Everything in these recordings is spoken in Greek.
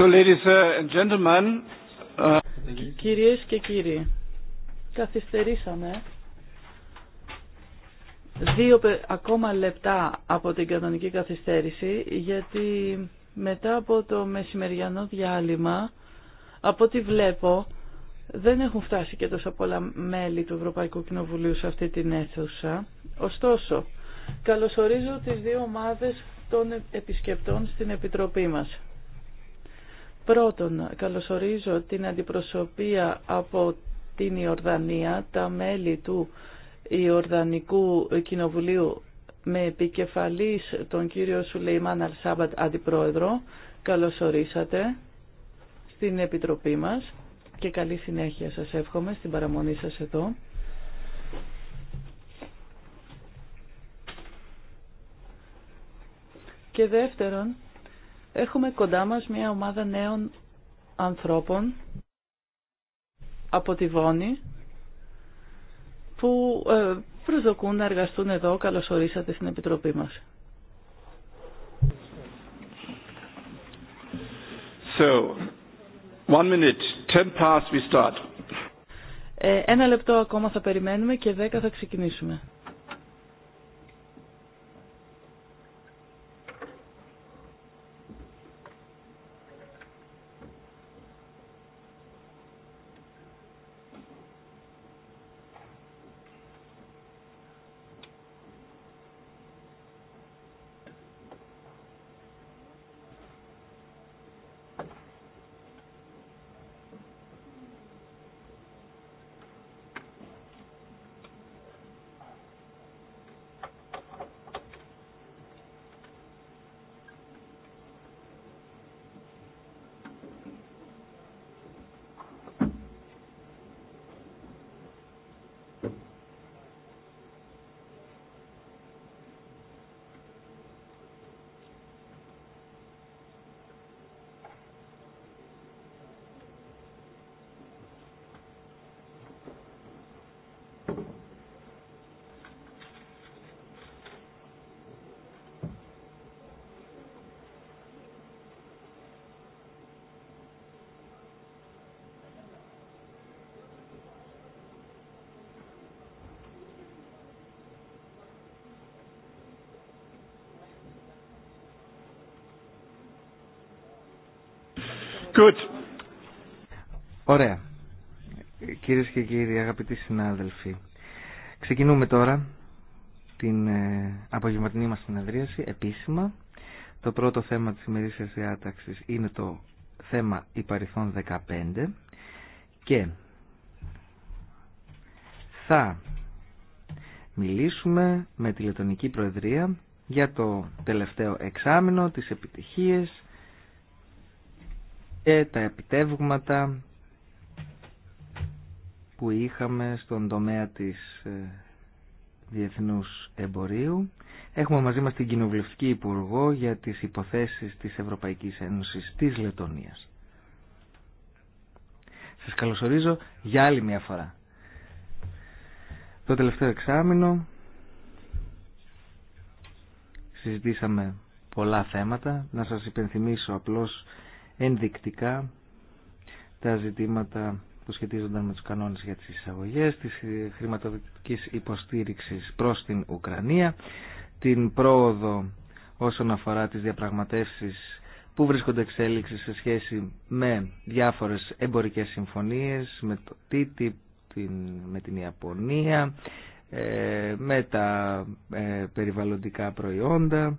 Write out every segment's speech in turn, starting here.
So, ladies uh, and uh, Κυρίες και κύριοι, καθυστερήσαμε δύο ακόμα λεπτά από την κανονική καθυστέρηση γιατί μετά από το μεσημεριανό διάλειμμα από ό,τι βλέπω δεν έχουν φτάσει και τόσα πολλά μέλη του Ευρωπαϊκού Κοινοβουλίου σε αυτή την αίθουσα. Ωστόσο, καλωσορίζω τις δύο ομάδες των επισκεπτών στην Επιτροπή μας. Πρώτον, καλωσορίζω την αντιπροσωπεία από την Ιορδανία, τα μέλη του Ιορδανικού Κοινοβουλίου με επικεφαλής τον κύριο Σουλεϊμάν Αλσάμπατ Αντιπρόεδρο. Καλωσορίσατε στην Επιτροπή μας και καλή συνέχεια σας εύχομαι στην παραμονή σας εδώ. Και δεύτερον, Έχουμε κοντά μας μια ομάδα νέων ανθρώπων από τη Βόνη που ε, προσδοκούν να εργαστούν εδώ. Καλώς ορίσατε στην Επιτροπή μας. So, one minute, ε, ένα λεπτό ακόμα θα περιμένουμε και δέκα θα ξεκινήσουμε. Good. Ωραία. Κυρίε και κύριοι, αγαπητοί συνάδελφοι, ξεκινούμε τώρα την ε, απογευματινή μας συνεδρίαση επίσημα. Το πρώτο θέμα της ημερήσια διάταξη είναι το θέμα υπαριθών 15 και θα μιλήσουμε με τη Λετωνική Προεδρία για το τελευταίο εξάμεινο, τις επιτυχίες, και τα επιτεύγματα που είχαμε στον τομέα της ε, διεθνούς εμπορίου. Έχουμε μαζί μας την Κοινοβουλευτική Υπουργό για τις υποθέσεις της Ευρωπαϊκής Ένωσης της Λετωνίας. Σας καλωσορίζω για άλλη μια φορά. Το τελευταίο εξάμεινο συζητήσαμε πολλά θέματα. Να σας υπενθυμίσω απλώς ενδεικτικά τα ζητήματα που σχετίζονταν με τους κανόνες για τις εισαγωγές, της χρηματοδοτικής υποστήριξης προς την Ουκρανία, την πρόοδο όσον αφορά τις διαπραγματεύσεις που βρίσκονται εξέλιξη σε σχέση με διάφορες εμπορικές συμφωνίες, με το TTIP, με την Ιαπωνία, ε, με τα ε, περιβαλλοντικά προϊόντα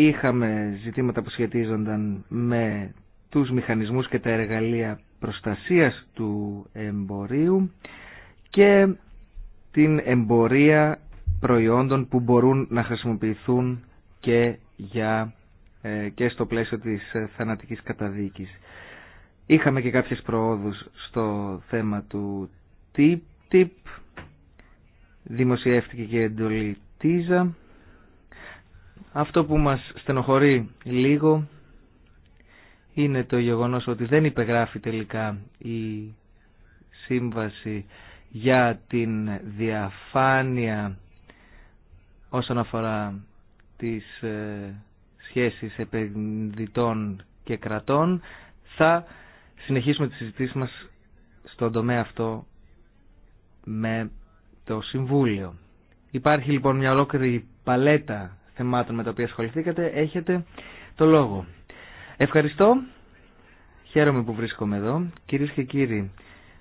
Είχαμε ζητήματα που σχετίζονταν με τους μηχανισμούς και τα εργαλεία προστασίας του εμπορίου και την εμπορία προϊόντων που μπορούν να χρησιμοποιηθούν και, για, ε, και στο πλαίσιο της ε, θανατικής καταδίκης. Είχαμε και κάποιες προόδους στο θέμα του TIP, δημοσιεύτηκε και εντολή αυτό που μας στενοχωρεί λίγο είναι το γεγονός ότι δεν υπεγράφει τελικά η σύμβαση για την διαφάνεια όσον αφορά τις ε, σχέσεις επενδυτών και κρατών. Θα συνεχίσουμε τη συζήτησή μας στον τομέα αυτό με το Συμβούλιο. Υπάρχει λοιπόν μια ολόκληρη παλέτα θεμάτων με τα οποία ασχοληθήκατε. Έχετε το λόγο. Ευχαριστώ. Χαίρομαι που βρίσκομαι εδώ. Κυρίες και κύριοι,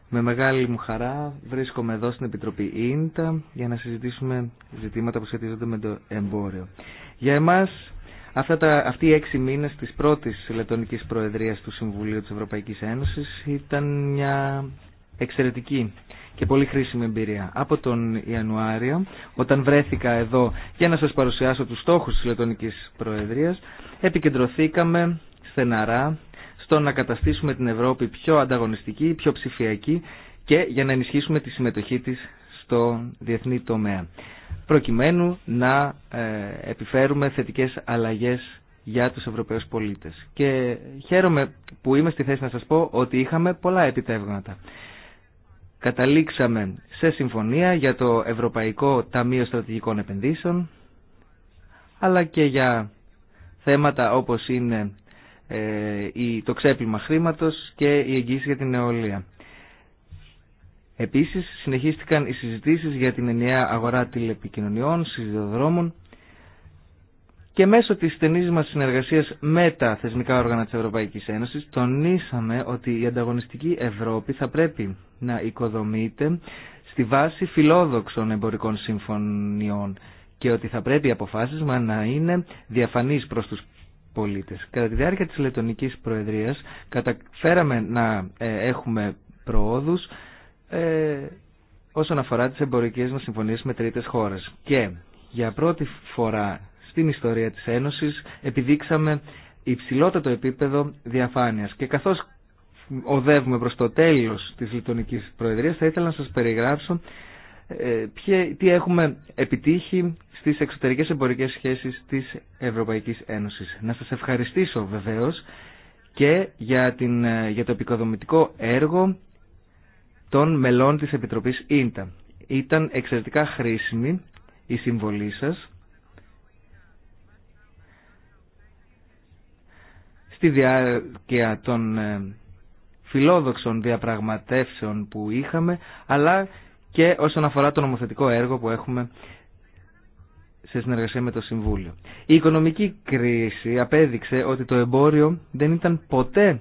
με μεγάλη μου χαρά βρίσκομαι εδώ στην Επιτροπή Ίντα για να συζητήσουμε ζητήματα που σχετίζονται με το εμπόριο. Για εμάς αυτά τα, αυτοί οι έξι μήνες της πρώτης Λετωνικής Προεδρίας του Συμβουλίου της Ευρωπαϊκής Ένωσης ήταν μια εξαιρετική και πολύ χρήσιμη εμπειρία. Από τον Ιανουάριο, όταν βρέθηκα εδώ για να σας παρουσιάσω τους στόχους της Λετωνικής Προεδρίας, επικεντρωθήκαμε στεναρά στο να καταστήσουμε την Ευρώπη πιο ανταγωνιστική, πιο ψηφιακή και για να ενισχύσουμε τη συμμετοχή της στο διεθνή τομέα, προκειμένου να ε, επιφέρουμε θετικές αλλαγές για τους Ευρωπαίους πολίτες. Και χαίρομαι που είμαι στη θέση να σας πω ότι είχαμε πολλά επιτεύγματα καταλήξαμε σε συμφωνία για το Ευρωπαϊκό Ταμείο Στρατηγικών Επενδύσεων αλλά και για θέματα όπως είναι ε, το ξέπλυμα χρήματος και η εγγύηση για την νεολαία. Επίσης συνεχίστηκαν οι συζητήσεις για την ενιαία αγορά τηλεπικοινωνιών, συζητοδρόμων και μέσω της στενής μας συνεργασίας με τα θεσμικά όργανα της Ευρωπαϊκής Ένωσης τονίσαμε ότι η ανταγωνιστική Ευρώπη θα πρέπει να οικοδομείται στη βάση φιλόδοξων εμπορικών συμφωνιών και ότι θα πρέπει οι αποφάσεις μας να είναι διαφανείς προς τους πολίτες. Κατά τη διάρκεια της Λετωνικής Προεδρίας καταφέραμε να ε, έχουμε προόδους ε, όσον αφορά τις εμπορικές μας συμφωνίες με τρίτες χώρες. Και για πρώτη φορά στην ιστορία της Ένωσης επιδείξαμε υψηλότερο επίπεδο διαφάνειας. Και καθώς οδεύουμε προς το τέλος της Λιτωνικής Προεδρίας θα ήθελα να σας περιγράψω ε, τι έχουμε επιτύχει στις εξωτερικές εμπορικές σχέσεις της Ευρωπαϊκής Ένωσης. Να σας ευχαριστήσω βεβαίως και για, την, ε, για το επικοδομητικό έργο των μελών της Επιτροπής Ίντα. Ήταν εξαιρετικά χρήσιμη η συμβολή σας στη διάρκεια των ε, φιλόδοξων διαπραγματεύσεων που είχαμε, αλλά και όσον αφορά το νομοθετικό έργο που έχουμε σε συνεργασία με το Συμβούλιο. Η οικονομική κρίση απέδειξε ότι το εμπόριο δεν ήταν ποτέ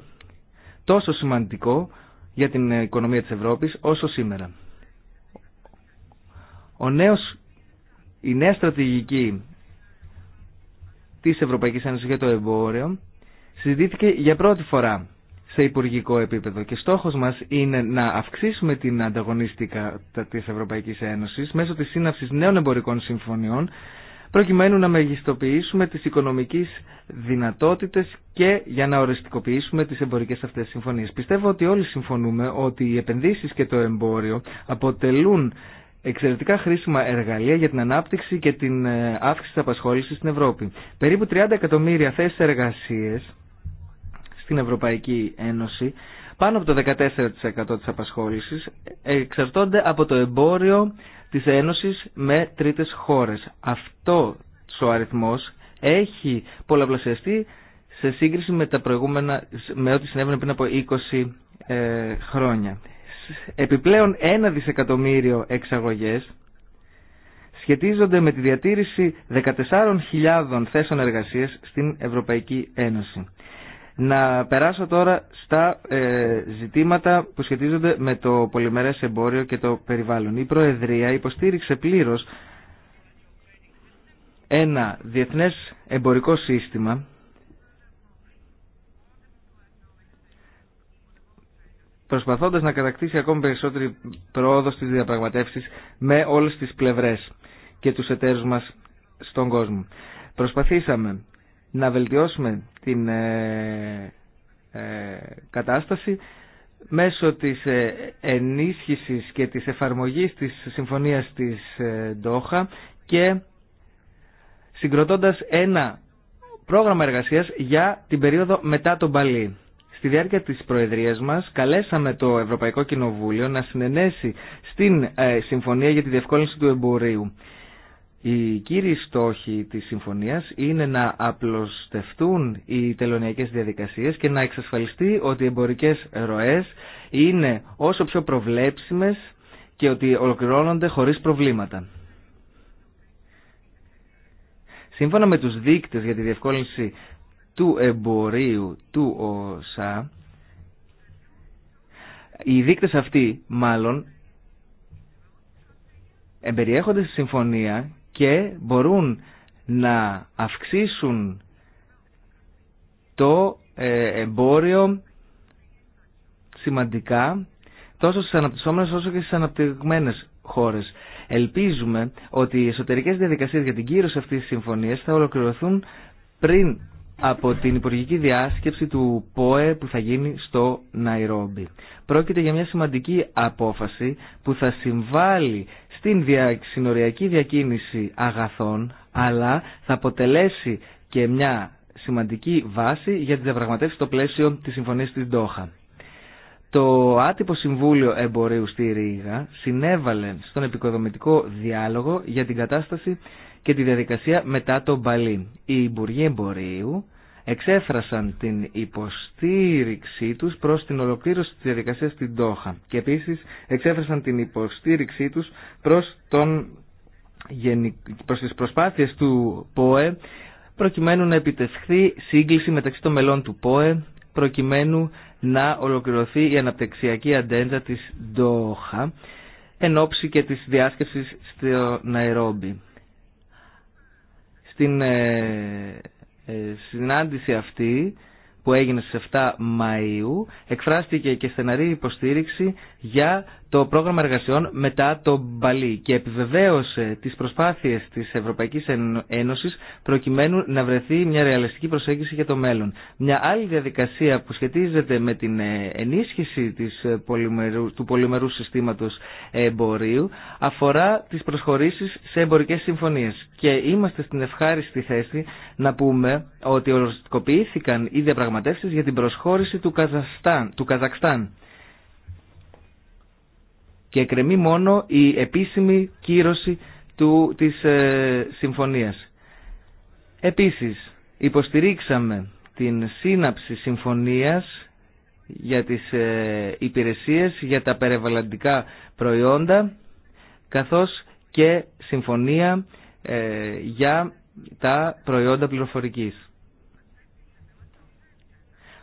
τόσο σημαντικό για την οικονομία της Ευρώπης όσο σήμερα. Ο νέος, η νέα στρατηγική της Ευρωπαϊκής Ένωσης για το εμπόριο συζητήθηκε για πρώτη φορά σε υπουργικό επίπεδο και στόχος μας είναι να αυξήσουμε την ανταγωνίστικα της Ευρωπαϊκής Ένωσης μέσω της σύναυσης νέων εμπορικών συμφωνιών προκειμένου να μεγιστοποιήσουμε τις οικονομικές δυνατότητες και για να οριστικοποιήσουμε τις εμπορικές αυτές συμφωνίες. Πιστεύω ότι όλοι συμφωνούμε ότι οι επενδύσεις και το εμπόριο αποτελούν εξαιρετικά χρήσιμα εργαλεία για την ανάπτυξη και την ε, αύξηση της απασχόλησης στην Ευρώπη. Περίπου 30 εκατομμύρια θέσεις εργασίες στην Ευρωπαϊκή Ένωση, πάνω από το 14% της απασχόλησης, εξαρτώνται από το εμπόριο της Ένωσης με τρίτες χώρες. Αυτό ο αριθμός έχει πολλαπλασιαστεί σε σύγκριση με, τα προηγούμενα, με ό,τι συνέβαινε πριν από 20 ε, χρόνια. Επιπλέον ένα δισεκατομμύριο εξαγωγές σχετίζονται με τη διατήρηση 14.000 θέσεων εργασίας στην Ευρωπαϊκή Ένωση. Να περάσω τώρα στα ε, ζητήματα που σχετίζονται με το πολυμερές εμπόριο και το περιβάλλον. Η Προεδρία υποστήριξε πλήρως ένα διεθνές εμπορικό σύστημα προσπαθώντας να κατακτήσει ακόμη περισσότερη πρόοδο στις διαπραγματεύσεις με όλες τις πλευρές και τους εταίρους μας στον κόσμο. Προσπαθήσαμε να βελτιώσουμε την ε, ε, κατάσταση μέσω της ε, ενίσχυσης και της εφαρμογής της συμφωνίας της Ντόχα και συγκροτώντας ένα πρόγραμμα εργασίας για την περίοδο μετά τον Παλί. Στη διάρκεια της Προεδρίας μας καλέσαμε το Ευρωπαϊκό Κοινοβούλιο να συνενέσει στην Συμφωνία για τη Διευκόλυνση του Εμπορίου. Οι κύριοι στόχοι της συμφωνίας είναι να απλωστευτούν οι τελωνιακές διαδικασίες και να εξασφαλιστεί ότι οι εμπορικές ροές είναι όσο πιο προβλέψιμες και ότι ολοκληρώνονται χωρίς προβλήματα. Σύμφωνα με τους δείκτες για τη διευκόλυνση του εμπορίου του ΟΣΑ, οι δείκτες αυτοί μάλλον εμπεριέχονται στη συμφωνία και μπορούν να αυξήσουν το ε, εμπόριο σημαντικά τόσο στις αναπτυσσόμενες όσο και στις αναπτυγμένες χώρες. Ελπίζουμε ότι οι εσωτερικές διαδικασίες για την κύρωση αυτής της συμφωνίας θα ολοκληρωθούν πριν από την υπουργική διάσκεψη του ΠΟΕ που θα γίνει στο Ναϊρόμπι. Πρόκειται για μια σημαντική απόφαση που θα συμβάλλει στην συνοριακή διακίνηση αγαθών, αλλά θα αποτελέσει και μια σημαντική βάση για τη διαπραγματεύση στο πλαίσιο της Συμφωνίας της Ντόχα. Το άτυπο Συμβούλιο Εμπορίου στη Ρήγα συνέβαλε στον επικοδομητικό διάλογο για την κατάσταση και τη διαδικασία μετά το Μπαλί. Οι Υπουργοί Εμπορίου εξέφρασαν την υποστήριξή τους προς την ολοκλήρωση της διαδικασίας στην Τόχα και επίσης εξέφρασαν την υποστήριξή τους προς, τον, προς τις προσπάθειες του ΠΟΕ προκειμένου να επιτευχθεί σύγκληση μεταξύ των μελών του ΠΟΕ προκειμένου να ολοκληρωθεί η αναπτυξιακή αντέντα της Ντόχα εν ώψη και της διάσκεψης στο Ναϊρόμπι. Στην ε, ε, συνάντηση αυτή που έγινε στις 7 Μαΐου εκφράστηκε και στεναρή υποστήριξη για το πρόγραμμα εργασιών μετά το Μπαλί και επιβεβαίωσε τις προσπάθειες της Ευρωπαϊκής Ένωσης προκειμένου να βρεθεί μια ρεαλιστική προσέγγιση για το μέλλον. Μια άλλη διαδικασία που σχετίζεται με την ε, ενίσχυση της ε, πολυμερού, του πολυμερού συστήματος εμπορίου αφορά τις προσχωρήσεις σε εμπορικές συμφωνίες και είμαστε στην ευχάριστη θέση να πούμε ότι οριστικοποιήθηκαν οι διαπραγματεύσεις για την προσχώρηση του, Καζαστάν, του Καζακστάν και κρεμεί μόνο η επίσημη κύρωση του, της ε, συμφωνίας. Επίσης, υποστηρίξαμε την σύναψη συμφωνίας για τις ε, υπηρεσίες, για τα περιβαλλοντικά προϊόντα, καθώς και συμφωνία ε, για τα προϊόντα πληροφορικής.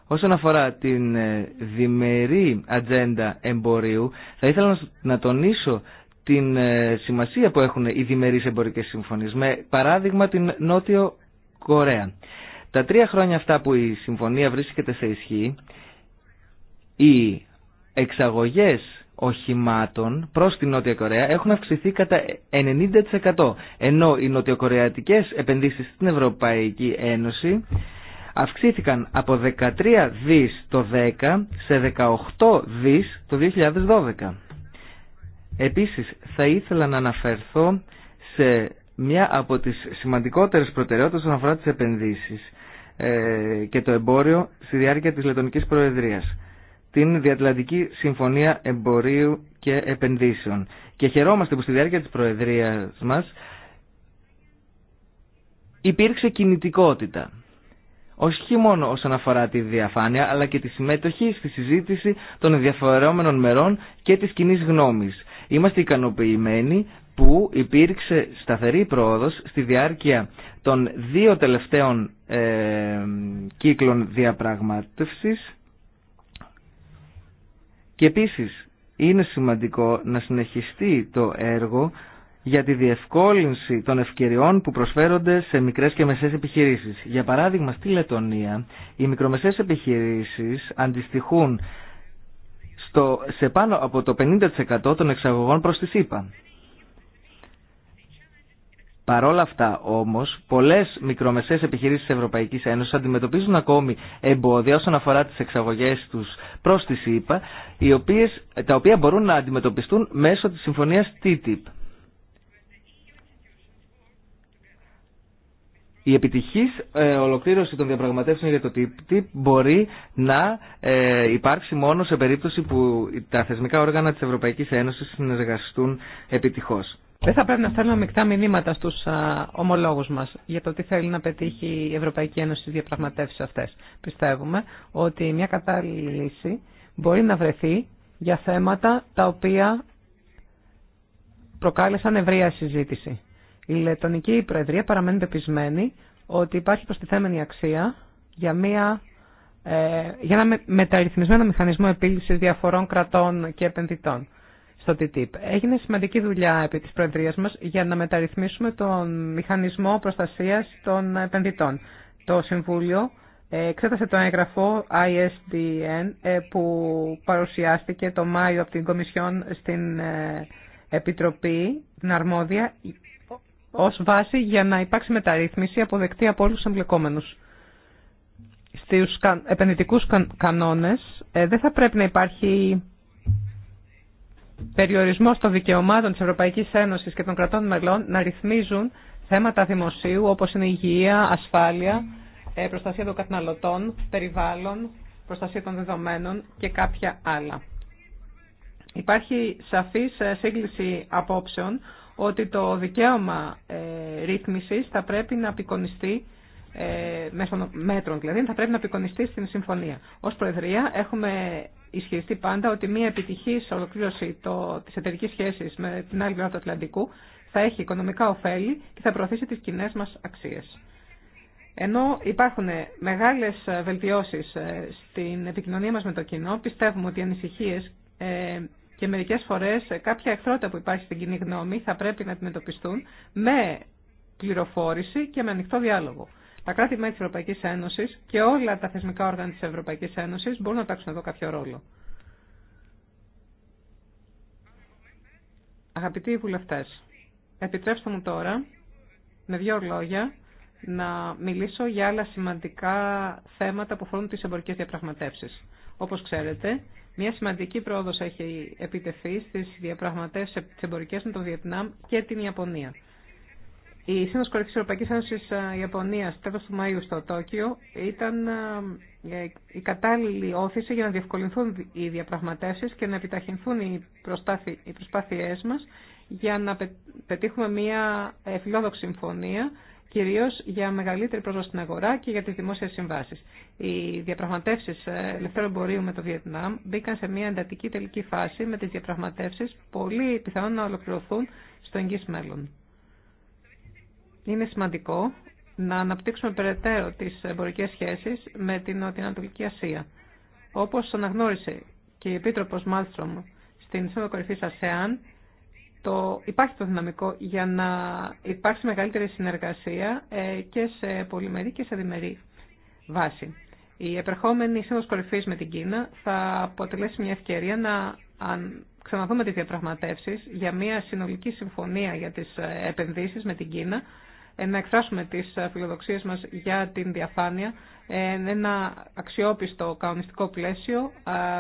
Όσον αφορά την ε, διμερή ατζέντα εμπορίου, θα ήθελα να τονίσω την ε, σημασία που έχουν οι διμερείς εμπορικές συμφωνίες, με παράδειγμα την Νότιο Κορέα. Τα τρία χρόνια αυτά που η συμφωνία βρίσκεται σε ισχύ, οι εξαγωγές οχημάτων προς την Νότια Κορέα έχουν αυξηθεί κατά 90%, ενώ οι νοτιοκορεατικές επενδύσεις στην Ευρωπαϊκή Ένωση αυξήθηκαν από 13 δις το 10 σε 18 δις το 2012. Επίσης θα ήθελα να αναφερθώ σε μια από τις σημαντικότερες προτεραιότητες όσον αφορά τις επενδύσεις ε, και το εμπόριο στη διάρκεια της Λετωνικής Προεδρίας την Διατλαντική Συμφωνία Εμπορίου και Επενδύσεων. Και χαιρόμαστε που στη διάρκεια της Προεδρίας μας υπήρξε κινητικότητα όχι μόνο όσον αφορά τη διαφάνεια, αλλά και τη συμμετοχή στη συζήτηση των ενδιαφερόμενων μερών και τη κοινή γνώμη. Είμαστε ικανοποιημένοι που υπήρξε σταθερή πρόοδος στη διάρκεια των δύο τελευταίων ε, κύκλων διαπραγμάτευσης και επίσης είναι σημαντικό να συνεχιστεί το έργο για τη διευκόλυνση των ευκαιριών που προσφέρονται σε μικρές και μεσές επιχειρήσεις. Για παράδειγμα, στη Λετωνία, οι μικρομεσαίες επιχειρήσεις αντιστοιχούν στο, σε πάνω από το 50% των εξαγωγών προς τη ΣΥΠΑ. Παρόλα αυτά όμως, πολλές μικρομεσαίες επιχειρήσεις της Ευρωπαϊκής Ένωσης αντιμετωπίζουν ακόμη εμπόδια όσον αφορά τις εξαγωγές τους προς τη ΣΥΠΑ, τα οποία μπορούν να αντιμετωπιστούν μέσω της συμφωνίας TTIP. η επιτυχής ε, ολοκλήρωση των διαπραγματεύσεων για το TTIP μπορεί να ε, υπάρξει μόνο σε περίπτωση που τα θεσμικά όργανα της Ευρωπαϊκής Ένωσης συνεργαστούν επιτυχώς. Δεν θα πρέπει να στέλνουμε μεικτά μηνύματα στους ομολόγους μας για το τι θέλει να πετύχει η Ευρωπαϊκή Ένωση στις διαπραγματεύσεις αυτές. Πιστεύουμε ότι μια κατάλληλη λύση μπορεί να βρεθεί για θέματα τα οποία προκάλεσαν ευρεία συζήτηση. Η Λετωνική Προεδρία παραμένει πεπισμένη ότι υπάρχει προστιθέμενη αξία για, μια, ε, για ένα μεταρρυθμισμένο μηχανισμό επίλυσης διαφορών κρατών και επενδυτών στο TTIP. Έγινε σημαντική δουλειά επί της Προεδρίας μας για να μεταρρυθμίσουμε τον μηχανισμό προστασίας των επενδυτών. Το Συμβούλιο ε, εξέτασε το έγγραφο ISDN ε, που παρουσιάστηκε το Μάιο από την Κομισιόν στην Επιτροπή, την Αρμόδια, ως βάση για να υπάρξει μεταρρύθμιση αποδεκτή από όλους τους εμπλεκόμενους. Στους επενδυτικούς κανόνες ε, δεν θα πρέπει να υπάρχει περιορισμός των δικαιωμάτων της Ευρωπαϊκής Ένωσης και των κρατών μελών να ρυθμίζουν θέματα δημοσίου όπως είναι υγεία, ασφάλεια, ε, προστασία των καταναλωτών, περιβάλλον, προστασία των δεδομένων και κάποια άλλα. Υπάρχει σαφής ε, σύγκληση απόψεων ότι το δικαίωμα ε, ρύθμισης θα πρέπει να απεικονιστεί ε, μέσω μέτρων δηλαδή, θα πρέπει να απεικονιστεί στην συμφωνία. Ω Προεδρία έχουμε ισχυριστεί πάντα ότι μια επιτυχής ολοκλήρωση τη της εταιρικής σχέσης με την άλλη πλευρά του Ατλαντικού θα έχει οικονομικά ωφέλη και θα προωθήσει τις κοινέ μας αξίες. Ενώ υπάρχουν μεγάλες βελτιώσεις ε, στην επικοινωνία μα με το κοινό, πιστεύουμε ότι οι και μερικές φορές ε, κάποια εχθρότητα που υπάρχει στην κοινή γνώμη θα πρέπει να αντιμετωπιστούν με πληροφόρηση και με ανοιχτό διάλογο. Τα κράτη-μέλη της Ευρωπαϊκής Ένωσης και όλα τα θεσμικά όργανα της Ευρωπαϊκής Ένωσης μπορούν να παίξουν εδώ κάποιο ρόλο. Αγαπητοί βουλευτές, επιτρέψτε μου τώρα με δύο λόγια να μιλήσω για άλλα σημαντικά θέματα που αφορούν τις εμπορικές διαπραγματεύσεις. Όπως ξέρετε, μια σημαντική πρόοδος έχει επιτεθεί στις διαπραγματεύσεις εμπορικές με το Βιετνάμ και την Ιαπωνία. Η Κορυφή τη Ευρωπαϊκή Ιαπωνίας τέλος του Μαΐου στο Τόκιο ήταν ε, η κατάλληλη όθηση για να διευκολυνθούν οι διαπραγματεύσεις και να επιταχυνθούν οι, προσπάθειε μα μας για να πετύχουμε μια ε, φιλόδοξη συμφωνία κυρίως για μεγαλύτερη πρόσβαση στην αγορά και για τις δημόσιε συμβάσεις. Οι διαπραγματεύσεις ε, ελευθερών εμπορίου με το Βιετνάμ μπήκαν σε μια εντατική τελική φάση με τις διαπραγματεύσεις πολύ πιθανόν να ολοκληρωθούν στο εγγύ μέλλον. Είναι σημαντικό να αναπτύξουμε περαιτέρω τις εμπορικές σχέσεις με την Νοτιοανατολική Ασία. Όπω αναγνώρισε και η επίτροπο Μάλστρομ στην Σύνοδο Κορυφή ΑΣΕΑΝ, το, υπάρχει το δυναμικό για να υπάρξει μεγαλύτερη συνεργασία ε, και σε πολυμερή και σε διμερή βάση. Η επερχόμενη σύνοδος κορυφής με την Κίνα θα αποτελέσει μια ευκαιρία να αν, ξαναδούμε τις διαπραγματεύσεις για μια συνολική συμφωνία για τις ε, επενδύσεις με την Κίνα, ε, να εκφράσουμε τις φιλοδοξίες μας για την διαφάνεια, ε, ένα αξιόπιστο καονιστικό πλαίσιο,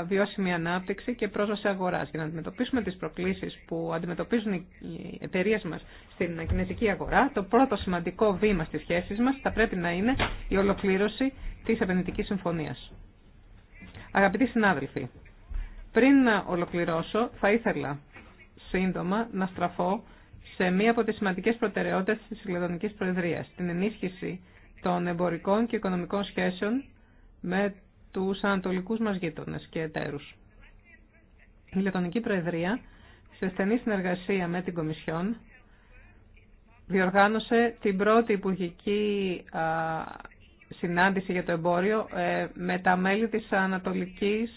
βιώσιμη ανάπτυξη και πρόσβαση αγορά. για να αντιμετωπίσουμε τι προκλήσει που αντιμετωπίζουν οι εταιρείε μα στην κινέζικη αγορά. Το πρώτο σημαντικό βήμα στι σχέσει μα θα πρέπει να είναι η ολοκλήρωση της επενδυτική συμφωνία. Αγαπητοί συνάδελφοι, πριν να ολοκληρώσω θα ήθελα σύντομα να στραφώ σε μία από τι σημαντικέ προτεραιότητε τη Λεδονικής Προεδρία, την ενίσχυση των εμπορικών και οικονομικών σχέσεων με τους ανατολικού μας γείτονες και εταίρους. Η Λετωνική Προεδρία, σε στενή συνεργασία με την Κομισιόν, διοργάνωσε την πρώτη υπουργική συνάντηση για το εμπόριο ε, με τα μέλη της Ανατολικής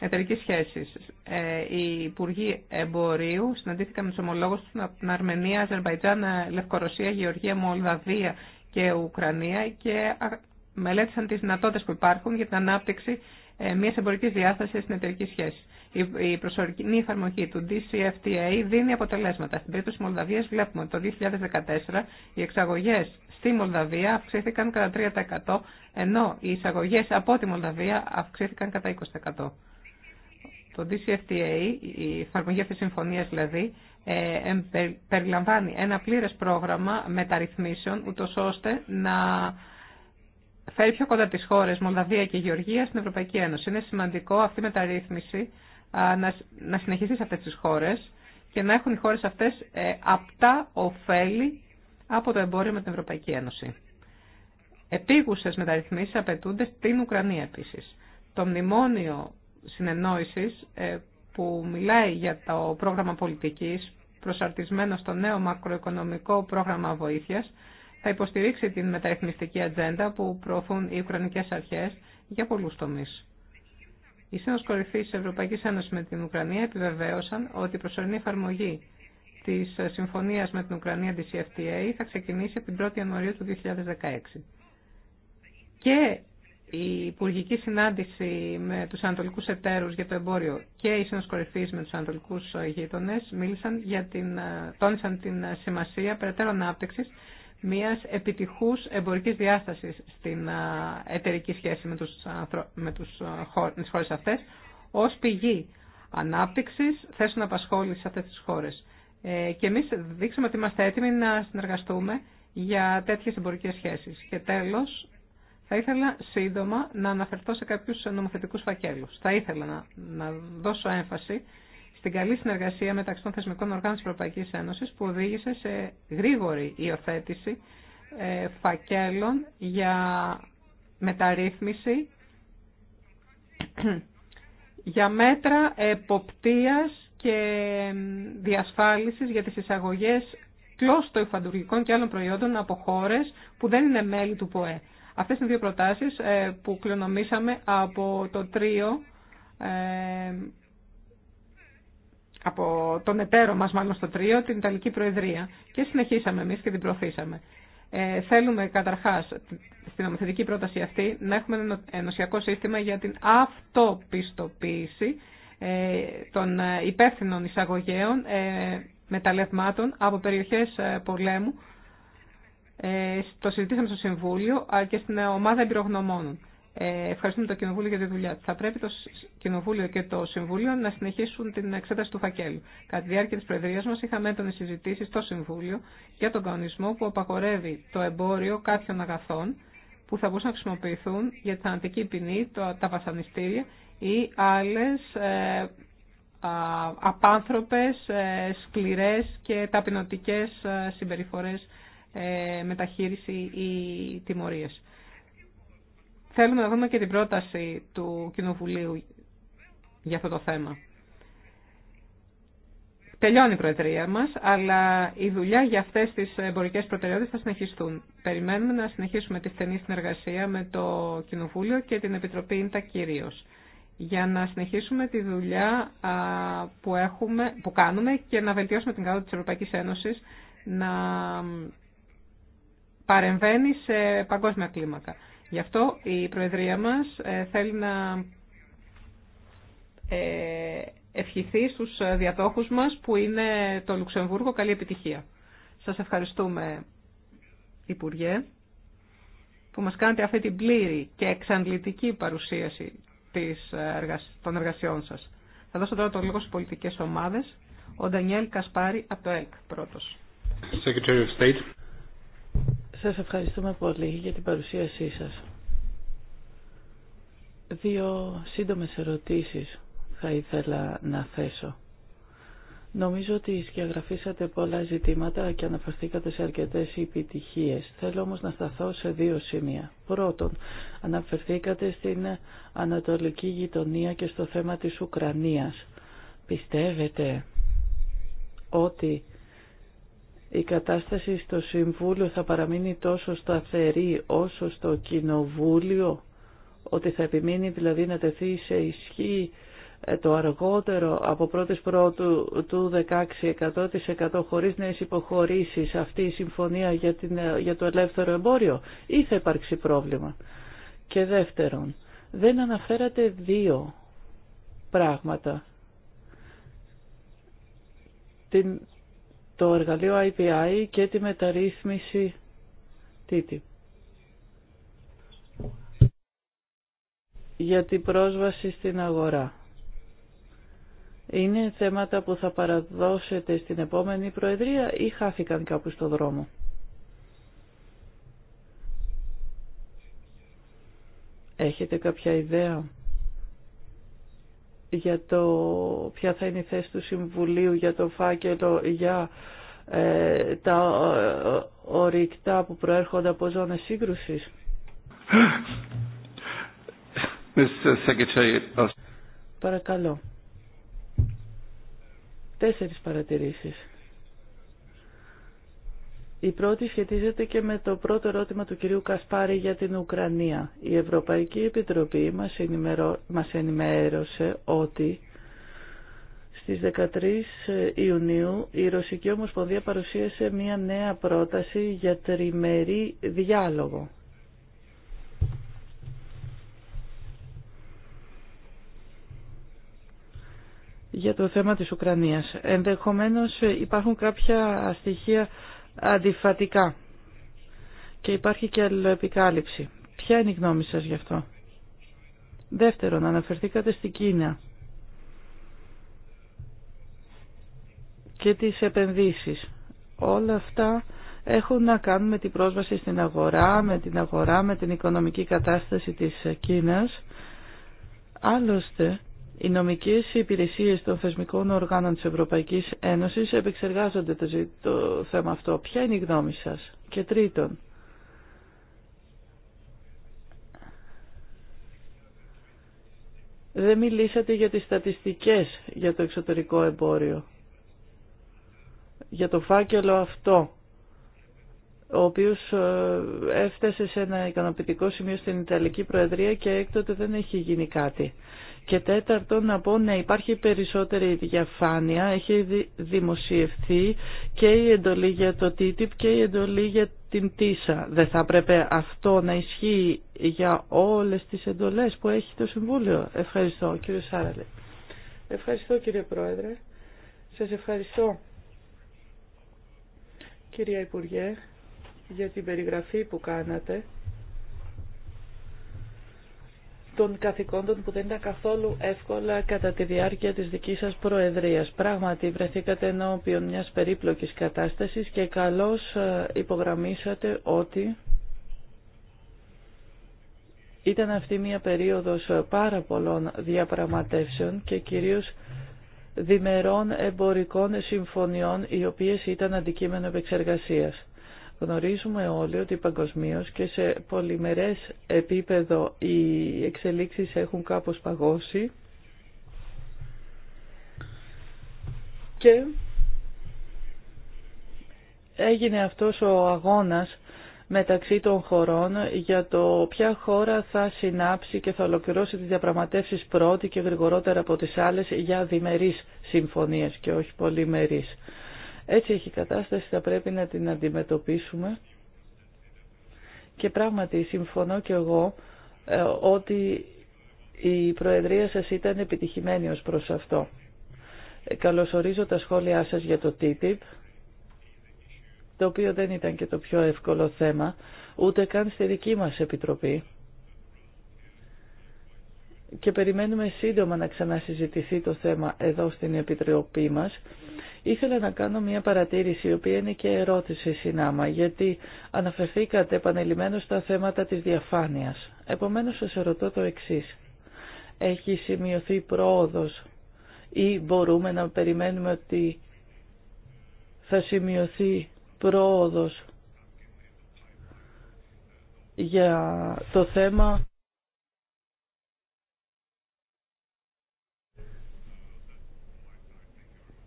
Εταιρικής Σχέσης. Ε, οι Υπουργοί Εμπορίου συναντήθηκαν με τους ομολόγους από την Αρμενία, Αζερβαϊτζάν, ε, Λευκορωσία, Γεωργία, Μολδαβία και Ουκρανία και μελέτησαν τις δυνατότητε που υπάρχουν για την ανάπτυξη ε, μια εμπορική διάσταση στην εταιρική σχέση. Η προσωρινή εφαρμογή του DCFTA δίνει αποτελέσματα. Στην περίπτωση τη Μολδαβία βλέπουμε ότι το 2014 οι εξαγωγέ στη Μολδαβία αυξήθηκαν κατά 3%, ενώ οι εισαγωγέ από τη Μολδαβία αυξήθηκαν κατά 20%. Το DCFTA, η εφαρμογή αυτή τη συμφωνία δηλαδή, ε, περιλαμβάνει ένα πλήρες πρόγραμμα μεταρρυθμίσεων, ούτως ώστε να φέρει πιο κοντά τις χώρες Μολδαβία και Γεωργία στην Ευρωπαϊκή Ένωση. Είναι σημαντικό αυτή η μεταρρύθμιση να συνεχιστεί σε αυτές τις χώρες και να έχουν οι χώρες αυτές ε, απτά ωφέλη από το εμπόριο με την Ευρωπαϊκή Ένωση. Επίγουσες μεταρρυθμίσεις απαιτούνται στην Ουκρανία επίσης. Το μνημόνιο συνεννόησης ε, που μιλάει για το πρόγραμμα πολιτικής προσαρτισμένο στο νέο μακροοικονομικό πρόγραμμα βοήθειας, θα υποστηρίξει την μεταρρυθμιστική ατζέντα που προωθούν οι Ουκρανικές αρχές για πολλούς τομείς. Οι σύνος κορυφή τη Ευρωπαϊκή Ένωση με την Ουκρανία επιβεβαίωσαν ότι η προσωρινή εφαρμογή τη συμφωνία με την Ουκρανία DCFTA θα ξεκινήσει από την 1η Ιανουαρίου του 2016. Και η υπουργική συνάντηση με τους ανατολικούς εταίρους για το εμπόριο και η σύνος με τους ανατολικούς γείτονες μίλησαν για την, ε, τόνισαν την σημασία περαιτέρω ανάπτυξη μιας επιτυχούς εμπορικής διάστασης στην ε, εταιρική σχέση με, τους, με τους, ε, τις χώρες αυτές ως πηγή ανάπτυξης θέσεων απασχόλησης σε αυτές τις χώρες. και εμείς δείξαμε ότι είμαστε έτοιμοι να συνεργαστούμε για τέτοιες εμπορικές σχέσεις. Και τέλος, θα ήθελα σύντομα να αναφερθώ σε κάποιους νομοθετικούς φακέλους. Θα ήθελα να, να δώσω έμφαση στην καλή συνεργασία μεταξύ των θεσμικών οργάνων της Ευρωπαϊκής Ένωσης που οδήγησε σε γρήγορη υιοθέτηση ε, φακέλων για μεταρρύθμιση για μέτρα εποπτείας και διασφάλισης για τις εισαγωγές κλώστο υφαντουργικών και άλλων προϊόντων από χώρες που δεν είναι μέλη του ΠΟΕ. Αυτές είναι δύο προτάσεις ε, που κληρονομήσαμε από το τρίο, ε, από τον εταίρο μας μάλλον στο τρίο, την Ιταλική Προεδρία και συνεχίσαμε εμείς και την προωθήσαμε. Ε, θέλουμε καταρχάς στην νομοθετική πρόταση αυτή να έχουμε ένα ενωσιακό σύστημα για την αυτοπιστοποίηση των υπεύθυνων εισαγωγέων μεταλλευμάτων από περιοχές πολέμου ε, το συζητήσαμε στο Συμβούλιο και στην ομάδα εμπειρογνωμόνων. Ε, ευχαριστούμε το Κοινοβούλιο για τη δουλειά Θα πρέπει το Κοινοβούλιο και το Συμβούλιο να συνεχίσουν την εξέταση του φακέλου. Κατά τη διάρκεια τη Προεδρία μα, είχαμε έντονε συζητήσει στο Συμβούλιο για τον κανονισμό που απαγορεύει το εμπόριο κάποιων αγαθών που θα μπορούσαν να χρησιμοποιηθούν για τη θανατική ποινή, τα βασανιστήρια ή άλλε ε, απάνθρωπες, ε, και ε, συμπεριφορέ. Ε, μεταχείριση ή τιμωρίες. Θέλουμε να δούμε και την πρόταση του Κοινοβουλίου για αυτό το θέμα. Τελειώνει η Προεδρία μας, αλλά η δουλειά για αυτές τις εμπορικέ προτεραιότητες θα συνεχιστούν. Περιμένουμε να συνεχίσουμε τη στενή συνεργασία με το Κοινοβούλιο και την Επιτροπή τα κυρίω. για να συνεχίσουμε τη δουλειά που, έχουμε, που κάνουμε και να βελτιώσουμε την κατάσταση της Ευρωπαϊκής Ένωσης να παρεμβαίνει σε παγκόσμια κλίμακα. Γι' αυτό η Προεδρία μας ε, θέλει να ε, ευχηθεί στους διαδόχους μας που είναι το Λουξεμβούργο. Καλή επιτυχία. Σας ευχαριστούμε Υπουργέ που μας κάνετε αυτή την πλήρη και εξαντλητική παρουσίαση της, ε, των εργασιών σας. Θα δώσω τώρα το λόγο στις πολιτικές ομάδες. Ο Ντανιέλ Κασπάρη από το ΕΛΚ πρώτος. Σας ευχαριστούμε πολύ για την παρουσίασή σας. Δύο σύντομες ερωτήσεις θα ήθελα να θέσω. Νομίζω ότι σκιαγραφίσατε πολλά ζητήματα και αναφερθήκατε σε αρκετές επιτυχίες. Θέλω όμως να σταθώ σε δύο σημεία. Πρώτον, αναφερθήκατε στην ανατολική γειτονία και στο θέμα της Ουκρανίας. Πιστεύετε ότι η κατάσταση στο Συμβούλιο θα παραμείνει τόσο σταθερή όσο στο Κοινοβούλιο, ότι θα επιμείνει δηλαδή να τεθεί σε ισχύ ε, το αργότερο πρώτης πρώτου του 16 100% χωρίς νέες υποχωρήσεις αυτή η συμφωνία για, την, ε, για το ελεύθερο εμπόριο ή θα υπάρξει πρόβλημα. Και δεύτερον, δεν αναφέρατε δύο πράγματα. Την το εργαλείο IPI και τη μεταρρύθμιση TTIP. για την πρόσβαση στην αγορά. Είναι θέματα που θα παραδώσετε στην επόμενη Προεδρία ή χάθηκαν κάπου στο δρόμο. Έχετε κάποια ιδέα για το ποια θα είναι η θέση του Συμβουλίου για το φάκελο για ε, τα ε, ορυκτά που προέρχονται από ζώνες σύγκρουσης. Uh, Παρακαλώ. Τέσσερις παρατηρήσεις. Η πρώτη σχετίζεται και με το πρώτο ερώτημα του κυρίου Κασπάρη για την Ουκρανία. Η Ευρωπαϊκή Επιτροπή μας, μας ενημέρωσε ότι στις 13 Ιουνίου η Ρωσική Ομοσπονδία παρουσίασε μια νέα πρόταση για τριμερή διάλογο. για το θέμα της Ουκρανίας. Ενδεχομένως υπάρχουν κάποια στοιχεία αντιφατικά και υπάρχει και αλληλοεπικάλυψη. Ποια είναι η γνώμη σας γι' αυτό. Δεύτερον, αναφερθήκατε στην Κίνα και τις επενδύσεις. Όλα αυτά έχουν να κάνουν με την πρόσβαση στην αγορά, με την αγορά, με την οικονομική κατάσταση της Κίνας. Άλλωστε, οι νομικές υπηρεσίες των θεσμικών οργάνων της Ευρωπαϊκής Ένωσης επεξεργάζονται το, το θέμα αυτό. Ποια είναι η γνώμη σας. Και τρίτον, δεν μιλήσατε για τις στατιστικές για το εξωτερικό εμπόριο. Για το φάκελο αυτό, ο οποίος ε, έφτασε σε ένα ικανοποιητικό σημείο στην Ιταλική Προεδρία και έκτοτε δεν έχει γίνει κάτι. Και τέταρτον να πω ναι υπάρχει περισσότερη διαφάνεια, έχει δημοσιευθεί και η εντολή για το TTIP και η εντολή για την TISA. Δεν θα έπρεπε αυτό να ισχύει για όλες τις εντολές που έχει το Συμβούλιο. Ευχαριστώ κύριε Σάραλε. Ευχαριστώ κύριε Πρόεδρε. Σας ευχαριστώ κυρία Υπουργέ για την περιγραφή που κάνατε των καθηκόντων που δεν ήταν καθόλου εύκολα κατά τη διάρκεια της δικής σας προεδρίας. Πράγματι βρεθήκατε ενώπιον μιας περίπλοκης κατάστασης και καλώς ε, υπογραμμίσατε ότι ήταν αυτή μια περίοδος πάρα πολλών διαπραγματεύσεων και κυρίως διμερών εμπορικών συμφωνιών οι οποίες ήταν αντικείμενο επεξεργασίας. Γνωρίζουμε όλοι ότι παγκοσμίω και σε πολυμερές επίπεδο οι εξελίξεις έχουν κάπως παγώσει και έγινε αυτός ο αγώνας μεταξύ των χωρών για το ποια χώρα θα συνάψει και θα ολοκληρώσει τις διαπραγματεύσεις πρώτη και γρηγορότερα από τις άλλες για διμερείς συμφωνίες και όχι πολυμερείς. Έτσι έχει κατάσταση, θα πρέπει να την αντιμετωπίσουμε. Και πράγματι συμφωνώ και εγώ ε, ότι η Προεδρία σας ήταν επιτυχημένη ως προς αυτό. Ε, καλωσορίζω τα σχόλιά σας για το TTIP, το οποίο δεν ήταν και το πιο εύκολο θέμα, ούτε καν στη δική μας Επιτροπή. Και περιμένουμε σύντομα να ξανασυζητηθεί το θέμα εδώ στην Επιτροπή μας. Ήθελα να κάνω μια παρατήρηση, η οποία είναι και ερώτηση συνάμα, γιατί αναφερθήκατε επανελειμμένως στα θέματα της διαφάνειας. Επομένως σας ερωτώ το εξής. Έχει σημειωθεί πρόοδος ή μπορούμε να περιμένουμε ότι θα σημειωθεί πρόοδος για το θέμα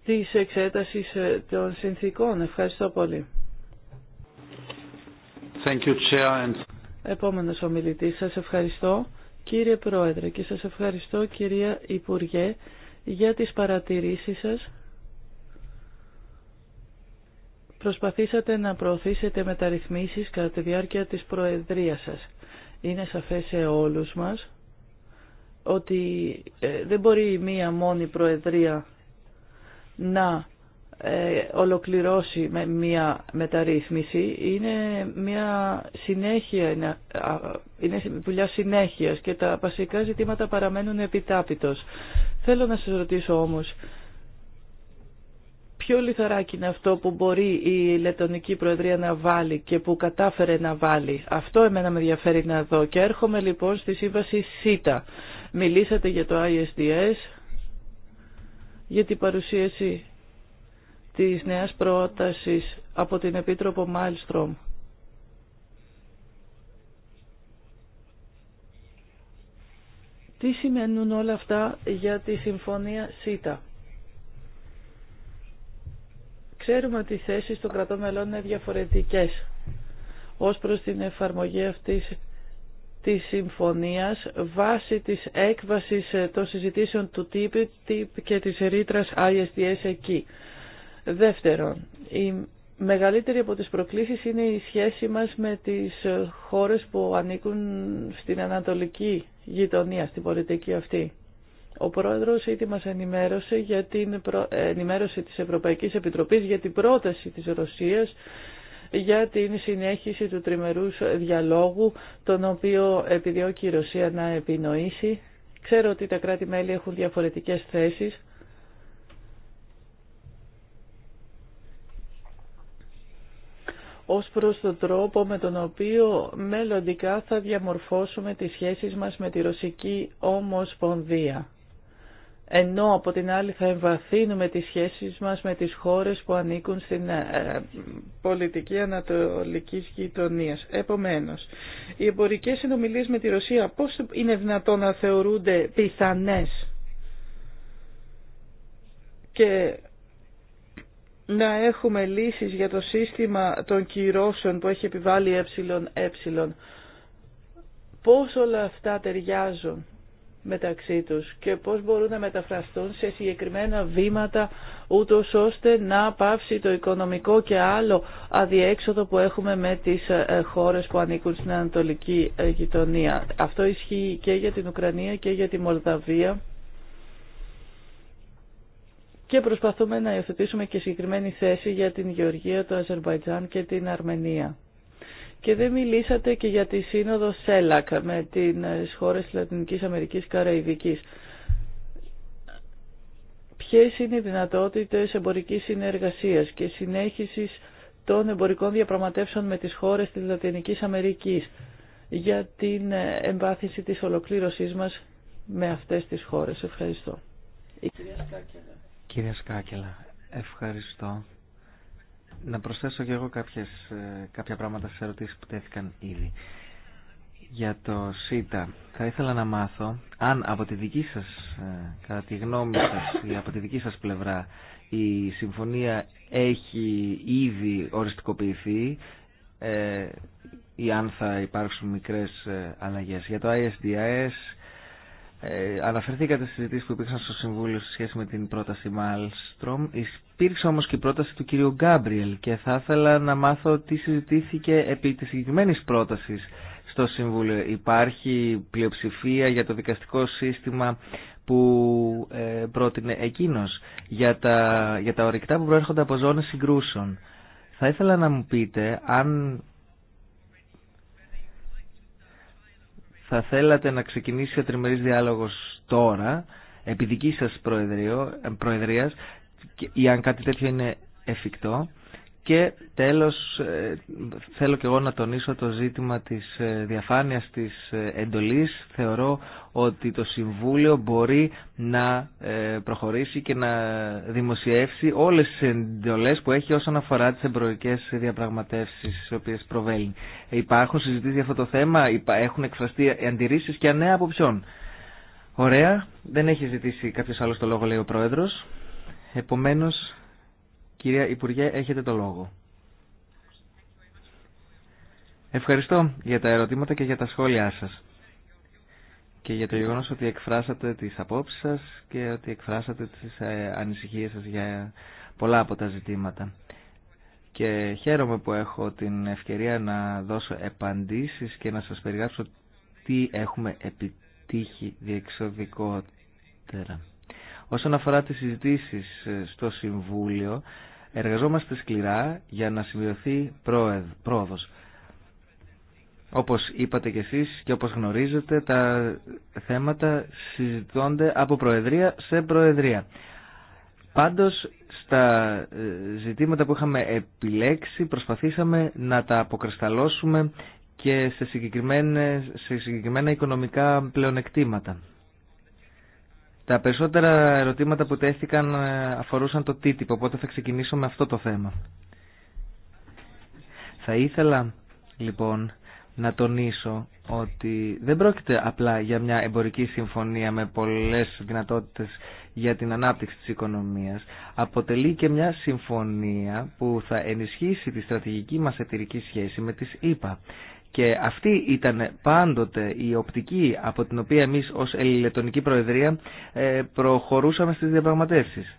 της εξέτασης ε, των συνθήκων. Ευχαριστώ πολύ. Thank you, Chair, and... Επόμενος ομιλητής, σας ευχαριστώ κύριε Πρόεδρε και σας ευχαριστώ κυρία Υπουργέ για τις παρατηρήσεις σας. Προσπαθήσατε να προωθήσετε μεταρρυθμίσεις κατά τη διάρκεια της Προεδρίας σας. Είναι σαφές σε όλους μας ότι ε, δεν μπορεί μία μόνη Προεδρία να ε, ολοκληρώσει με μια μεταρρύθμιση είναι μια συνέχεια, είναι δουλειά συνέχειας και τα βασικά ζητήματα παραμένουν επιτάπητος. Θέλω να σας ρωτήσω όμως, ποιο λιθαράκι είναι αυτό που μπορεί η Λετωνική Προεδρία να βάλει και που κατάφερε να βάλει. Αυτό εμένα με ενδιαφέρει να δω και έρχομαι λοιπόν στη σύμβαση ΣΥΤΑ. Μιλήσατε για το ISDS, για την παρουσίαση της νέας πρότασης από την Επίτροπο Μάλστρομ. Τι σημαίνουν όλα αυτά για τη Συμφωνία ΣΥΤΑ. Ξέρουμε ότι οι θέσεις των κρατών μελών είναι διαφορετικές ως προς την εφαρμογή αυτής της συμφωνίας βάσει της έκβασης ε, των συζητήσεων του TTIP και της ρήτρα ISDS εκεί. Δεύτερον, η μεγαλύτερη από τις προκλήσεις είναι η σχέση μας με τις ε, χώρες που ανήκουν στην ανατολική γειτονία, στην πολιτική αυτή. Ο Πρόεδρος ήδη μας ενημέρωσε για την ε, ενημέρωση της Ευρωπαϊκής Επιτροπής για την πρόταση της Ρωσίας για την συνέχιση του τριμερούς διαλόγου, τον οποίο επιδιώκει η Ρωσία να επινοήσει. Ξέρω ότι τα κράτη-μέλη έχουν διαφορετικές θέσεις. ως προς τον τρόπο με τον οποίο μελλοντικά θα διαμορφώσουμε τις σχέσεις μας με τη Ρωσική Ομοσπονδία ενώ από την άλλη θα εμβαθύνουμε τις σχέσεις μας με τις χώρες που ανήκουν στην ε, πολιτική ανατολικής γειτονίας. Επομένως, οι εμπορικές συνομιλίες με τη Ρωσία πώς είναι δυνατόν να θεωρούνται πιθανές και να έχουμε λύσεις για το σύστημα των κυρώσεων που έχει επιβάλει Ε, ε. Πώς όλα αυτά ταιριάζουν μεταξύ τους και πώς μπορούν να μεταφραστούν σε συγκεκριμένα βήματα ούτως ώστε να πάυσει το οικονομικό και άλλο αδιέξοδο που έχουμε με τις ε, χώρες που ανήκουν στην Ανατολική ε, γειτονία. Αυτό ισχύει και για την Ουκρανία και για τη Μολδαβία και προσπαθούμε να υιοθετήσουμε και συγκεκριμένη θέση για την Γεωργία, το Αζερβαϊτζάν και την Αρμενία. Και δεν μιλήσατε και για τη σύνοδο ΣΕΛΑΚ με ε, τις χώρες της Λατινικής Αμερικής Καραϊβικής. Ποιες είναι οι δυνατότητες εμπορικής συνεργασίας και συνέχισης των εμπορικών διαπραγματεύσεων με τις χώρες της Λατινικής Αμερικής για την ε, εμπάθηση της ολοκλήρωσής μας με αυτές τις χώρες. Ευχαριστώ. κυρία ευχαριστώ. Να προσθέσω και εγώ κάποιες, ε, κάποια πράγματα στις ερωτήσεις που τέθηκαν ήδη. Για το ΣΥΤΑ, θα ήθελα να μάθω αν από τη δική σας, ε, κατά τη γνώμη η απο πλευρα ήδη οριστικοποιηθεί ε, ή αν θα υπάρξουν μικρές αλλαγές. Για το ISDS ε, αναφερθήκατε στις συζητήσεις που υπήρξαν στο Συμβούλιο σε σχέση με την πρόταση Μάλστρομ. Υπήρξε όμω και η πρόταση του κυρίου Γκάμπριελ και θα ήθελα να μάθω τι συζητήθηκε επί της συγκεκριμένη πρόταση στο Συμβούλιο. Υπάρχει πλειοψηφία για το δικαστικό σύστημα που ε, πρότεινε εκείνος για τα, για τα που προέρχονται από ζώνε συγκρούσεων. Θα ήθελα να μου πείτε αν θα θέλατε να ξεκινήσει ο τριμερής διάλογος τώρα, επί δική σας ε, προεδρίας, ή αν κάτι τέτοιο είναι εφικτό, και τέλος ε, θέλω και εγώ να τονίσω το ζήτημα της ε, διαφάνειας της ε, εντολής. Θεωρώ ότι το Συμβούλιο μπορεί να προχωρήσει και να δημοσιεύσει όλες τις εντολές που έχει όσον αφορά τις εμπροϊκές διαπραγματεύσεις τις οποίες προβαίνει. Υπάρχουν συζητήσεις για αυτό το θέμα, έχουν εκφραστεί αντιρρήσεις και ανέα ποιον. Ωραία, δεν έχει ζητήσει κάποιο άλλο το λόγο λέει ο Πρόεδρος. Επομένως, Κυρία Υπουργέ, έχετε το λόγο. Ευχαριστώ για τα ερωτήματα και για τα σχόλιά σας. Και για το γεγονός ότι εκφράσατε τις απόψεις σας και ότι εκφράσατε τις ε, ανησυχίες σας για πολλά από τα ζητήματα. Και χαίρομαι που έχω την ευκαιρία να δώσω επαντήσεις και να σας περιγράψω τι έχουμε επιτύχει διεξοδικότερα. Όσον αφορά τις συζητήσεις ε, στο Συμβούλιο, Εργαζόμαστε σκληρά για να σημειωθεί πρόοδος. Όπως είπατε κι εσείς και όπως γνωρίζετε, τα θέματα συζητώνται από Προεδρία σε Προεδρία. Πάντως, στα ε, ζητήματα που είχαμε επιλέξει, προσπαθήσαμε να τα αποκρισταλώσουμε και σε, σε συγκεκριμένα οικονομικά πλεονεκτήματα. Τα περισσότερα ερωτήματα που τέθηκαν ε, αφορούσαν το τίτυπο, οπότε θα ξεκινήσω με αυτό το θέμα. Θα ήθελα, λοιπόν, να τονίσω ότι δεν πρόκειται απλά για μια εμπορική συμφωνία με πολλές δυνατότητες για την ανάπτυξη της οικονομίας. Αποτελεί και μια συμφωνία που θα ενισχύσει τη στρατηγική μας εταιρική σχέση με τις ΗΠΑ. Και αυτή ήταν πάντοτε η οπτική από την οποία εμείς ως Ελληνική Προεδρία ε, προχωρούσαμε στις διαπραγματεύσεις.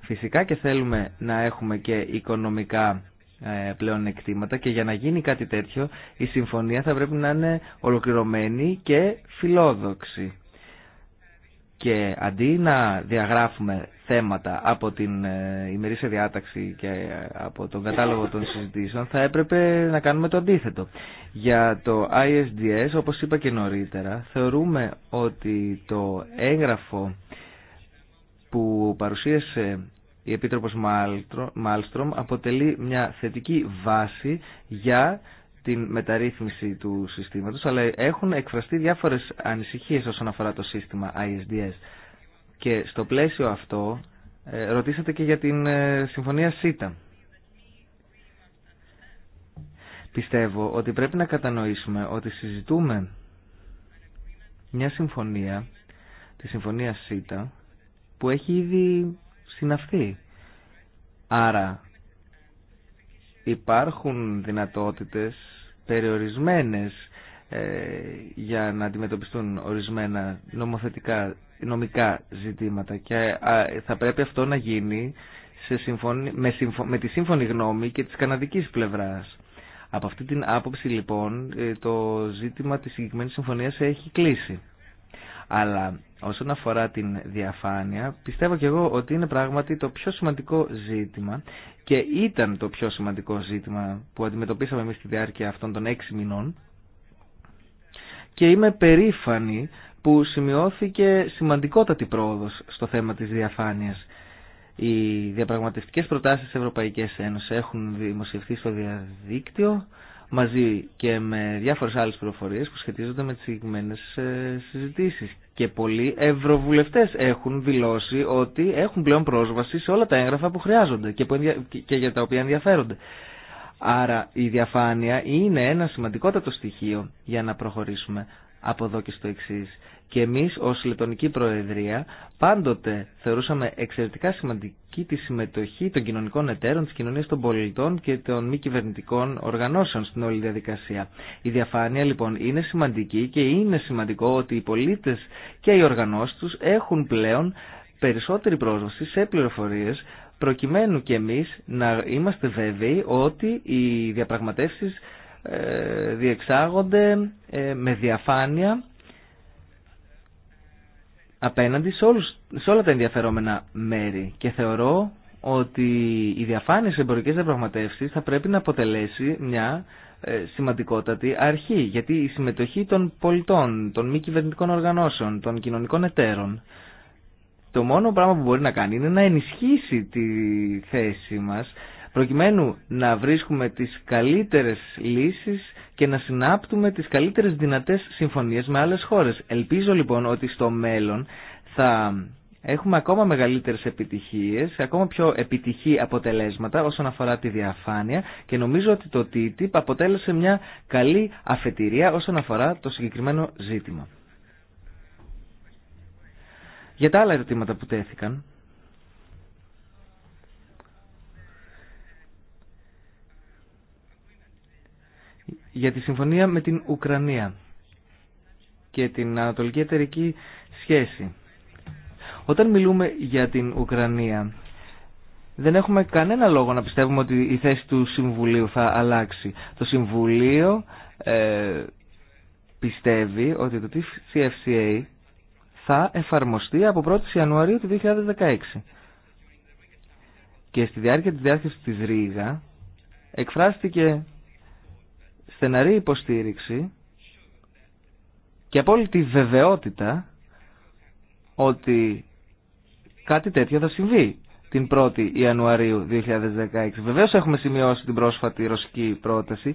Φυσικά και θέλουμε να έχουμε και οικονομικά ε, πλέον και για να γίνει κάτι τέτοιο η συμφωνία θα πρέπει να είναι ολοκληρωμένη και φιλόδοξη. Και αντί να διαγράφουμε θέματα από την ε, ημερήσια διάταξη και ε, από τον κατάλογο των συζητήσεων θα έπρεπε να κάνουμε το αντίθετο. Για το ISDS, όπως είπα και νωρίτερα, θεωρούμε ότι το έγγραφο που παρουσίασε η Επίτροπος Μάλστρομ αποτελεί μια θετική βάση για την μεταρρύθμιση του συστήματος, αλλά έχουν εκφραστεί διάφορες ανησυχίες όσον αφορά το σύστημα ISDS. Και στο πλαίσιο αυτό ε, ρωτήσατε και για την ε, Συμφωνία ΣΥΤΑ. Πιστεύω ότι πρέπει να κατανοήσουμε ότι συζητούμε μια συμφωνία, τη Συμφωνία ΣΥΤΑ, που έχει ήδη συναυθεί. Άρα υπάρχουν δυνατότητες περιορισμένες ε, για να αντιμετωπιστούν ορισμένα νομοθετικά νομικά ζητήματα και θα πρέπει αυτό να γίνει σε συμφωνη... με, με τη σύμφωνη γνώμη και της καναδικής πλευράς. Από αυτή την άποψη λοιπόν ε, το ζήτημα της συγκεκριμένης συμφωνίας έχει κλείσει. Αλλά όσον αφορά την διαφάνεια, πιστεύω και εγώ ότι είναι πράγματι το πιο σημαντικό ζήτημα και ήταν το πιο σημαντικό ζήτημα που αντιμετωπίσαμε εμείς στη διάρκεια αυτών των έξι μηνών και είμαι περήφανη που σημειώθηκε σημαντικότατη πρόοδος στο θέμα της διαφάνειας. Οι διαπραγματευτικές προτάσεις της Ευρωπαϊκής Ένωσης έχουν δημοσιευθεί στο διαδίκτυο μαζί και με διάφορες άλλες πληροφορίες που σχετίζονται με τις συγκεκριμένες ε, συζητήσεις. Και πολλοί ευρωβουλευτές έχουν δηλώσει ότι έχουν πλέον πρόσβαση σε όλα τα έγγραφα που χρειάζονται και για τα οποία ενδιαφέρονται. Άρα η διαφάνεια είναι ένα σημαντικότατο στοιχείο για να προχωρήσουμε από εδώ και στο εξή. Και εμεί, ω Λετωνική Προεδρία πάντοτε θεωρούσαμε εξαιρετικά σημαντική τη συμμετοχή των κοινωνικών εταίρων, τη κοινωνία των πολιτών και των μη κυβερνητικών οργανώσεων στην όλη διαδικασία. Η διαφάνεια λοιπόν είναι σημαντική και είναι σημαντικό ότι οι πολίτε και οι οργανώσει του έχουν πλέον περισσότερη πρόσβαση σε πληροφορίε προκειμένου και εμείς να είμαστε βέβαιοι ότι οι διαπραγματεύσεις ε, διεξάγονται ε, με διαφάνεια απέναντι σε, όλους, σε όλα τα ενδιαφερόμενα μέρη και θεωρώ ότι η διαφάνεια σε εμπορικές διαπραγματεύσεις θα πρέπει να αποτελέσει μια ε, σημαντικότατη αρχή γιατί η συμμετοχή των πολιτών, των μη κυβερνητικών οργανώσεων, των κοινωνικών εταίρων το μόνο πράγμα που μπορεί να κάνει είναι να ενισχύσει τη θέση μας προκειμένου να βρίσκουμε τις καλύτερες λύσεις και να συνάπτουμε τις καλύτερες δυνατές συμφωνίες με άλλες χώρες. Ελπίζω λοιπόν ότι στο μέλλον θα έχουμε ακόμα μεγαλύτερες επιτυχίες, ακόμα πιο επιτυχή αποτελέσματα όσον αφορά τη διαφάνεια και νομίζω ότι το TTIP αποτέλεσε μια καλή αφετηρία όσον αφορά το συγκεκριμένο ζήτημα. Για τα άλλα ερωτήματα που τέθηκαν, για τη συμφωνία με την Ουκρανία και την ανατολική εταιρική σχέση. Όταν μιλούμε για την Ουκρανία, δεν έχουμε κανένα λόγο να πιστεύουμε ότι η θέση του Συμβουλίου θα αλλάξει. Το Συμβουλίο ε, πιστεύει ότι το TCFCA θα εφαρμοστεί από 1η Ιανουαρίου του 2016. Και στη διάρκεια της διάρκειας της Ρήγα εκφράστηκε στεναρή υποστήριξη και απόλυτη βεβαιότητα ότι κάτι τέτοιο θα συμβεί την 1η Ιανουαρίου 2016. Βεβαίως έχουμε σημειώσει την πρόσφατη ρωσική πρόταση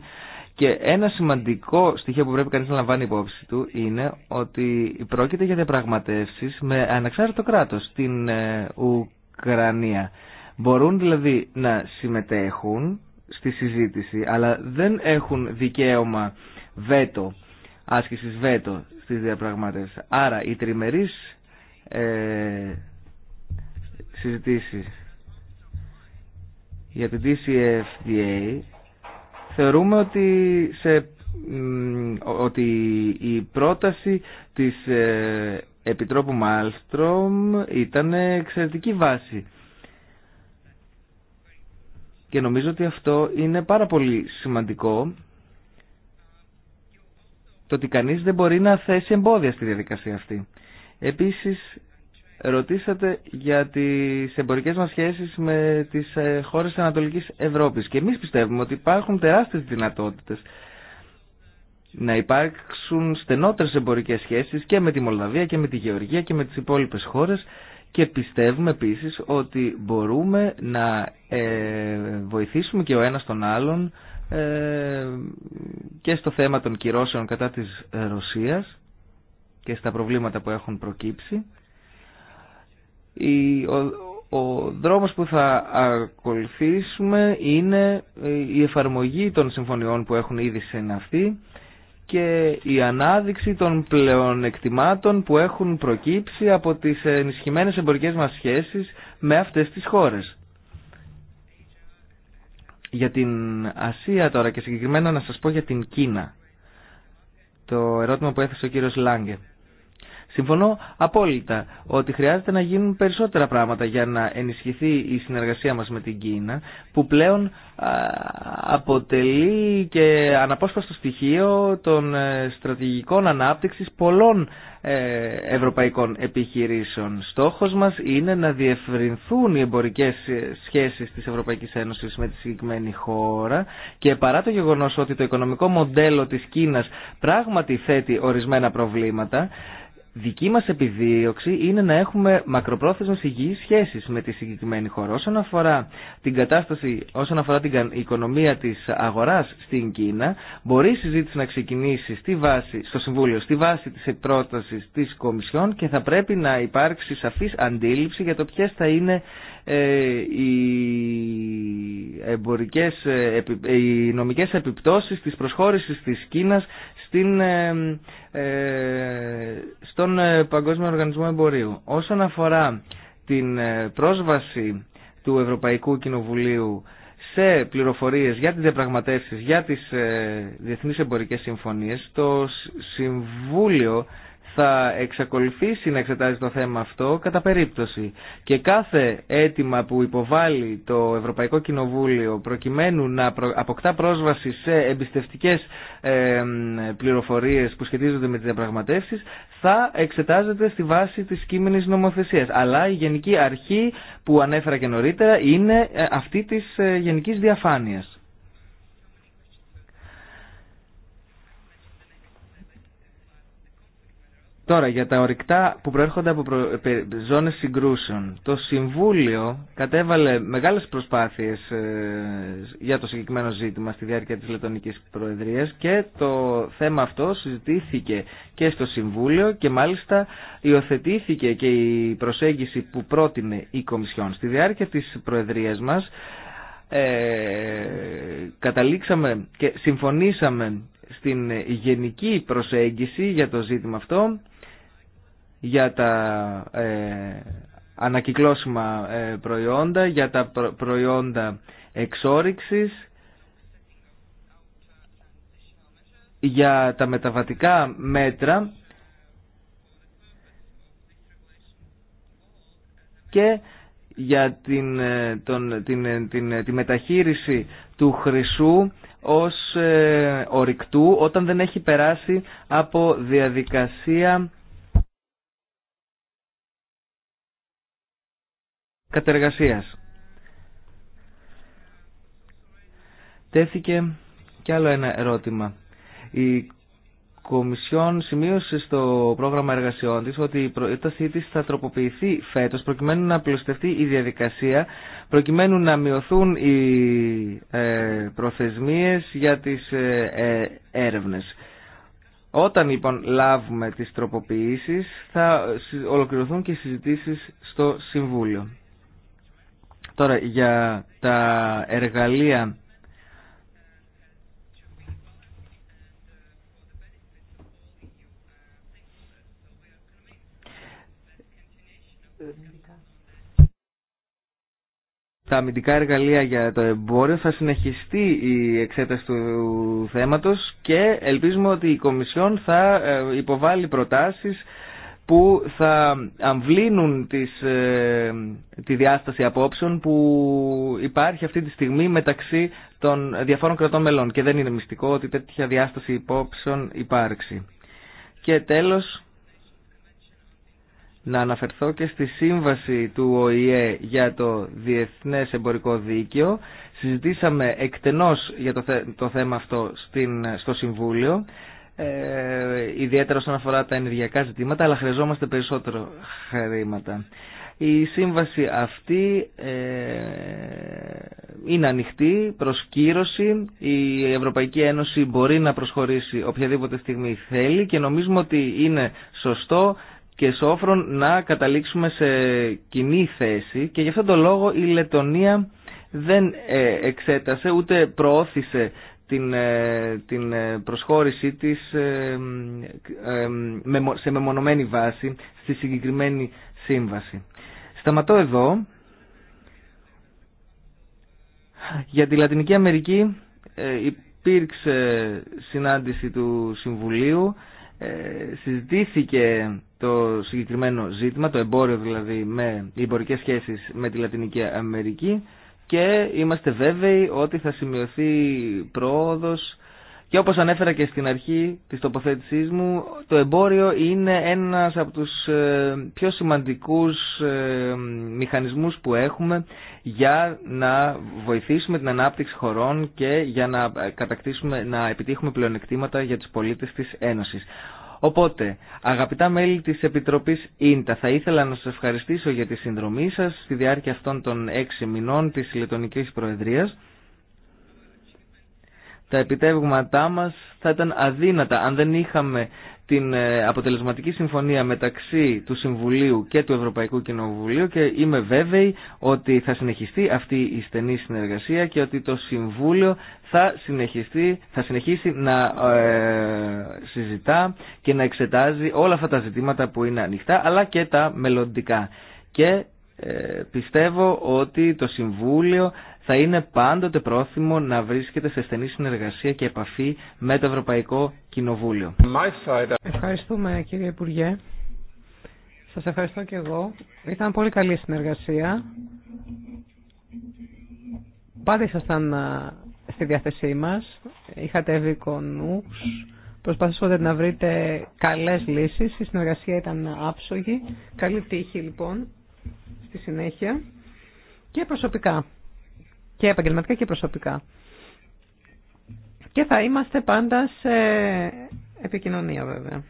και ένα σημαντικό στοιχείο που πρέπει κανείς να λαμβάνει υπόψη του είναι ότι πρόκειται για διαπραγματεύσεις με αναξάρτητο κράτος, την ε, Ουκρανία. Μπορούν δηλαδή να συμμετέχουν στη συζήτηση, αλλά δεν έχουν δικαίωμα βέτο, άσκησης βέτο στις διαπραγματεύσεις. Άρα οι τριμερείς ε, συζητήσεις για την DCFDA θεωρούμε ότι, σε, ότι η πρόταση της ε, Επιτρόπου Μάλστρομ ήταν εξαιρετική βάση και νομίζω ότι αυτό είναι πάρα πολύ σημαντικό το ότι κανείς δεν μπορεί να θέσει εμπόδια στη διαδικασία αυτή. Επίσης, ρωτήσατε για τις εμπορικές μας σχέσεις με τις ε, χώρες της Ανατολικής Ευρώπης και εμείς πιστεύουμε ότι υπάρχουν τεράστιες δυνατότητες να υπάρξουν στενότερες εμπορικές σχέσεις και με τη Μολδαβία και με τη Γεωργία και με τις υπόλοιπες χώρες και πιστεύουμε επίσης ότι μπορούμε να ε, βοηθήσουμε και ο ένας τον άλλον ε, και στο θέμα των κυρώσεων κατά της Ρωσίας και στα προβλήματα που έχουν προκύψει. Ο δρόμος που θα ακολουθήσουμε είναι η εφαρμογή των συμφωνιών που έχουν ήδη συναυθεί και η ανάδειξη των πλεονεκτημάτων που έχουν προκύψει από τις ενισχυμένες εμπορικές μας σχέσεις με αυτές τις χώρες. Για την Ασία τώρα και συγκεκριμένα να σας πω για την Κίνα. Το ερώτημα που έθεσε ο κύριος Λάγκε. Συμφωνώ απόλυτα ότι χρειάζεται να γίνουν περισσότερα πράγματα για να ενισχυθεί η συνεργασία μας με την Κίνα που πλέον αποτελεί και αναπόσπαστο στοιχείο των ε, στρατηγικών ανάπτυξης πολλών ε, ευρωπαϊκών επιχειρήσεων. Στόχος μας είναι να διευρυνθούν οι εμπορικές ε, σχέσεις της Ευρωπαϊκής Ένωσης με τη συγκεκριμένη χώρα και παρά το γεγονός ότι το οικονομικό μοντέλο της Κίνας πράγματι θέτει ορισμένα προβλήματα δική μας επιδίωξη είναι να έχουμε μακροπρόθεσμες υγιείς σχέσεις με τη συγκεκριμένη χώρα. Όσον αφορά την κατάσταση, όσον αφορά την οικονομία της αγοράς στην Κίνα, μπορεί η συζήτηση να ξεκινήσει στη βάση, στο Συμβούλιο, στη βάση της πρότασης της Κομισιόν και θα πρέπει να υπάρξει σαφής αντίληψη για το ποιες θα είναι ε, οι, εμπορικές, ε, ε, οι νομικές επιπτώσεις της προσχώρησης της Κίνας στην, ε, ε, στον ε, Παγκόσμιο Οργανισμό Εμπορίου. Όσον αφορά την πρόσβαση του Ευρωπαϊκού Κοινοβουλίου σε πληροφορίες για τις διαπραγματεύσεις, για τις διεθνείς εμπορικές συμφωνίες, το Συμβούλιο θα εξακολουθήσει να εξετάζει το θέμα αυτό κατά περίπτωση. Και κάθε αίτημα που υποβάλλει το Ευρωπαϊκό Κοινοβούλιο προκειμένου να αποκτά πρόσβαση σε εμπιστευτικές πληροφορίες που σχετίζονται με τις διαπραγματεύσεις θα εξετάζεται στη βάση της κείμενης νομοθεσίας. Αλλά η γενική αρχή που ανέφερα και νωρίτερα είναι ε, αυτή της ε, γενικής διαφάνειας. Τώρα, για τα ορυκτά που προέρχονται από προ... ζώνες συγκρούσεων. Το Συμβούλιο κατέβαλε μεγάλες προσπάθειες ε, για το συγκεκριμένο ζήτημα στη διάρκεια της Λετωνικής Προεδρίας και το θέμα αυτό συζητήθηκε και στο Συμβούλιο και μάλιστα υιοθετήθηκε και η προσέγγιση που πρότεινε η Κομισιόν. Στη διάρκεια της Προεδρίας μας ε, καταλήξαμε και συμφωνήσαμε στην γενική προσέγγιση για το ζήτημα αυτό για τα ε, ανακυκλώσιμα ε, προϊόντα, για τα προϊόντα εξόρυξης, για τα μεταβατικά μέτρα και για την, ε, τον, την, την, τη μεταχείριση του χρυσού ως ε, ορυκτού όταν δεν έχει περάσει από διαδικασία κατεργασίας. Τέθηκε κι άλλο ένα ερώτημα. Η Κομισιόν σημείωσε στο πρόγραμμα εργασιών της ότι η πρότασή της θα τροποποιηθεί φέτος προκειμένου να απλουστευτεί η διαδικασία, προκειμένου να μειωθούν οι ε, προθεσμίες για τις ε, ε, έρευνες. Όταν λοιπόν λάβουμε τις τροποποιήσεις θα ολοκληρωθούν και οι συζητήσεις στο Συμβούλιο. Τώρα για τα εργαλεία τα αμυντικά εργαλεία για το εμπόριο θα συνεχιστεί η εξέταση του θέματος και ελπίζουμε ότι η Κομισιόν θα ε, υποβάλει προτάσεις που θα αμβλύνουν τις, ε, τη διάσταση απόψεων που υπάρχει αυτή τη στιγμή μεταξύ των διαφόρων κρατών μελών και δεν είναι μυστικό ότι τέτοια διάσταση υπόψεων υπάρξει. Και τέλος, να αναφερθώ και στη σύμβαση του ΟΗΕ για το Διεθνές Εμπορικό Δίκαιο. Συζητήσαμε εκτενώς για το, το θέμα αυτό στην, στο Συμβούλιο ε, ιδιαίτερα όσον αφορά τα ενεργειακά ζητήματα, αλλά χρειαζόμαστε περισσότερο χρήματα. Η σύμβαση αυτή ε, είναι ανοιχτή προς κύρωση. Η Ευρωπαϊκή Ένωση μπορεί να προσχωρήσει οποιαδήποτε στιγμή θέλει και νομίζουμε ότι είναι σωστό και σόφρον να καταλήξουμε σε κοινή θέση και γι' αυτόν τον λόγο η Λετωνία δεν ε, εξέτασε ούτε προώθησε την, ε, την ε, προσχώρησή της ε, σε μεμονωμένη βάση στη συγκεκριμένη σύμβαση. Σταματώ εδώ. Για τη Λατινική Αμερική υπήρξε συνάντηση του Συμβουλίου, συζητήθηκε το συγκεκριμένο ζήτημα, το εμπόριο δηλαδή με οι εμπορικές σχέσεις με τη Λατινική Αμερική και είμαστε βέβαιοι ότι θα σημειωθεί πρόοδος και όπως ανέφερα και στην αρχή της τοποθέτησής μου, το εμπόριο είναι ένας από τους ε, πιο σημαντικούς ε, μηχανισμούς που έχουμε για να βοηθήσουμε την ανάπτυξη χωρών και για να κατακτήσουμε, να επιτύχουμε πλεονεκτήματα για τις πολίτες της Ένωσης. Οπότε, αγαπητά μέλη της Επιτροπής ΙΝΤΑ, θα ήθελα να σας ευχαριστήσω για τη συνδρομή σας στη διάρκεια αυτών των έξι μηνών της Λετωνικής Προεδρίας. Τα επιτεύγματά μας θα ήταν αδύνατα αν δεν είχαμε την ε, αποτελεσματική συμφωνία μεταξύ του Συμβουλίου και του Ευρωπαϊκού Κοινοβουλίου και είμαι βέβαιη ότι θα συνεχιστεί αυτή η στενή συνεργασία και ότι το Συμβούλιο θα, θα συνεχίσει να ε, συζητά και να εξετάζει όλα αυτά τα ζητήματα που είναι ανοιχτά αλλά και τα μελλοντικά. Και ε, πιστεύω ότι το Συμβούλιο θα είναι πάντοτε πρόθυμο να βρίσκεται σε στενή συνεργασία και επαφή με το Ευρωπαϊκό Κοινοβούλιο. Ευχαριστούμε κύριε Υπουργέ. Σας ευχαριστώ και εγώ. Ήταν πολύ καλή συνεργασία. Πάντα ήσασταν στη διάθεσή μας. Είχατε ευήκο Προσπαθήσατε να βρείτε καλές λύσεις. Η συνεργασία ήταν άψογη. Καλή τύχη λοιπόν στη συνέχεια και προσωπικά και επαγγελματικά και προσωπικά. Και θα είμαστε πάντα σε επικοινωνία βέβαια.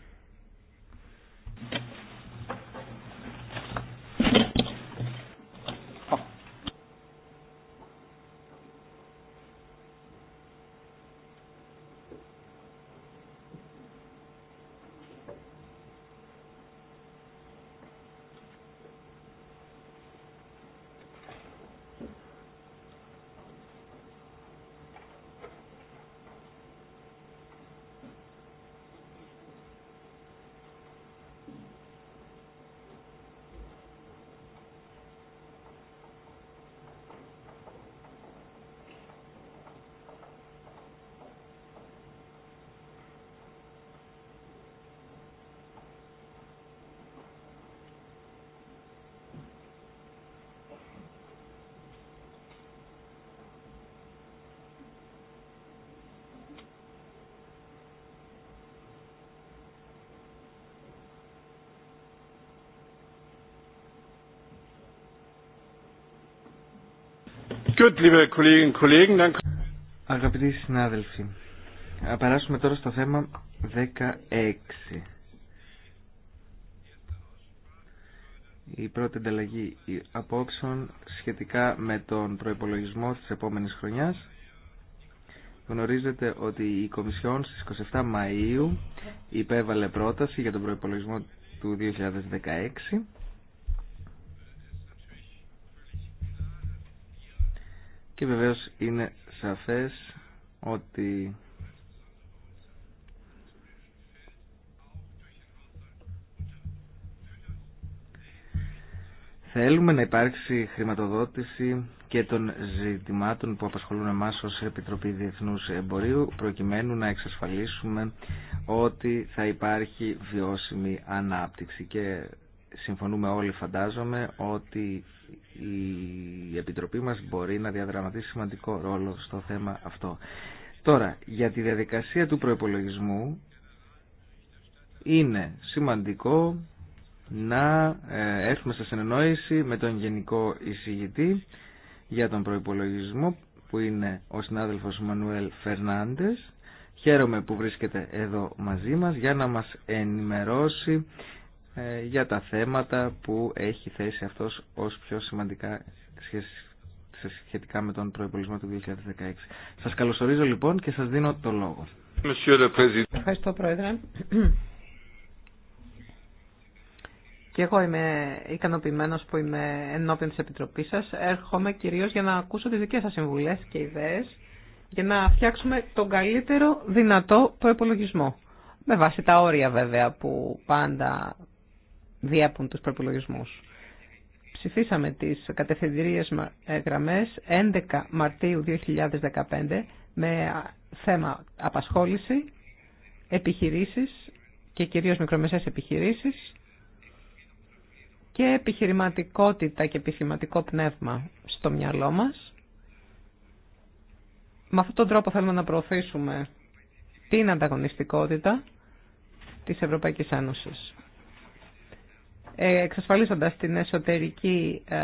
Αγαπητοί συνάδελφοι, θα περάσουμε τώρα στο θέμα 16. Η πρώτη ανταλλαγή απόψεων σχετικά με τον προπολογισμό της επόμενης χρονιάς. Γνωρίζετε ότι η Κομισιόν στις 27 Μαΐου υπέβαλε πρόταση για τον προϋπολογισμό του 2016 και βεβαίως είναι σαφές ότι Θέλουμε να υπάρξει χρηματοδότηση και των ζητημάτων που απασχολούν εμά ω Επιτροπή Διεθνού Εμπορίου, προκειμένου να εξασφαλίσουμε ότι θα υπάρχει βιώσιμη ανάπτυξη. Και συμφωνούμε όλοι, φαντάζομαι, ότι η Επιτροπή μας μπορεί να διαδραματίσει σημαντικό ρόλο στο θέμα αυτό. Τώρα, για τη διαδικασία του προϋπολογισμού είναι σημαντικό να ε, έρθουμε σε συνεννόηση με τον Γενικό Εισηγητή για τον προϋπολογισμό που είναι ο συνάδελφος Μανουέλ Φερνάντες. Χαίρομαι που βρίσκεται εδώ μαζί μας για να μας ενημερώσει ε, για τα θέματα που έχει θέσει αυτός ως πιο σημαντικά σχετικά με τον προϋπολισμό του 2016. Σας καλωσορίζω λοιπόν και σας δίνω το λόγο. Ευχαριστώ Πρόεδρε. Και εγώ είμαι ικανοποιημένος που είμαι ενώπιον της Επιτροπής σας. Έρχομαι κυρίως για να ακούσω τις δικές σας συμβουλές και ιδέες για να φτιάξουμε τον καλύτερο δυνατό προϋπολογισμό. Με βάση τα όρια βέβαια που πάντα διέπουν τους προπολογισμούς. Ψηφίσαμε τις κατευθυντηρίες ε, γραμμές 11 Μαρτίου 2015 με θέμα απασχόληση, επιχειρήσεις και κυρίως μικρομεσαίες επιχειρήσεις και επιχειρηματικότητα και επιχειρηματικό πνεύμα στο μυαλό μας. Με αυτόν τον τρόπο θέλουμε να προωθήσουμε την ανταγωνιστικότητα της Ευρωπαϊκής Ένωσης. Ε, εξασφαλίζοντας την εσωτερική ε,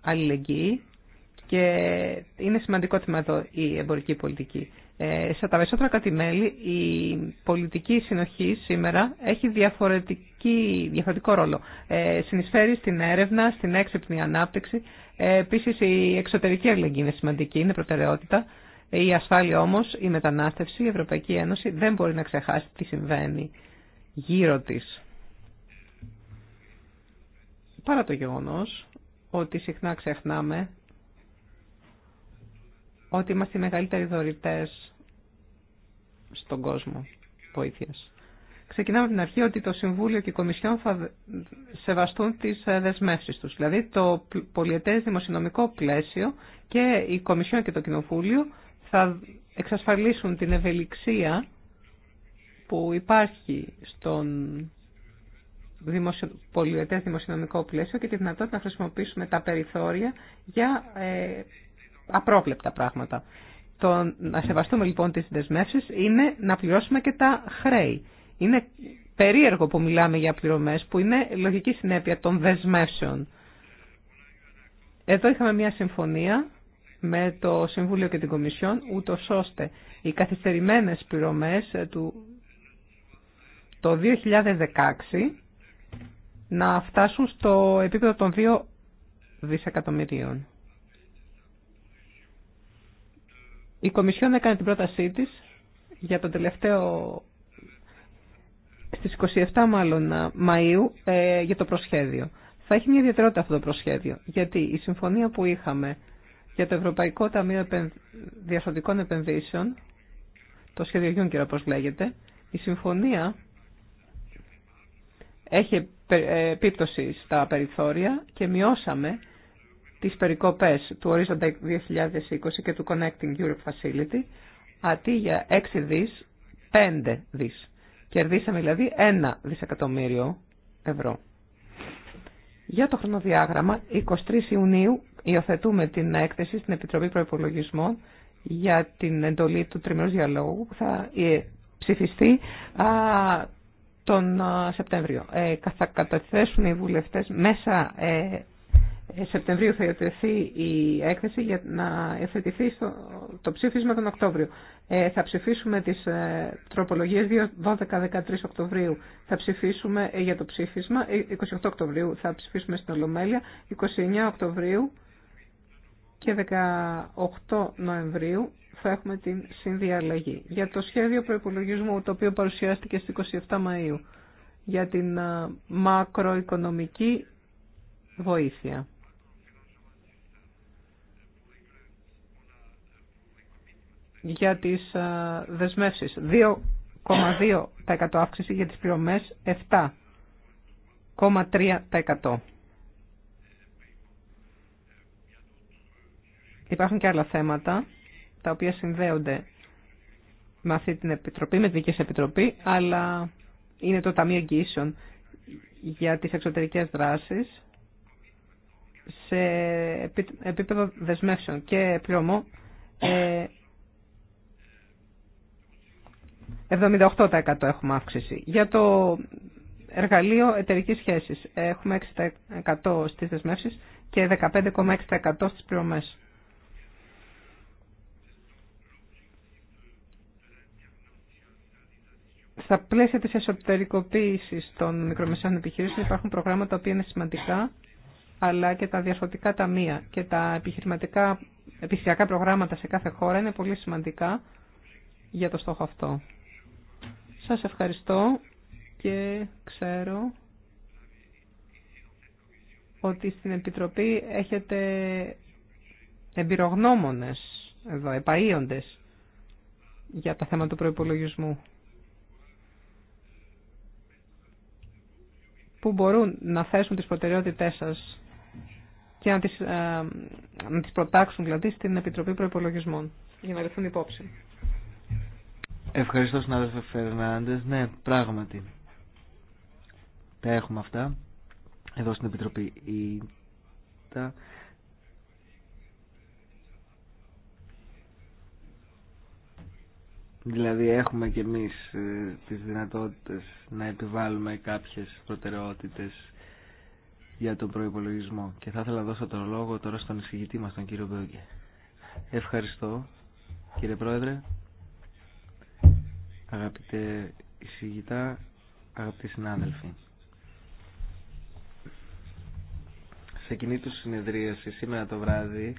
αλληλεγγύη και είναι σημαντικό θέμα εδώ η εμπορική πολιτική. Ε, σε τα περισσότερα κατημέλη η πολιτική συνοχή σήμερα έχει διαφορετική, διαφορετικό ρόλο. Ε, συνεισφέρει στην έρευνα, στην έξυπνη ανάπτυξη. Ε, Επίση η εξωτερική αλληλεγγύη είναι σημαντική, είναι προτεραιότητα. Ε, η ασφάλεια όμως, η μετανάστευση, η Ευρωπαϊκή Ένωση δεν μπορεί να ξεχάσει τι συμβαίνει γύρω της παρά το γεγονός ότι συχνά ξεχνάμε ότι είμαστε οι μεγαλύτεροι δωρητές στον κόσμο βοήθειας. Ξεκινάμε από την αρχή ότι το Συμβούλιο και η Κομισιόν θα σεβαστούν τις ε, δεσμεύσεις τους. Δηλαδή το πολιετές δημοσιονομικό πλαίσιο και η Κομισιόν και το Κοινοβούλιο θα εξασφαλίσουν την ευελιξία που υπάρχει στον δημοσιο... πολιετές δημοσιονομικό πλαίσιο και τη δυνατότητα να χρησιμοποιήσουμε τα περιθώρια για ε, απρόβλεπτα πράγματα. Το να σεβαστούμε λοιπόν τις δεσμεύσεις είναι να πληρώσουμε και τα χρέη. Είναι περίεργο που μιλάμε για πληρωμές που είναι λογική συνέπεια των δεσμεύσεων. Εδώ είχαμε μια συμφωνία με το Συμβούλιο και την Κομισιόν, ούτω ώστε οι καθυστερημένες πληρωμές του το 2016 να φτάσουν στο επίπεδο των 2 δισεκατομμυρίων. Η Κομισιόν έκανε την πρότασή της για το τελευταίο, στις 27 μάλλον Μαΐου, ε, για το προσχέδιο. Θα έχει μια ιδιαιτερότητα αυτό το προσχέδιο, γιατί η συμφωνία που είχαμε για το Ευρωπαϊκό Ταμείο Διασωτικών Επενδύσεων, το σχέδιο Γιούνκερ όπως λέγεται, η συμφωνία έχει ε, επίπτωση στα περιθώρια και μειώσαμε τις περικοπές του ορίζοντα 2020 και του Connecting Europe Facility αντί για 6 δις, 5 δις. Κερδίσαμε δηλαδή 1 δισεκατομμύριο ευρώ. Για το χρονοδιάγραμμα, 23 Ιουνίου υιοθετούμε την έκθεση στην Επιτροπή Προϋπολογισμών για την εντολή του τριμερούς διαλόγου που θα ε, ψηφιστεί α, τον Σεπτέμβριο. Ε, θα καταθέσουν οι βουλευτές μέσα ε, ε, Σεπτεμβρίου θα υιοθετηθεί η έκθεση για να υιοθετηθεί το ψήφισμα τον Οκτώβριο. Ε, θα ψηφίσουμε τις ε, τροπολογίες 12-13 Οκτωβρίου. Θα ψηφίσουμε για το ψήφισμα 28 Οκτωβρίου. Θα ψηφίσουμε στην Ολομέλεια 29 Οκτωβρίου και 18 Νοεμβρίου έχουμε την συνδιαλλαγή. Για το σχέδιο προπολογισμού το οποίο παρουσιάστηκε στις 27 Μαΐου για την μακροοικονομική βοήθεια. Για τις δεσμεύσεις 2,2% αύξηση για τις πληρωμές 7,3%. Υπάρχουν και άλλα θέματα τα οποία συνδέονται με αυτή την επιτροπή, με την δική επιτροπή, αλλά είναι το Ταμείο Εγγύσεων για τις εξωτερικές δράσεις σε επίπεδο δεσμεύσεων και πληρωμό 78% ε, έχουμε αύξηση. Για το εργαλείο εταιρική σχέσης έχουμε 6% στις δεσμεύσεις και 15,6% στις πληρωμές. στα πλαίσια της εσωτερικοποίησης των μικρομεσαίων επιχειρήσεων υπάρχουν προγράμματα τα οποία είναι σημαντικά, αλλά και τα διαφορετικά ταμεία και τα επιχειρηματικά επιχειρηματικά προγράμματα σε κάθε χώρα είναι πολύ σημαντικά για το στόχο αυτό. Σας ευχαριστώ και ξέρω ότι στην Επιτροπή έχετε εμπειρογνώμονες εδώ, επαΐοντες για τα θέματα του προϋπολογισμού. που μπορούν να θέσουν τις προτεραιότητές σας και να τις, ε, να τις προτάξουν δηλαδή στην Επιτροπή Προϋπολογισμών για να λεφθούν υπόψη. Ευχαριστώ συνάδελφε Φερνάντες. Ναι, πράγματι. Τα έχουμε αυτά εδώ στην Επιτροπή Τα Δηλαδή έχουμε και εμείς ε, τις δυνατότητες να επιβάλλουμε κάποιες προτεραιότητες για τον προϋπολογισμό. Και θα ήθελα να δώσω τον λόγο τώρα στον εισηγητή μας, τον κύριο Μπέγκε. Ευχαριστώ, κύριε Πρόεδρε. Αγαπητέ εισηγητά, αγαπητοί συνάδελφοι. Σε κοινή του συνεδρίαση σήμερα το βράδυ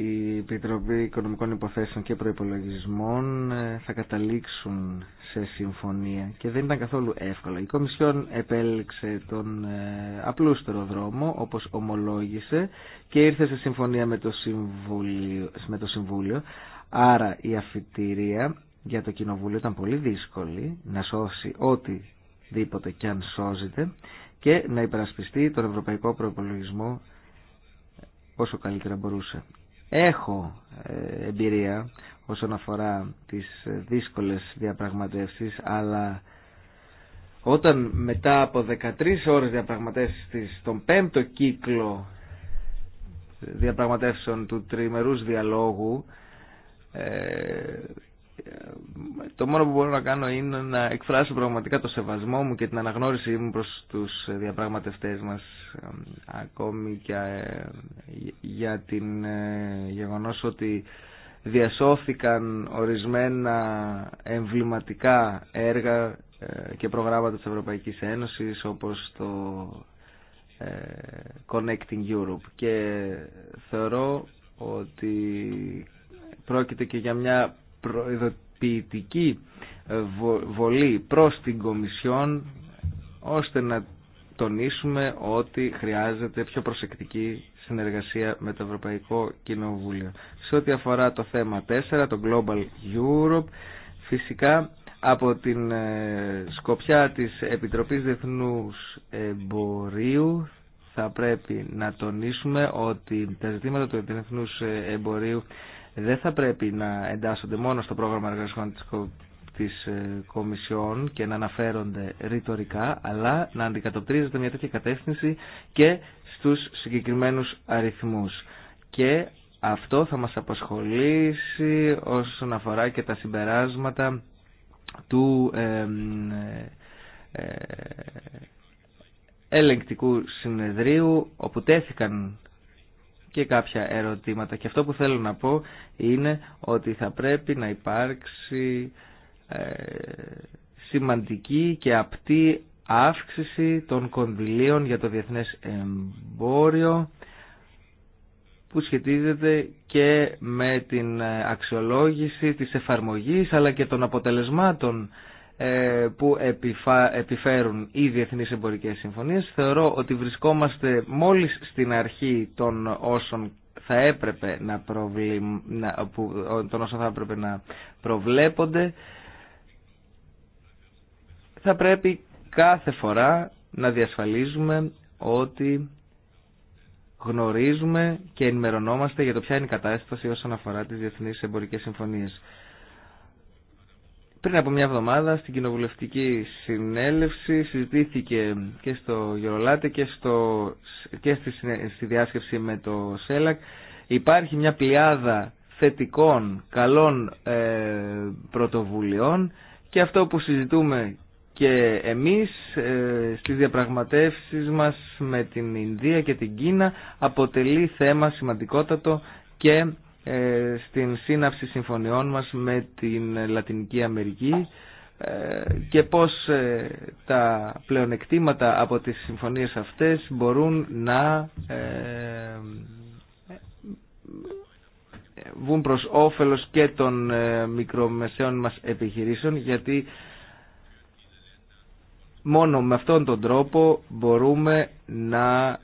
η Επιτροπή Οικονομικών Υποθέσεων και Προϋπολογισμών ε, θα καταλήξουν σε συμφωνία και δεν ήταν καθόλου εύκολο. Η Κομισιόν επέλεξε τον ε, απλούστερο δρόμο όπως ομολόγησε και ήρθε σε συμφωνία με το Συμβούλιο. το Συμβούλιο. Άρα η αφιτηρία για το Κοινοβούλιο ήταν πολύ δύσκολη να σώσει ό,τι δίποτε κι αν σώζεται και να υπερασπιστεί τον ευρωπαϊκό προπολογισμό όσο καλύτερα μπορούσε. Έχω ε, εμπειρία όσον αφορά τις ε, δύσκολες διαπραγματεύσεις, αλλά όταν μετά από 13 ώρες διαπραγματεύσεις στον πέμπτο κύκλο ε, διαπραγματεύσεων του τριμερούς διαλόγου το μόνο που μπορώ να κάνω είναι να εκφράσω πραγματικά το σεβασμό μου και την αναγνώρισή μου προς τους διαπραγματευτές μας ακόμη και ε, για την ε, γεγονός ότι διασώθηκαν ορισμένα εμβληματικά έργα ε, και προγράμματα της Ευρωπαϊκής Ένωσης όπως το Connecting Europe και θεωρώ ότι πρόκειται και για μια προειδοποιητική ε, βολή προς την Κομισιόν ώστε να τονίσουμε ότι χρειάζεται πιο προσεκτική συνεργασία με το Ευρωπαϊκό Κοινοβούλιο. Σε ό,τι αφορά το θέμα 4, το Global Europe, φυσικά από την ε, σκοπιά της Επιτροπής Διεθνούς Εμπορίου θα πρέπει να τονίσουμε ότι τα ζητήματα του Διεθνούς Εμπορίου δεν θα πρέπει να εντάσσονται μόνο στο πρόγραμμα εργασιών της, της ε, Κομισιόν και να αναφέρονται ρητορικά, αλλά να αντικατοπτρίζεται μια τέτοια κατεύθυνση και στους συγκεκριμένους αριθμούς. Και αυτό θα μας απασχολήσει όσον αφορά και τα συμπεράσματα του ε, ε, ελεγκτικού συνεδρίου όπου τέθηκαν και κάποια ερωτήματα. Και αυτό που θέλω να πω είναι ότι θα πρέπει να υπάρξει ε, σημαντική και απτή αύξηση των κονδυλίων για το διεθνές εμπόριο που σχετίζεται και με την ε, αξιολόγηση της εφαρμογής αλλά και των αποτελεσμάτων ε, που επιφέρουν οι διεθνείς εμπορικές συμφωνίες. Θεωρώ ότι βρισκόμαστε μόλις στην αρχή των όσων θα έπρεπε να, προβλη... θα έπρεπε να προβλέπονται. Θα πρέπει κάθε φορά να διασφαλίζουμε ότι γνωρίζουμε και ενημερωνόμαστε για το ποια είναι η κατάσταση όσον αφορά τις διεθνείς εμπορικές συμφωνίες. Πριν από μια εβδομάδα στην κοινοβουλευτική συνέλευση συζητήθηκε και στο Γερολάτε και, στο, και στη, στη με το ΣΕΛΑΚ. Υπάρχει μια πλειάδα θετικών, καλών ε, πρωτοβουλειών και αυτό που συζητούμε και εμείς ε, στις διαπραγματεύσεις μας με την Ινδία και την Κίνα αποτελεί θέμα σημαντικότατο και ε, στην σύναψη συμφωνιών μας με την Λατινική Αμερική ε, και πώς ε, τα πλεονεκτήματα από τις συμφωνίες αυτές μπορούν να βγουν προς όφελος και των μικρομεσαίων μας επιχειρήσεων γιατί μόνο με αυτόν τον τρόπο μπορούμε να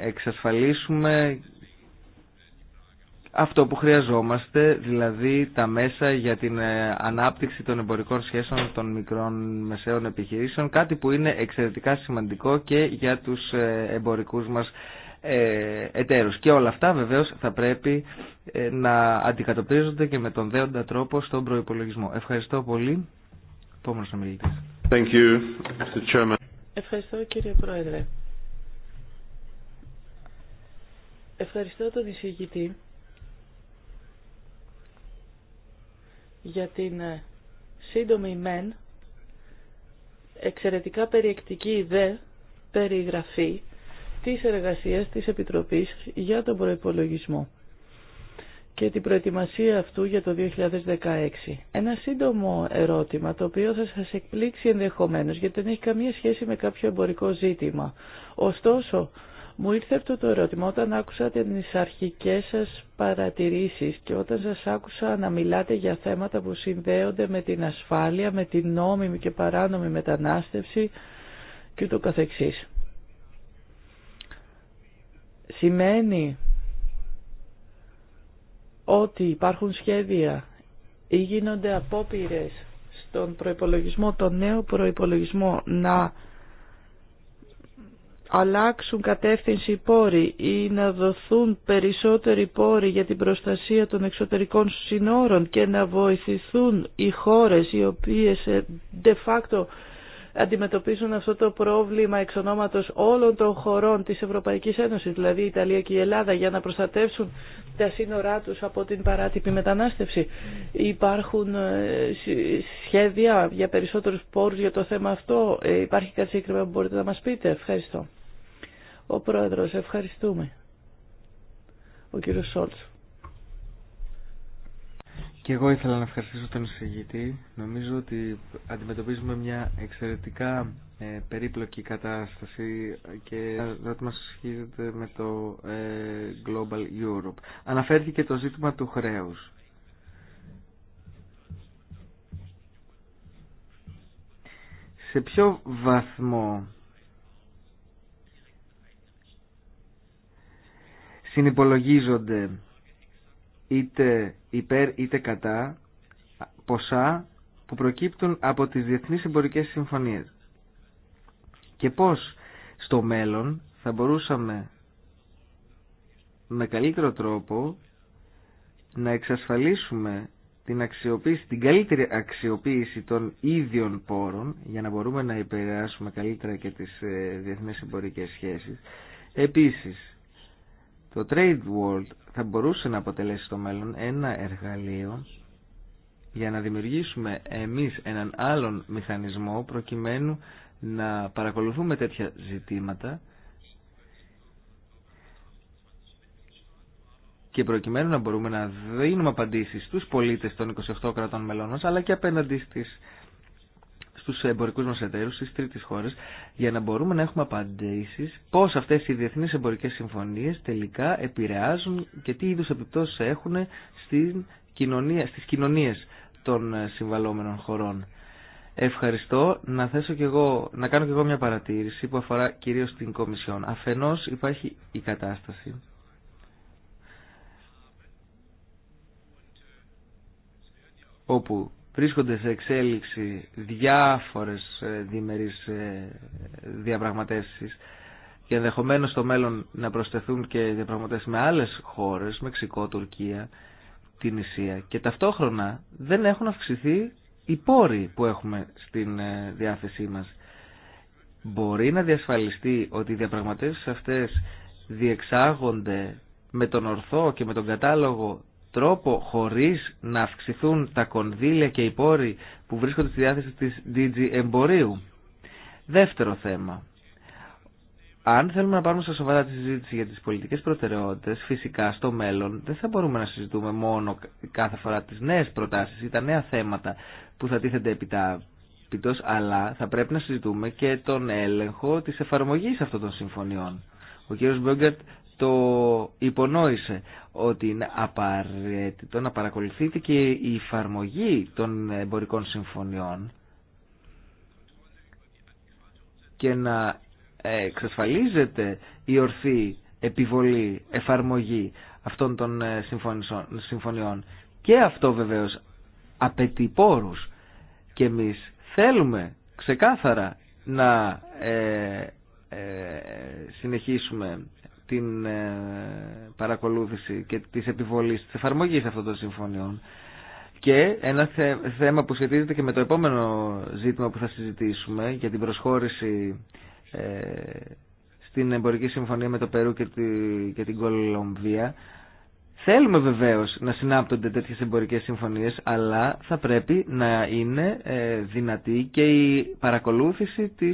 εξασφαλίσουμε αυτό που χρειαζόμαστε, δηλαδή τα μέσα για την ε, ανάπτυξη των εμπορικών σχέσεων των μικρών μεσαίων επιχειρήσεων, κάτι που είναι εξαιρετικά σημαντικό και για τους ε, εμπορικούς μας ε, εταίρους. Και όλα αυτά βεβαίως θα πρέπει να αντικατοπτρίζονται και με τον δέοντα τρόπο στον προϋπολογισμό. Ευχαριστώ πολύ. Επόμενος ομιλητής. Ευχαριστώ κύριε Πρόεδρε. Ευχαριστώ τον εισηγητή για την ε, σύντομη μεν εξαιρετικά περιεκτική δε περιγραφή της εργασίας της Επιτροπής για τον προϋπολογισμό και την προετοιμασία αυτού για το 2016. Ένα σύντομο ερώτημα το οποίο θα σας εκπλήξει ενδεχομένως γιατί δεν έχει καμία σχέση με κάποιο εμπορικό ζήτημα. Ωστόσο, μου ήρθε αυτό το ερώτημα όταν άκουσα τις αρχικές σας παρατηρήσεις και όταν σας άκουσα να μιλάτε για θέματα που συνδέονται με την ασφάλεια, με την νόμιμη και παράνομη μετανάστευση και το καθεξής. Σημαίνει ότι υπάρχουν σχέδια ή γίνονται απόπειρες στον προϋπολογισμό, τον νέο προϋπολογισμό να αλλάξουν κατεύθυνση οι πόροι ή να δοθούν περισσότεροι πόροι για την προστασία των εξωτερικών συνόρων και να βοηθηθούν οι χώρες οι οποίες ε, de facto αντιμετωπίζουν αυτό το πρόβλημα εξ ονόματος όλων των χωρών της Ευρωπαϊκής Ένωσης, δηλαδή η Ιταλία και η Ελλάδα, για να προστατεύσουν τα σύνορά τους από την παράτυπη μετανάστευση. Υπάρχουν ε, σχέδια για περισσότερους πόρους για το θέμα αυτό. Ε, υπάρχει κάτι σύγκριμα που μπορείτε να μας πείτε. Ευχαριστώ. Ο Πρόεδρος, ευχαριστούμε. Ο κύριος Σόλτς. Και εγώ ήθελα να ευχαριστήσω τον εισηγητή. Νομίζω ότι αντιμετωπίζουμε μια εξαιρετικά ε, περίπλοκη κατάσταση και να μας με το ε, Global Europe. Αναφέρθηκε το ζήτημα του χρέους. Σε ποιο βαθμό συνυπολογίζονται είτε υπέρ είτε κατά ποσά που προκύπτουν από τις διεθνείς εμπορικές συμφωνίες. Και πώς στο μέλλον θα μπορούσαμε με καλύτερο τρόπο να εξασφαλίσουμε την, αξιοποίηση, την καλύτερη αξιοποίηση των ίδιων πόρων για να μπορούμε να επηρεάσουμε καλύτερα και τις ε, διεθνείς εμπορικές σχέσεις. Επίσης, το Trade World θα μπορούσε να αποτελέσει στο μέλλον ένα εργαλείο για να δημιουργήσουμε εμείς έναν άλλον μηχανισμό προκειμένου να παρακολουθούμε τέτοια ζητήματα και προκειμένου να μπορούμε να δίνουμε απαντήσεις στους πολίτες των 28 κρατών μελών μας αλλά και απέναντι στις Στου εμπορικού μα εταίρου, στι τρίτες χώρες για να μπορούμε να έχουμε απαντήσει πώ αυτέ οι διεθνεί εμπορικέ συμφωνίε τελικά επηρεάζουν και τι είδου επιπτώσει έχουν στι κοινωνίε των ε, συμβαλόμενων χωρών. Ευχαριστώ. Να, θέσω και εγώ, να κάνω και εγώ μια παρατήρηση που αφορά κυρίω την Κομισιόν. Αφενό υπάρχει η κατάσταση όπου βρίσκονται σε εξέλιξη διάφορες ε, διμερείς ε, διαπραγματεύσεις και ενδεχομένω στο μέλλον να προσθεθούν και διαπραγματεύσεις με άλλες χώρες, Μεξικό, Τουρκία, την Ισία και ταυτόχρονα δεν έχουν αυξηθεί οι πόροι που έχουμε στην ε, διάθεσή μας. Μπορεί να διασφαλιστεί ότι οι διαπραγματεύσεις αυτές διεξάγονται με τον ορθό και με τον κατάλογο τρόπο χωρίς να αυξηθούν τα κονδύλια και οι πόροι που βρίσκονται στη διάθεση της DG εμπορίου. Δεύτερο θέμα. Αν θέλουμε να πάρουμε στα σοβαρά τη συζήτηση για τις πολιτικές προτεραιότητες, φυσικά στο μέλλον δεν θα μπορούμε να συζητούμε μόνο κάθε φορά τις νέες προτάσεις ή τα νέα θέματα που θα τίθενται επί τα αλλά θα πρέπει να συζητούμε και τον έλεγχο της εφαρμογής αυτών των συμφωνιών. Ο κ. Μπέγκερτ το υπονόησε ότι είναι απαραίτητο να παρακολουθείτε και η εφαρμογή των εμπορικών συμφωνιών και να εξασφαλίζεται η ορθή επιβολή, εφαρμογή αυτών των ε, συμφωνιών. Και αυτό βεβαίως απαιτεί πόρους. Και εμείς θέλουμε ξεκάθαρα να ε, ε, συνεχίσουμε την ε, παρακολούθηση και της επιβολής της εφαρμογής αυτών των συμφωνιών. Και ένα θέμα που σχετίζεται και με το επόμενο ζήτημα που θα συζητήσουμε για την προσχώρηση ε, στην εμπορική συμφωνία με το Περού και την Κολομβία. Θέλουμε βεβαίως να συνάπτονται τέτοιες εμπορικές συμφωνίες αλλά θα πρέπει να είναι ε, δυνατή και η παρακολούθηση τη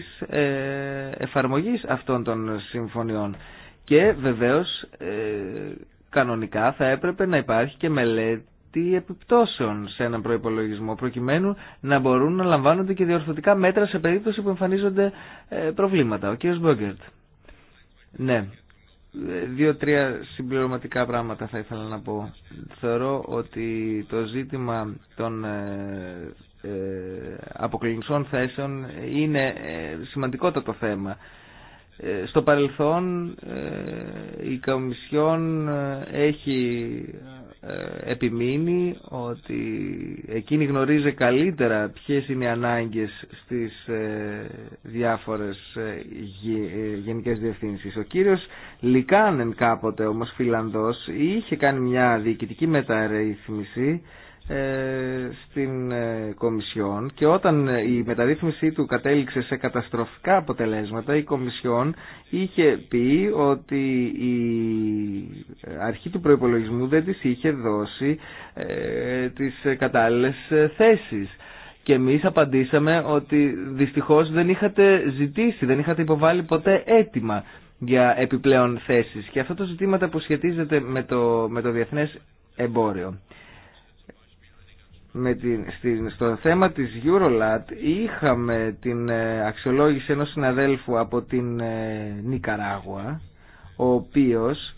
εφαρμογής αυτών των συμφωνιών. Και βεβαίως ε, κανονικά θα έπρεπε να υπάρχει και μελέτη επιπτώσεων σε έναν προϋπολογισμό προκειμένου να μπορούν να λαμβάνονται και διορθωτικά μέτρα σε περίπτωση που εμφανίζονται ε, προβλήματα. Ο κ. Μπόγκερτ. Ναι, ε, δύο-τρία συμπληρωματικά πράγματα θα ήθελα να πω. Θεωρώ ότι το ζήτημα των αποκλεινικών θέσεων είναι σημαντικότατο θέμα ε, στο παρελθόν ε, η Κομισιόν ε, έχει επιμείνει ότι εκείνη γνωρίζει καλύτερα ποιες είναι οι ανάγκες στις διάφορες γενικές διευθύνσεις. Ο κύριος Λικάνεν κάποτε όμως Φιλανδός είχε κάνει μια διοικητική μεταρρύθμιση ε, στην ε, Κομισιόν και όταν η μεταρρύθμιση του κατέληξε σε καταστροφικά αποτελέσματα η Κομισιόν είχε πει ότι η αρχή του προϋπολογισμού δεν της είχε δώσει ε, τις κατάλληλες θέσεις και εμείς απαντήσαμε ότι δυστυχώς δεν είχατε ζητήσει, δεν είχατε υποβάλει ποτέ έτοιμα για επιπλέον θέσεις και αυτό το ζητήματα που σχετίζεται με το, με το διεθνές εμπόριο με την, στο θέμα της Eurolat είχαμε την ε, αξιολόγηση ενός συναδέλφου από την ε, Νικαράγουα ο οποίος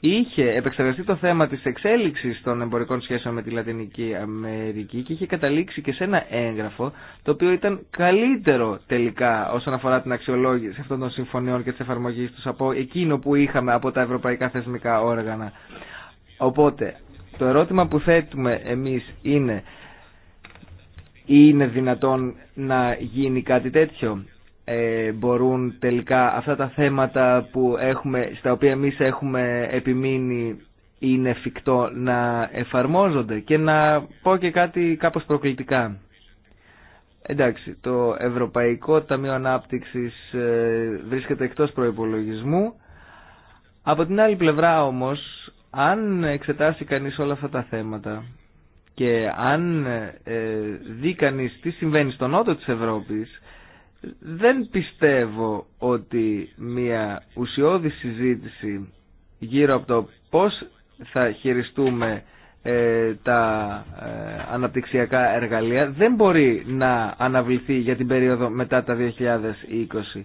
είχε επεξεργαστεί το θέμα της εξέλιξης των εμπορικών σχέσεων με τη Λατινική Αμερική και είχε καταλήξει και σε ένα έγγραφο το οποίο ήταν καλύτερο τελικά όσον αφορά την αξιολόγηση αυτών των συμφωνιών και της εφαρμογής τους από εκείνο που είχαμε από τα ευρωπαϊκά θεσμικά όργανα. Οπότε, το ερώτημα που θέτουμε εμείς είναι είναι δυνατόν να γίνει κάτι τέτοιο. Ε, μπορούν τελικά αυτά τα θέματα που έχουμε, στα οποία εμείς έχουμε επιμείνει είναι εφικτό να εφαρμόζονται και να πω και κάτι κάπως προκλητικά. Εντάξει, το Ευρωπαϊκό Ταμείο Ανάπτυξης ε, βρίσκεται εκτός προϋπολογισμού. Από την άλλη πλευρά όμως αν εξετάσει κανείς όλα αυτά τα θέματα και αν ε, δει κανείς τι συμβαίνει στον νότο της Ευρώπης, δεν πιστεύω ότι μια ουσιώδη συζήτηση γύρω από το πώς θα χειριστούμε ε, τα ε, αναπτυξιακά εργαλεία δεν μπορεί να αναβληθεί για την περίοδο μετά τα 2020.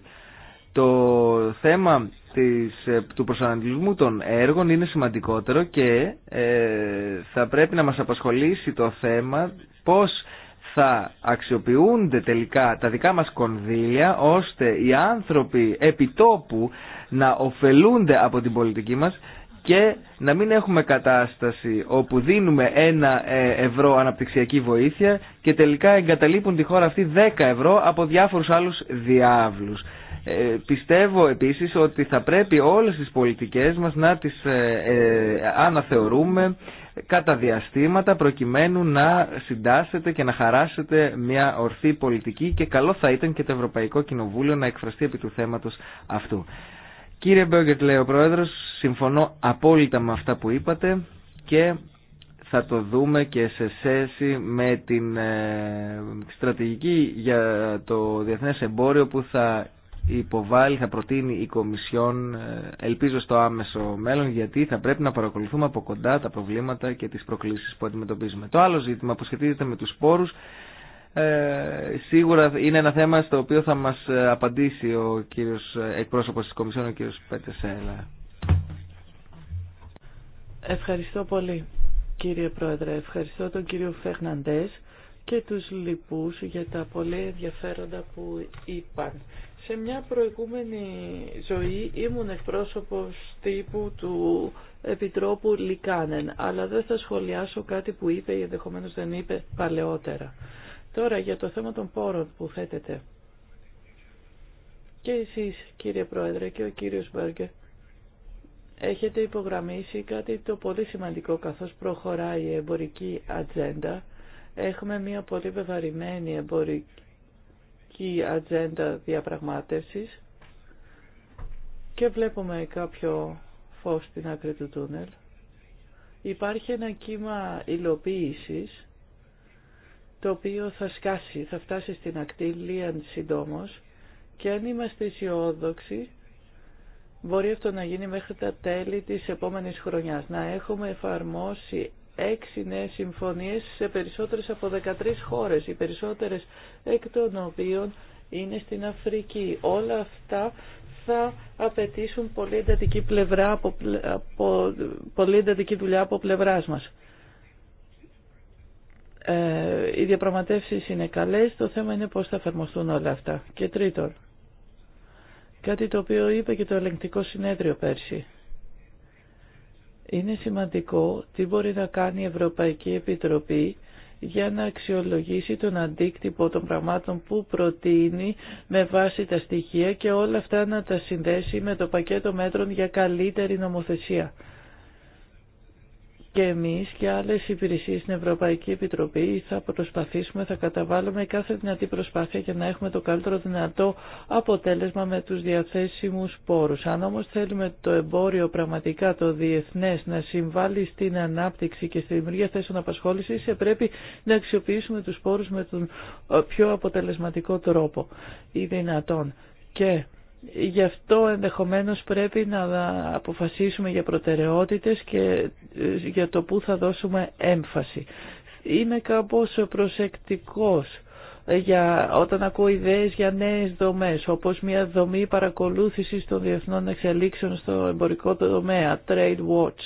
Το θέμα της, ε, του προσανατολισμού των έργων είναι σημαντικότερο και ε, θα πρέπει να μας απασχολήσει το θέμα πώς θα αξιοποιούνται τελικά τα δικά μας κονδύλια ώστε οι άνθρωποι επιτόπου να ωφελούνται από την πολιτική μας και να μην έχουμε κατάσταση όπου δίνουμε ένα ε, ευρώ αναπτυξιακή βοήθεια και τελικά εγκαταλείπουν τη χώρα αυτή 10 ευρώ από διάφορους άλλους διάβλους. Ε, πιστεύω επίσης ότι θα πρέπει όλες τις πολιτικές μας να τις ε, ε, αναθεωρούμε κατά διαστήματα προκειμένου να συντάσσεται και να χαράσετε μια ορθή πολιτική και καλό θα ήταν και το Ευρωπαϊκό Κοινοβούλιο να εκφραστεί επί του θέματος αυτού. Κύριε Μπέγκερτ, λέει ο Πρόεδρος, συμφωνώ απόλυτα με αυτά που είπατε και θα το δούμε και σε σχέση με την στρατηγική για το διεθνές εμπόριο που θα υποβάλει, θα προτείνει η Κομισιόν, ε, ελπίζω στο άμεσο μέλλον, γιατί θα πρέπει να παρακολουθούμε από κοντά τα προβλήματα και τις προκλήσεις που αντιμετωπίζουμε. Το άλλο ζήτημα που σχετίζεται με τους σπόρους, ε, σίγουρα είναι ένα θέμα στο οποίο θα μας ε, απαντήσει ο κύριος ε, εκπρόσωπος της Κομισιόν, ο κύριος Πέτσεσέλα. Ευχαριστώ πολύ κύριε Πρόεδρε. Ευχαριστώ τον κύριο Φερναντές και τους λοιπούς για τα πολύ ενδιαφέροντα που είπαν σε μια προηγούμενη ζωή ήμουν εκπρόσωπος τύπου του Επιτρόπου Λικάνεν, αλλά δεν θα σχολιάσω κάτι που είπε ή ενδεχομένω δεν είπε παλαιότερα. Τώρα για το θέμα των πόρων που θέτεται. Και εσείς κύριε Πρόεδρε και ο κύριος Μπέργκερ έχετε υπογραμμίσει κάτι το πολύ σημαντικό καθώς προχωράει η εμπορική ατζέντα. Έχουμε μια πολύ βεβαρημένη εμπορική σχετική ατζέντα διαπραγμάτευσης και βλέπουμε κάποιο φως στην άκρη του τούνελ. Υπάρχει ένα κύμα υλοποίησης το οποίο θα σκάσει, θα φτάσει στην ακτή λίαν συντόμως και αν είμαστε αισιόδοξοι μπορεί αυτό να γίνει μέχρι τα τέλη της επόμενης χρονιάς. Να έχουμε εφαρμόσει έξι νέες συμφωνίες σε περισσότερες από 13 χώρες, οι περισσότερες εκ των οποίων είναι στην Αφρική. Όλα αυτά θα απαιτήσουν πολύ εντατική, πλευρά από, από, πολύ εντατική δουλειά από πλευράς μας. Ε, οι διαπραγματεύσεις είναι καλές, το θέμα είναι πώς θα εφαρμοστούν όλα αυτά. Και τρίτον, κάτι το οποίο είπε και το ελεγκτικό συνέδριο πέρσι, είναι σημαντικό τι μπορεί να κάνει η Ευρωπαϊκή Επιτροπή για να αξιολογήσει τον αντίκτυπο των πραγμάτων που προτείνει με βάση τα στοιχεία και όλα αυτά να τα συνδέσει με το πακέτο μέτρων για καλύτερη νομοθεσία και εμείς και άλλες υπηρεσίες στην Ευρωπαϊκή Επιτροπή θα προσπαθήσουμε, θα καταβάλουμε κάθε δυνατή προσπάθεια για να έχουμε το καλύτερο δυνατό αποτέλεσμα με τους διαθέσιμους πόρους. Αν όμως θέλουμε το εμπόριο πραγματικά το διεθνές να συμβάλλει στην ανάπτυξη και στη δημιουργία θέσεων απασχόλησης, ε, πρέπει να αξιοποιήσουμε τους πόρους με τον ε, πιο αποτελεσματικό τρόπο ή δυνατόν. Και Γι' αυτό ενδεχομένως πρέπει να αποφασίσουμε για προτεραιότητες και ε, για το που θα δώσουμε έμφαση. Είμαι κάπως προσεκτικός ε, για, όταν ακούω ιδέες για νέες δομές, όπως μια δομή παρακολούθησης των διεθνών εξελίξεων στο εμπορικό τομέα, Trade Watch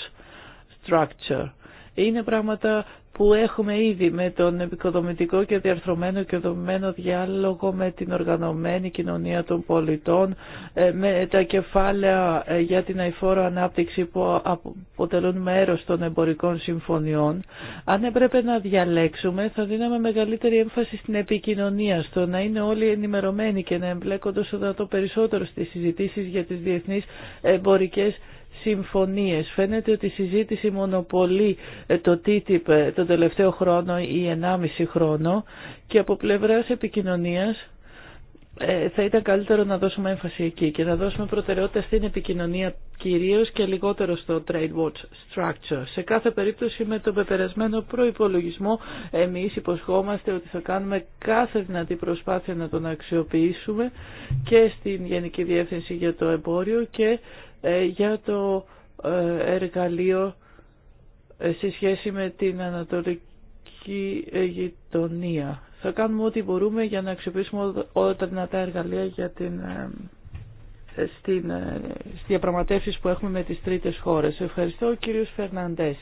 Structure. Είναι πράγματα που έχουμε ήδη με τον επικοδομητικό και διαρθρωμένο και δομημένο διάλογο με την οργανωμένη κοινωνία των πολιτών, ε, με τα κεφάλαια ε, για την αηφόρο ανάπτυξη που αποτελούν μέρος των εμπορικών συμφωνιών. Αν έπρεπε να διαλέξουμε θα δίναμε μεγαλύτερη έμφαση στην επικοινωνία, στο να είναι όλοι ενημερωμένοι και να εμπλέκονται όσο το περισσότερο στις συζητήσεις για τις διεθνείς εμπορικές συμφωνίες. Φαίνεται ότι η συζήτηση μονοπολεί ε, το TTIP ε, τον τελευταίο χρόνο ή ενάμιση χρόνο και από πλευράς επικοινωνίας ε, θα ήταν καλύτερο να δώσουμε έμφαση εκεί και να δώσουμε προτεραιότητα στην επικοινωνία κυρίως και λιγότερο στο Trade Watch Structure. Σε κάθε περίπτωση με τον πεπερασμένο προϋπολογισμό εμείς υποσχόμαστε ότι θα κάνουμε κάθε δυνατή προσπάθεια να τον αξιοποιήσουμε και στην Γενική Διεύθυνση για το Εμπόριο και ε, για το ε, εργαλείο ε, σε σχέση με την ανατολική γειτονία. Θα κάνουμε ό,τι μπορούμε για να αξιοποιήσουμε όλα τα δυνατά εργαλεία για την, στην, στις που έχουμε με τις τρίτες χώρες. Ευχαριστώ κύριος Φερναντές.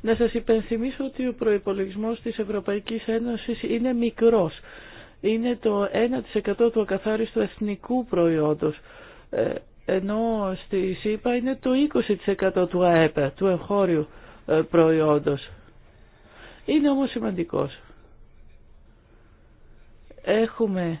Να σας υπενθυμίσω ότι ο προϋπολογισμός της Ευρωπαϊκής Ένωσης είναι μικρός. Είναι το 1% του ακαθάριστου εθνικού προϊόντος ενώ στη ΣΥΠΑ είναι το 20% του ΑΕΠ, του εγχώριου ε, προϊόντος. Είναι όμως σημαντικός. Έχουμε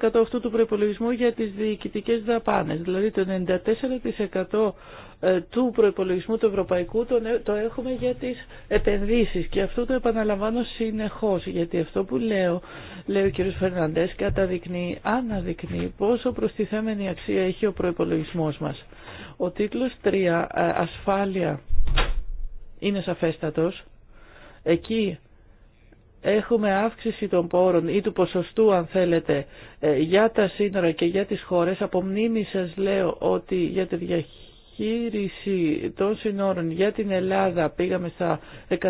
6% αυτού του προϋπολογισμού για τις διοικητικές δαπάνες, δηλαδή το 94% ε, του προϋπολογισμού του Ευρωπαϊκού το έχουμε για τις επενδύσεις και αυτό το επαναλαμβάνω συνεχώς γιατί αυτό που λέω, λέει ο κ. Φερναντές, καταδεικνύει, αναδεικνύει πόσο προστιθέμενη αξία έχει ο προϋπολογισμός μας. Ο τίτλος 3, ε, ασφάλεια, είναι σαφέστατος. Εκεί έχουμε αύξηση των πόρων ή του ποσοστού αν θέλετε ε, για τα σύνορα και για τις χώρες. Από μνήμη σας λέω ότι για τη διαχείριση διαχείριση των συνόρων για την Ελλάδα πήγαμε στα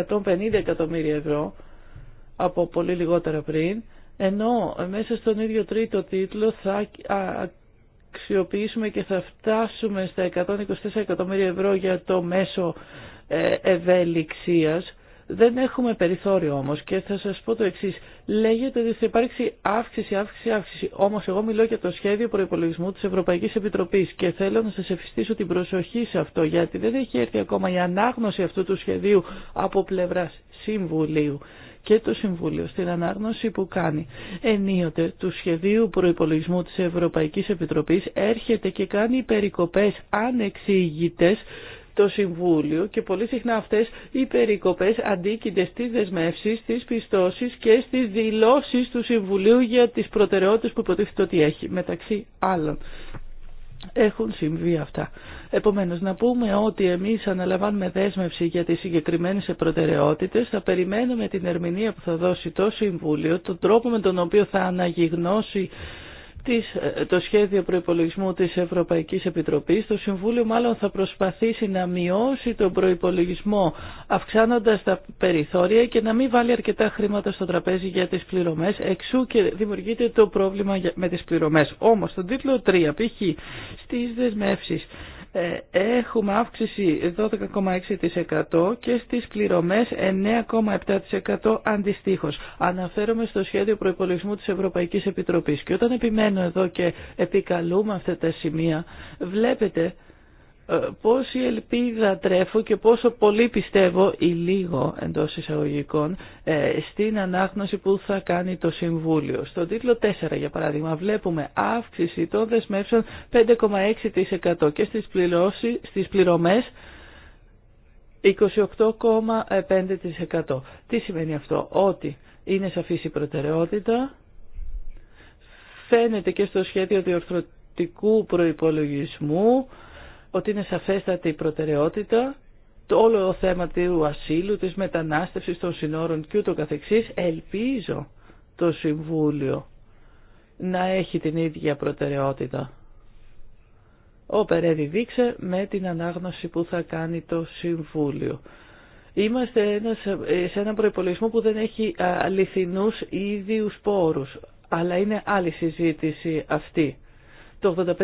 150 εκατομμύρια ευρώ από πολύ λιγότερα πριν, ενώ μέσα στον ίδιο τρίτο τίτλο θα αξιοποιήσουμε και θα φτάσουμε στα 124 εκατομμύρια ευρώ για το μέσο ε, ευελιξίας δεν έχουμε περιθώριο όμως και θα σας πω το εξή. Λέγεται ότι θα υπάρξει αύξηση, αύξηση, αύξηση. Όμως εγώ μιλώ για το σχέδιο προϋπολογισμού της Ευρωπαϊκής Επιτροπής και θέλω να σας ευχηστήσω την προσοχή σε αυτό γιατί δεν έχει έρθει ακόμα η ανάγνωση αυτού του σχεδίου από πλευράς Συμβουλίου και το Συμβούλιο στην ανάγνωση που κάνει ενίοτε του σχεδίου προϋπολογισμού της Ευρωπαϊκής Επιτροπής έρχεται και κάνει περικοπές ανεξήγητες το Συμβούλιο και πολύ συχνά αυτές οι περικοπές αντίκειται στις δεσμεύσει, στις πιστώσεις και στις δηλώσεις του Συμβουλίου για τις προτεραιότητες που υποτίθεται ότι έχει, μεταξύ άλλων. Έχουν συμβεί αυτά. Επομένως, να πούμε ότι εμείς αναλαμβάνουμε δέσμευση για τις συγκεκριμένες προτεραιότητες, θα περιμένουμε την ερμηνεία που θα δώσει το Συμβούλιο, τον τρόπο με τον οποίο θα αναγυγνώσει ε, το σχέδιο προϋπολογισμού της Ευρωπαϊκής Επιτροπής, το Συμβούλιο μάλλον θα προσπαθήσει να μειώσει τον προϋπολογισμό αυξάνοντας τα περιθώρια και να μην βάλει αρκετά χρήματα στο τραπέζι για τις πληρωμές, εξού και δημιουργείται το πρόβλημα με τις πληρωμές. Όμως, στον τίτλο 3, π.χ. στις δεσμεύσεις ε, έχουμε αύξηση 12,6% και στις πληρωμές 9,7% αντιστοίχως. Αναφέρομαι στο σχέδιο προϋπολογισμού της Ευρωπαϊκής Επιτροπής και όταν επιμένω εδώ και επικαλούμε αυτά τα σημεία βλέπετε ε, πόση ελπίδα τρέφω και πόσο πολύ πιστεύω ή λίγο εντός εισαγωγικών ε, στην ανάγνωση που θα κάνει το Συμβούλιο. Στον τίτλο 4 για παράδειγμα βλέπουμε αύξηση των δεσμεύσεων 5,6% και στις, πληρώσει, στις πληρωμές 28,5%. Τι σημαίνει αυτό, ότι είναι σαφής η προτεραιότητα, φαίνεται και στο σχέδιο διορθωτικού προϋπολογισμού, ότι είναι σαφέστατη η προτεραιότητα το όλο το θέμα του ασύλου, της μετανάστευσης των συνόρων και ούτω καθεξής. Ελπίζω το Συμβούλιο να έχει την ίδια προτεραιότητα. Ο Περέδη δείξε με την ανάγνωση που θα κάνει το Συμβούλιο. Είμαστε ένας, σε έναν προϋπολογισμό που δεν έχει αληθινούς ίδιους πόρους, αλλά είναι άλλη συζήτηση αυτή. Το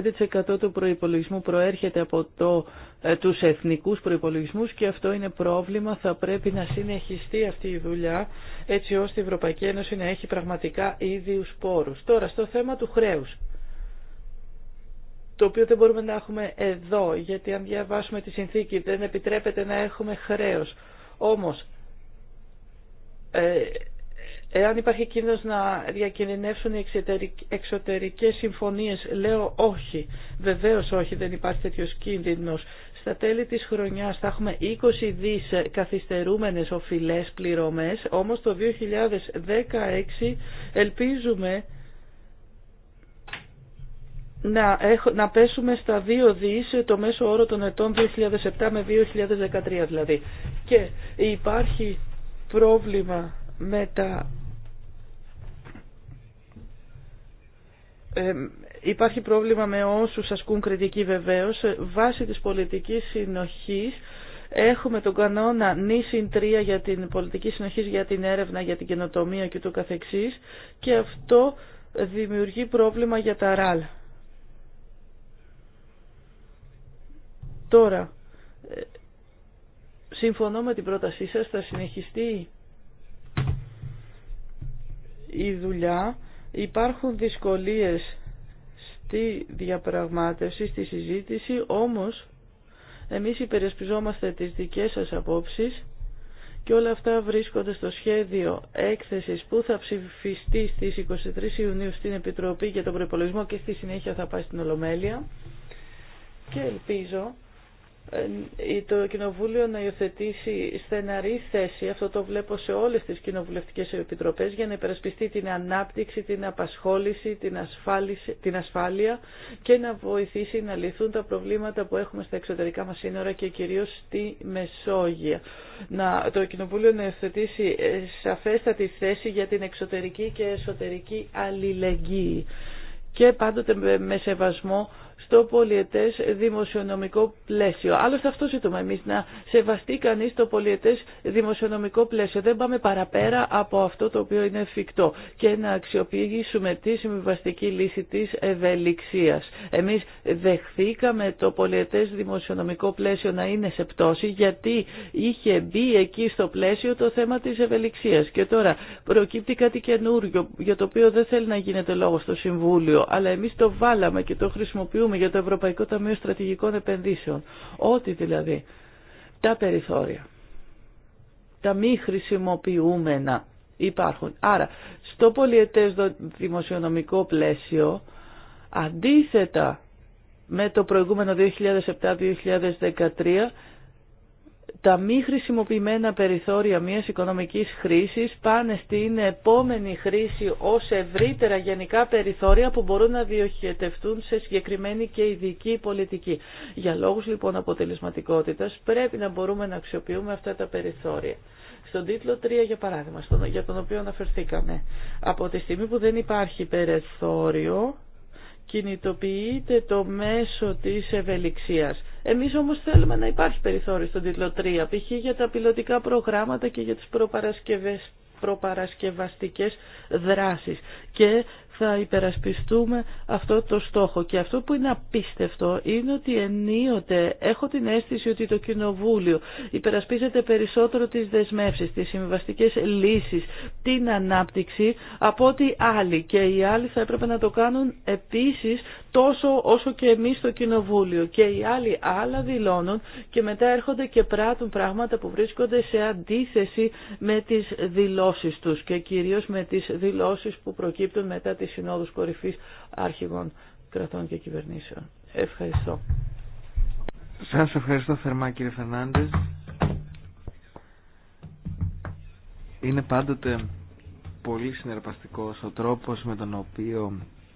85% του προϋπολογισμού προέρχεται από το, ε, τους εθνικούς προϋπολογισμούς και αυτό είναι πρόβλημα. Θα πρέπει να συνεχιστεί αυτή η δουλειά έτσι ώστε η Ευρωπαϊκή Ένωση να έχει πραγματικά ίδιους πόρους. Τώρα στο θέμα του χρέους το οποίο δεν μπορούμε να έχουμε εδώ, γιατί αν διαβάσουμε τη συνθήκη δεν επιτρέπεται να έχουμε χρέος. Όμως, ε, Εάν υπάρχει κίνδυνος να διακινδυνεύσουν οι εξωτερικές συμφωνίες, λέω όχι. Βεβαίως όχι, δεν υπάρχει τέτοιος κίνδυνος. Στα τέλη της χρονιάς θα έχουμε 20 δις καθυστερούμενες οφειλές πληρωμές, όμως το 2016 ελπίζουμε να, να πέσουμε στα 2 δις το μέσο όρο των ετών 2007 με 2013 δηλαδή. Και υπάρχει πρόβλημα με τα υπάρχει πρόβλημα με όσους ασκούν κριτική βεβαίως. Ε, βάσει της πολιτικής συνοχής έχουμε τον κανόνα νη 3 για την πολιτική συνοχή για την έρευνα, για την καινοτομία και το καθεξής και αυτό δημιουργεί πρόβλημα για τα ράλ. Τώρα, ε, συμφωνώ με την πρότασή σας, θα συνεχιστεί η δουλειά Υπάρχουν δυσκολίες στη διαπραγμάτευση, στη συζήτηση, όμως εμείς υπερασπιζόμαστε τις δικές σας απόψεις και όλα αυτά βρίσκονται στο σχέδιο έκθεσης που θα ψηφιστεί στις 23 Ιουνίου στην Επιτροπή για τον Προπολογισμό και στη συνέχεια θα πάει στην Ολομέλεια και ελπίζω ε, το Κοινοβούλιο να υιοθετήσει στεναρή θέση, αυτό το βλέπω σε όλες τις κοινοβουλευτικές επιτροπές, για να υπερασπιστεί την ανάπτυξη, την απασχόληση, την, την ασφάλεια και να βοηθήσει να λυθούν τα προβλήματα που έχουμε στα εξωτερικά μας σύνορα και κυρίως στη Μεσόγεια. Να, το Κοινοβούλιο να υιοθετήσει ε, σαφέστατη θέση για την εξωτερική και εσωτερική αλληλεγγύη και πάντοτε με σεβασμό στο πολιετές δημοσιονομικό πλαίσιο. Άλλωστε αυτό ζητούμε εμείς, να σεβαστεί κανείς το πολιετές δημοσιονομικό πλαίσιο. Δεν πάμε παραπέρα από αυτό το οποίο είναι εφικτό και να αξιοποιήσουμε τη συμβιβαστική λύση της ευελιξίας. Εμείς δεχθήκαμε το πολιετές δημοσιονομικό πλαίσιο να είναι σε πτώση γιατί είχε μπει εκεί στο πλαίσιο το θέμα της ευελιξίας. Και τώρα προκύπτει κάτι καινούριο για το οποίο δεν θέλει να γίνεται λόγο στο Συμβούλιο, αλλά εμείς το βάλαμε και το χρησιμοποιούμε για το Ευρωπαϊκό Ταμείο Στρατηγικών Επενδύσεων. Ό,τι δηλαδή. Τα περιθώρια. Τα μη χρησιμοποιούμενα υπάρχουν. Άρα, στο πολιετές δημοσιονομικό πλαίσιο, αντίθετα με το προηγούμενο 2007-2013, τα μη χρησιμοποιημένα περιθώρια μιας οικονομικής χρήσης πάνε στην επόμενη χρήση ως ευρύτερα γενικά περιθώρια που μπορούν να διοχετευτούν σε συγκεκριμένη και ειδική πολιτική. Για λόγους λοιπόν αποτελεσματικότητας πρέπει να μπορούμε να αξιοποιούμε αυτά τα περιθώρια. Στον τίτλο 3 για παράδειγμα, για τον οποίο αναφερθήκαμε, από τη στιγμή που δεν υπάρχει περιθώριο, κινητοποιείται το μέσο της ευελιξίας εμείς όμως θέλουμε να υπάρχει περιθώριο στον τίτλο 3, π.χ. για τα πιλωτικά προγράμματα και για τι προπαρασκευαστικέ προπαρασκευαστικές δράσεις και θα υπερασπιστούμε αυτό το στόχο. Και αυτό που είναι απίστευτο είναι ότι ενίοτε έχω την αίσθηση ότι το Κοινοβούλιο υπερασπίζεται περισσότερο τις δεσμεύσεις, τις συμβαστικές λύσεις, την ανάπτυξη από ότι άλλοι. Και οι άλλοι θα έπρεπε να το κάνουν επίσης τόσο όσο και εμείς στο Κοινοβούλιο. Και οι άλλοι άλλα δηλώνουν και μετά έρχονται και πράττουν πράγματα που βρίσκονται σε αντίθεση με τις δηλώσεις τους και κυρίως με τις δηλώσεις που προκύπτουν μετά τις συνόδους κορυφής αρχηγών κρατών και κυβερνήσεων. Ευχαριστώ. Σας ευχαριστώ θερμά κύριε Φερνάντες. Είναι πάντοτε πολύ συνεργαστικός ο τρόπος με τον οποίο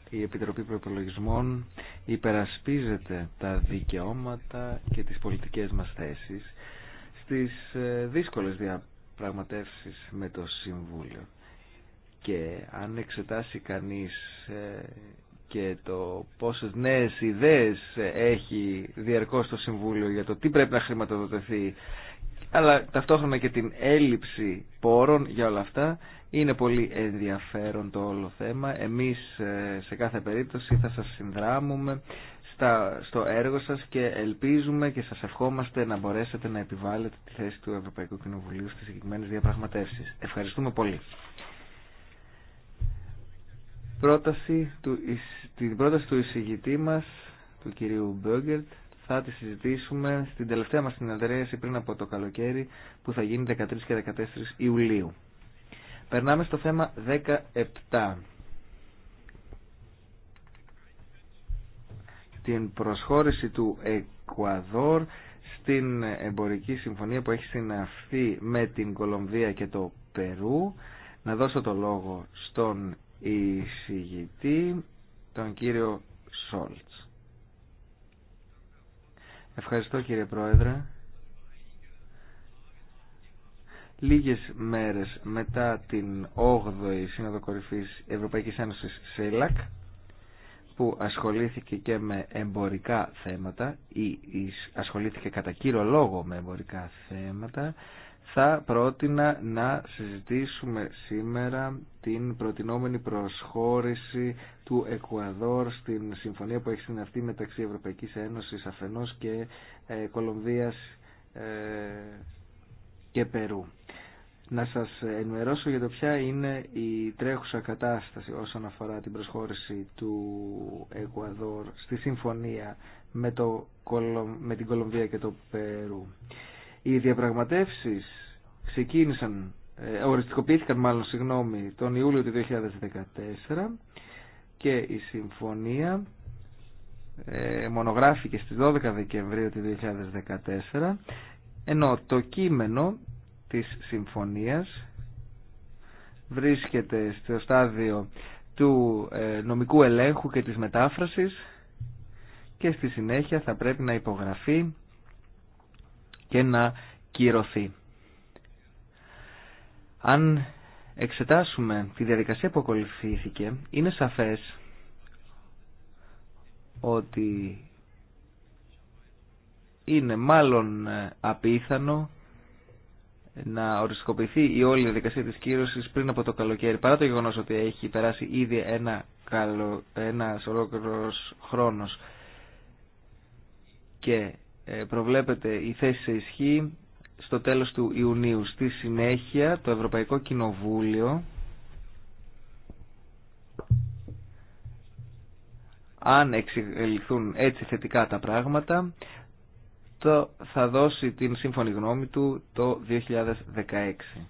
η Επιτροπή Προπολογισμών υπερασπίζεται τα δικαιώματα και τις πολιτικές μας θέσεις στις ε, δύσκολες διαπραγματεύσεις με το Συμβούλιο. Και αν εξετάσει κανείς ε, και το πόσες νέες ιδέες ε, έχει διαρκώς το Συμβούλιο για το τι πρέπει να χρηματοδοτεθεί, αλλά ταυτόχρονα και την έλλειψη πόρων για όλα αυτά είναι πολύ ενδιαφέρον το όλο θέμα. Εμείς ε, σε κάθε περίπτωση θα σας συνδράμουμε στο έργο σας και ελπίζουμε και σας ευχόμαστε να μπορέσετε να επιβάλλετε τη θέση του Ευρωπαϊκού Κοινοβουλίου στις συγκεκριμένε διαπραγματεύσεις. Ευχαριστούμε πολύ. Πρόταση του, την πρόταση του εισηγητή μας, του κυρίου Μπέγκερτ, θα τη συζητήσουμε στην τελευταία μας συνεδρίαση πριν από το καλοκαίρι που θα γίνει 13 και 14 Ιουλίου. Περνάμε στο θέμα 17. Την προσχώρηση του Εκουαδόρ στην εμπορική συμφωνία που έχει συναυθεί με την Κολομβία και το Περού. Να δώσω το λόγο στον εισηγητή, τον κύριο Σόλτς. Ευχαριστώ κύριε Πρόεδρε λίγες μέρες μετά την 8η Σύνοδο Κορυφής Ευρωπαϊκής Ένωσης ΣΕΛΑΚ που ασχολήθηκε και με εμπορικά θέματα ή ασχολήθηκε κατά κύριο λόγο με εμπορικά θέματα θα πρότεινα να συζητήσουμε σήμερα την προτινόμενη προσχώρηση του Εκουαδόρ στην συμφωνία που έχει συναυτεί μεταξύ Ευρωπαϊκής Ένωσης αφενός και ε, Κολομβίας ε, και Περού. Να σας ενημερώσω για το ποια είναι η τρέχουσα κατάσταση όσον αφορά την προσχώρηση του Εκουαδόρ στη συμφωνία με, το, με την Κολομβία και το Περού. Οι διαπραγματεύσεις ξεκίνησαν, ε, οριστικοποιήθηκαν μάλλον συγγνώμη, τον Ιούλιο του 2014 και η συμφωνία ε, μονογράφηκε στις 12 Δεκεμβρίου του 2014 ενώ το κείμενο της συμφωνίας βρίσκεται στο στάδιο του ε, νομικού ελέγχου και της μετάφρασης και στη συνέχεια θα πρέπει να υπογραφεί και να κυρωθεί. Αν εξετάσουμε τη διαδικασία που ακολουθήθηκε, είναι σαφές ότι είναι μάλλον ε, απίθανο να οριστικοποιηθεί η όλη διαδικασία της κύρωσης πριν από το καλοκαίρι, παρά το γεγονός ότι έχει περάσει ήδη ένα, καλο, ένας ολόκληρος χρόνος και ε, προβλέπεται η θέση σε ισχύ στο τέλος του Ιουνίου. Στη συνέχεια το Ευρωπαϊκό Κοινοβούλιο αν εξελιχθούν έτσι θετικά τα πράγματα το θα δώσει την σύμφωνη γνώμη του το 2016.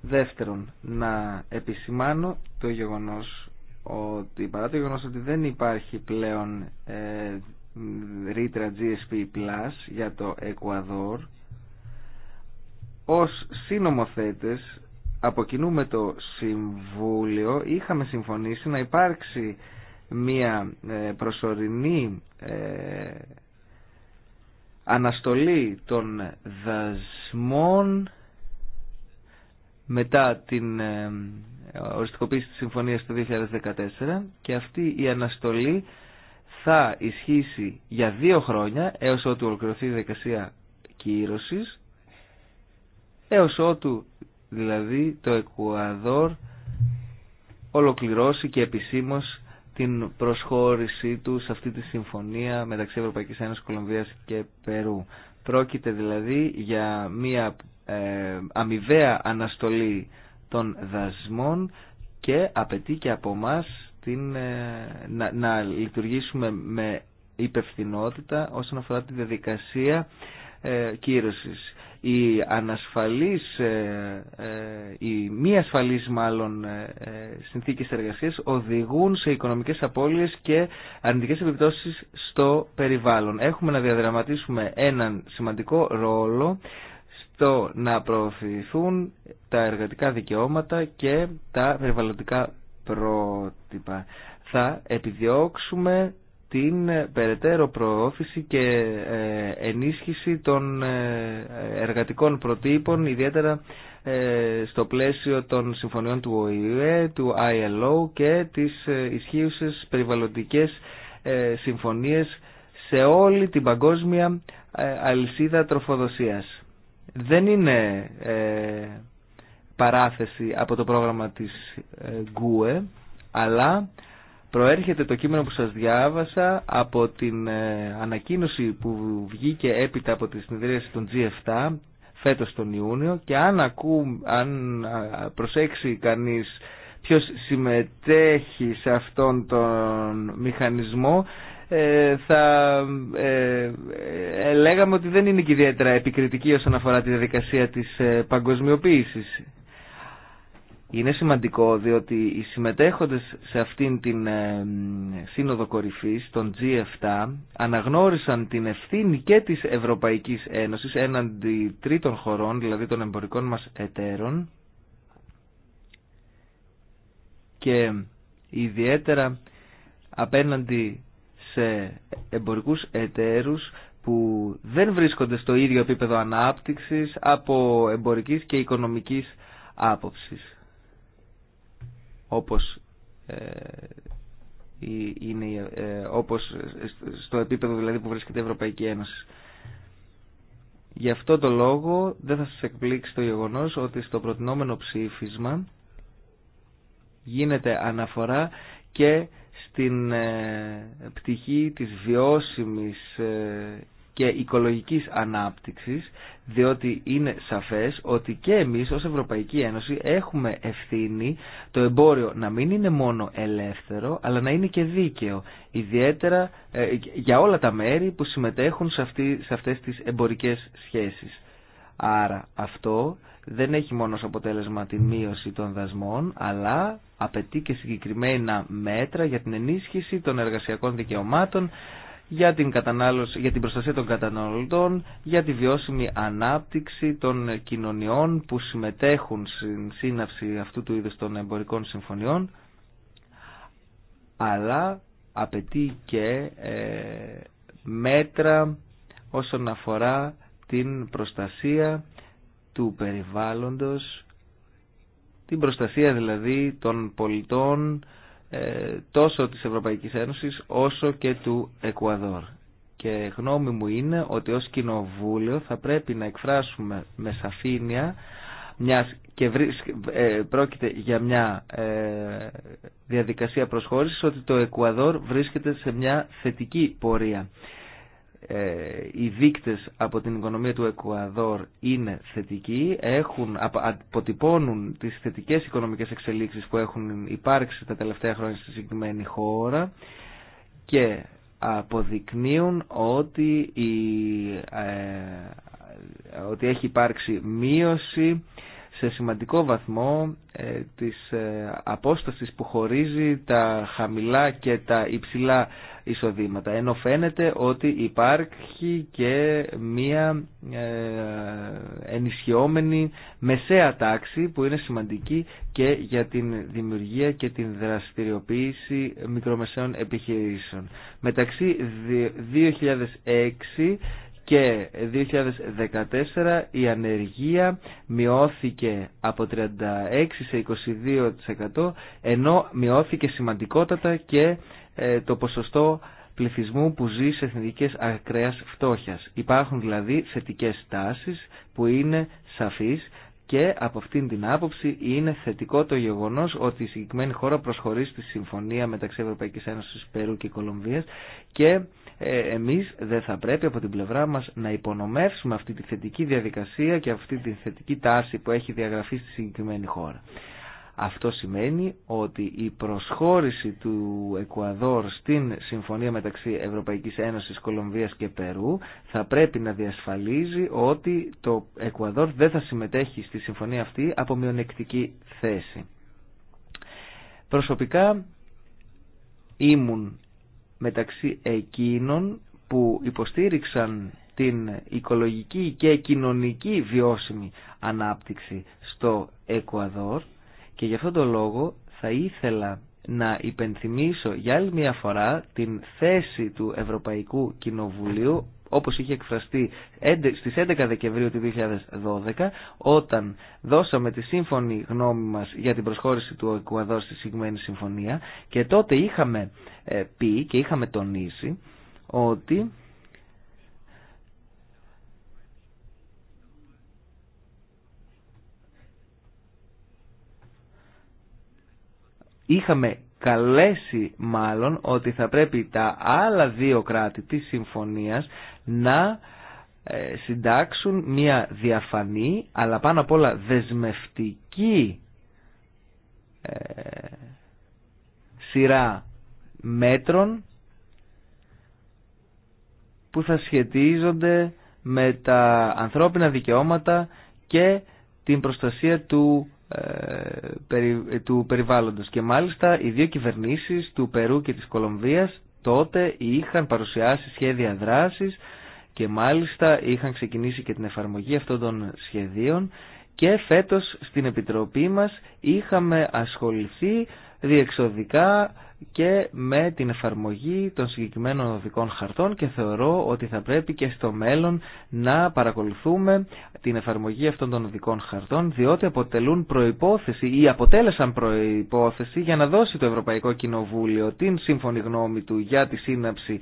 Δεύτερον, να επισημάνω το γεγονός ότι παρά το γεγονός ότι δεν υπάρχει πλέον ε, ρήτρα GSP Plus για το Εκουαδόρ, ως συνομοθέτες από κοινού με το Συμβούλιο είχαμε συμφωνήσει να υπάρξει μια ε, προσωρινή ε, αναστολή των δασμών μετά την ε, οριστικοποίηση της συμφωνίας του 2014 και αυτή η αναστολή θα ισχύσει για δύο χρόνια έως ότου ολοκληρωθεί η δικασία κύρωσης έως ότου δηλαδή το Εκουαδόρ ολοκληρώσει και επισήμως την προσχώρησή του σε αυτή τη συμφωνία μεταξύ Ευρωπαϊκής Ένωσης Κολομβίας και Περού. Πρόκειται δηλαδή για μια ε, αμοιβαία αναστολή των δασμών και απαιτεί και από εμά να, να λειτουργήσουμε με υπευθυνότητα όσον αφορά τη διαδικασία ε, κύρωσης οι ε, ε, η μη ασφαλείς μάλλον ε, ε, συνθήκες εργασίας οδηγούν σε οικονομικές απώλειες και αρνητικές επιπτώσεις στο περιβάλλον. Έχουμε να διαδραματίσουμε έναν σημαντικό ρόλο στο να προωθηθούν τα εργατικά δικαιώματα και τα περιβαλλοντικά πρότυπα. Θα επιδιώξουμε την ε, περαιτέρω προώθηση και ε, ενίσχυση των ε, εργατικών προτύπων, ιδιαίτερα στο πλαίσιο των συμφωνιών του ΟΗΕ, του ILO και τις ισχύουσες περιβαλλοντικές συμφωνίες σε όλη την παγκόσμια αλυσίδα τροφοδοσίας. Δεν είναι παράθεση από το πρόγραμμα της ΓΚΟΕ, αλλά Προέρχεται το κείμενο που σας διάβασα από την ε, ανακοίνωση που βγήκε έπειτα από τη συνεδρίαση των G7 φέτος τον Ιούνιο και αν, ακού, αν προσέξει κανείς ποιος συμμετέχει σε αυτόν τον μηχανισμό ε, θα ε, ε, λέγαμε ότι δεν είναι και ιδιαίτερα επικριτική όσον αφορά τη διαδικασία της παγκοσμιοποίησης είναι σημαντικό διότι οι συμμετέχοντες σε αυτήν την ε, σύνοδο κορυφής, τον G7, αναγνώρισαν την ευθύνη και της Ευρωπαϊκής Ένωσης έναντι τρίτων χωρών, δηλαδή των εμπορικών μας εταίρων και ιδιαίτερα απέναντι σε εμπορικούς εταίρους που δεν βρίσκονται στο ίδιο επίπεδο ανάπτυξης από εμπορικής και οικονομικής άποψης όπως ε, είναι, ε, όπως στο επίπεδο δηλαδή που βρίσκεται η Ευρωπαϊκή Ένωση. Γι' αυτό το λόγο δεν θα σας εκπλήξει το γεγονός ότι στο προτινόμενο ψήφισμα γίνεται αναφορά και στην ε, πτυχή της βιώσιμης και οικολογικής ανάπτυξης, διότι είναι σαφές ότι και εμείς ως Ευρωπαϊκή Ένωση έχουμε ευθύνη το εμπόριο να μην είναι μόνο ελεύθερο, αλλά να είναι και δίκαιο, ιδιαίτερα ε, για όλα τα μέρη που συμμετέχουν σε, αυτή, σε αυτές τις εμπορικές σχέσεις. Άρα αυτό δεν έχει μόνο ως αποτέλεσμα τη μείωση των δασμών, αλλά απαιτεί και συγκεκριμένα μέτρα για την ενίσχυση των εργασιακών δικαιωμάτων, για την, κατανάλωση, για την προστασία των καταναλωτών, για τη βιώσιμη ανάπτυξη των κοινωνιών που συμμετέχουν στην σύναυση αυτού του είδους των εμπορικών συμφωνιών, αλλά απαιτεί και ε, μέτρα όσον αφορά την προστασία του περιβάλλοντος, την προστασία δηλαδή των πολιτών, ε, τόσο της Ευρωπαϊκής Ένωσης όσο και του Εκουαδόρ. Και γνώμη μου είναι ότι ως Κοινοβούλιο θα πρέπει να εκφράσουμε με σαφήνεια μιας και ε, πρόκειται για μια ε, διαδικασία προσχώρησης ότι το Εκουαδόρ βρίσκεται σε μια θετική πορεία. Ε, οι δείκτες από την οικονομία του Εκουαδόρ είναι θετικοί, έχουν, αποτυπώνουν τις θετικές οικονομικές εξελίξεις που έχουν υπάρξει τα τελευταία χρόνια στη συγκεκριμένη χώρα και αποδεικνύουν ότι, η, ε, ότι έχει υπάρξει μείωση σε σημαντικό βαθμό ε, της απόστασης που χωρίζει τα χαμηλά και τα υψηλά εισοδήματα. Ενώ φαίνεται ότι υπάρχει και μία ε, ενισχυόμενη μεσαία τάξη που είναι σημαντική και για την δημιουργία και την δραστηριοποίηση μικρομεσαίων επιχειρήσεων. Μεταξύ 2006 και 2014 η ανεργία μειώθηκε από 36% σε 22% ενώ μειώθηκε σημαντικότατα και ε, το ποσοστό πληθυσμού που ζει σε εθνικές ακραίας φτώχειας. Υπάρχουν δηλαδή θετικές τάσεις που είναι σαφείς και από αυτήν την άποψη είναι θετικό το γεγονός ότι η συγκεκριμένη χώρα προσχωρεί στη συμφωνία μεταξύ Ευρωπαϊκής Ένωσης Περού και Κολομβίας και ε, εμείς δεν θα πρέπει από την πλευρά μας να υπονομεύσουμε αυτή τη θετική διαδικασία και αυτή τη θετική τάση που έχει διαγραφεί στη συγκεκριμένη χώρα. Αυτό σημαίνει ότι η προσχώρηση του Εκουαδόρ στην συμφωνία μεταξύ Ευρωπαϊκής Ένωσης, Κολομβίας και Περού θα πρέπει να διασφαλίζει ότι το Εκουαδόρ δεν θα συμμετέχει στη συμφωνία αυτή από μειονεκτική θέση. Προσωπικά ήμουν μεταξύ εκείνων που υποστήριξαν την οικολογική και κοινωνική βιώσιμη ανάπτυξη στο Εκουαδόρ και γι' αυτόν τον λόγο θα ήθελα να υπενθυμίσω για άλλη μια φορά την θέση του Ευρωπαϊκού Κοινοβουλίου όπως είχε εκφραστεί στις 11 Δεκεμβρίου του 2012 όταν δώσαμε τη σύμφωνη γνώμη μας για την προσχώρηση του Εκουαδόρ στη συγκεκριμένη συμφωνία και τότε είχαμε ε, πει και είχαμε τονίσει ότι είχαμε καλέσει μάλλον ότι θα πρέπει τα άλλα δύο κράτη της συμφωνίας να ε, συντάξουν μια διαφανή αλλά πάνω απ' όλα δεσμευτική ε, σειρά μέτρων που θα σχετίζονται με τα ανθρώπινα δικαιώματα και την προστασία του ε, του περιβάλλοντος. Και μάλιστα οι δύο κυβερνήσεις του Περού και της Κολομβίας τότε είχαν παρουσιάσει σχέδια δράσης και μάλιστα είχαν ξεκινήσει και την εφαρμογή αυτών των σχεδίων και φέτος στην Επιτροπή μας είχαμε ασχοληθεί διεξοδικά και με την εφαρμογή των συγκεκριμένων οδικών χαρτών και θεωρώ ότι θα πρέπει και στο μέλλον να παρακολουθούμε την εφαρμογή αυτών των οδικών χαρτών διότι αποτελούν προϋπόθεση ή αποτέλεσαν προϋπόθεση για να δώσει το Ευρωπαϊκό Κοινοβούλιο την σύμφωνη γνώμη του για τη σύναψη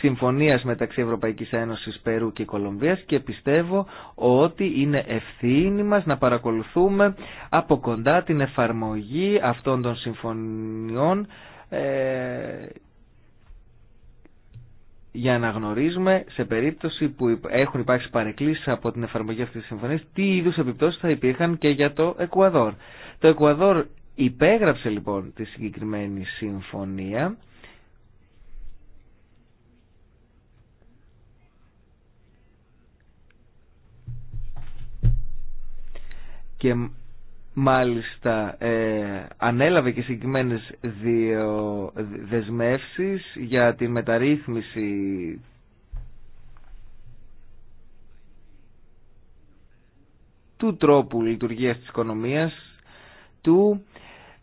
συμφωνίας μεταξύ Ευρωπαϊκής Ένωσης Περού και Κολομβίας και πιστεύω ότι είναι ευθύνη μας να παρακολουθούμε από κοντά την εφαρμογή αυτών των συμφωνιών ε, για να γνωρίζουμε σε περίπτωση που έχουν υπάρξει παρεκκλήσει από την εφαρμογή αυτή τη συμφωνία. τι είδους επιπτώσει θα υπήρχαν και για το Εκουαδόρ. Το Εκουαδόρ υπέγραψε λοιπόν τη συγκεκριμένη συμφωνία και μάλιστα ε, ανέλαβε και συγκεκριμένες δύο δεσμεύσεις για τη μεταρρύθμιση του τρόπου λειτουργίας της οικονομίας του.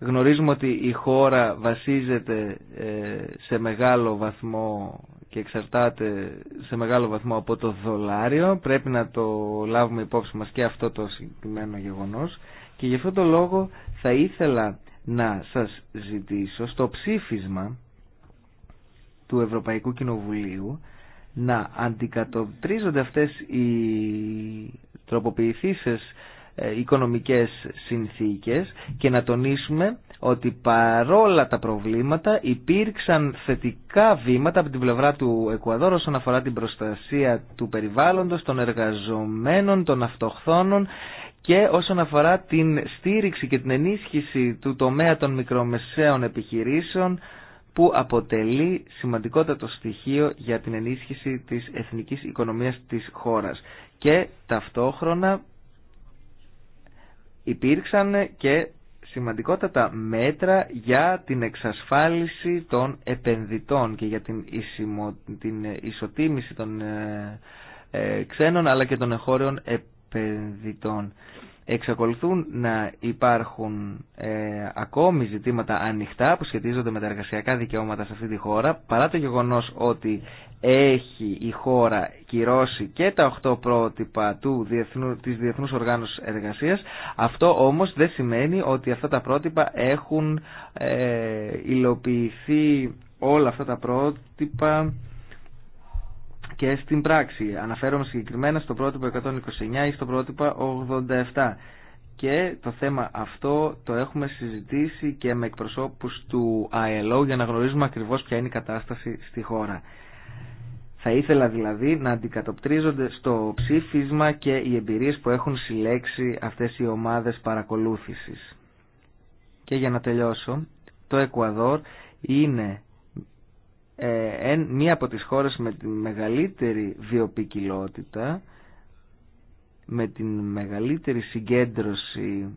Γνωρίζουμε ότι η χώρα βασίζεται ε, σε μεγάλο βαθμό και εξαρτάται σε μεγάλο βαθμό από το δολάριο. Πρέπει να το λάβουμε υπόψη μας και αυτό το συγκεκριμένο γεγονός. Και γι' αυτό τον λόγο θα ήθελα να σας ζητήσω στο ψήφισμα του Ευρωπαϊκού Κοινοβουλίου να αντικατοπτρίζονται αυτές οι τροποποιηθήσεις ε, οικονομικές συνθήκες και να τονίσουμε ότι παρόλα τα προβλήματα υπήρξαν θετικά βήματα από την πλευρά του Εκουαδόρ όσον αφορά την προστασία του περιβάλλοντος, των εργαζομένων, των αυτοχθόνων και όσον αφορά την στήριξη και την ενίσχυση του τομέα των μικρομεσαίων επιχειρήσεων που αποτελεί σημαντικότατο στοιχείο για την ενίσχυση της εθνικής οικονομίας της χώρας. Και ταυτόχρονα υπήρξαν και σημαντικότατα μέτρα για την εξασφάλιση των επενδυτών και για την, την ισοτίμηση των ε, ε, ξένων αλλά και των εχώριων επενδυτών επενδυτών. Εξακολουθούν να υπάρχουν ε, ακόμη ζητήματα ανοιχτά που σχετίζονται με τα εργασιακά δικαιώματα σε αυτή τη χώρα, παρά το γεγονός ότι έχει η χώρα κυρώσει και τα 8 πρότυπα του διεθνού, της Διεθνούς Οργάνωσης Εργασίας. Αυτό όμως δεν σημαίνει ότι αυτά τα πρότυπα έχουν ε, υλοποιηθεί όλα αυτά τα πρότυπα και στην πράξη. Αναφέρομαι συγκεκριμένα στο πρότυπο 129 ή στο πρότυπο 87. Και το θέμα αυτό το έχουμε συζητήσει και με εκπροσώπους του ΑΕΛΟ για να γνωρίζουμε ακριβώς ποια είναι η κατάσταση στη χώρα. Θα ήθελα δηλαδή να αντικατοπτρίζονται στο ψήφισμα και οι εμπειρίες που έχουν συλλέξει αυτές οι ομάδες παρακολούθησης. Και για να τελειώσω, το Εκουαδόρ είναι ε, μία από τις χώρες με τη μεγαλύτερη βιοπικιλότητα, με τη μεγαλύτερη συγκέντρωση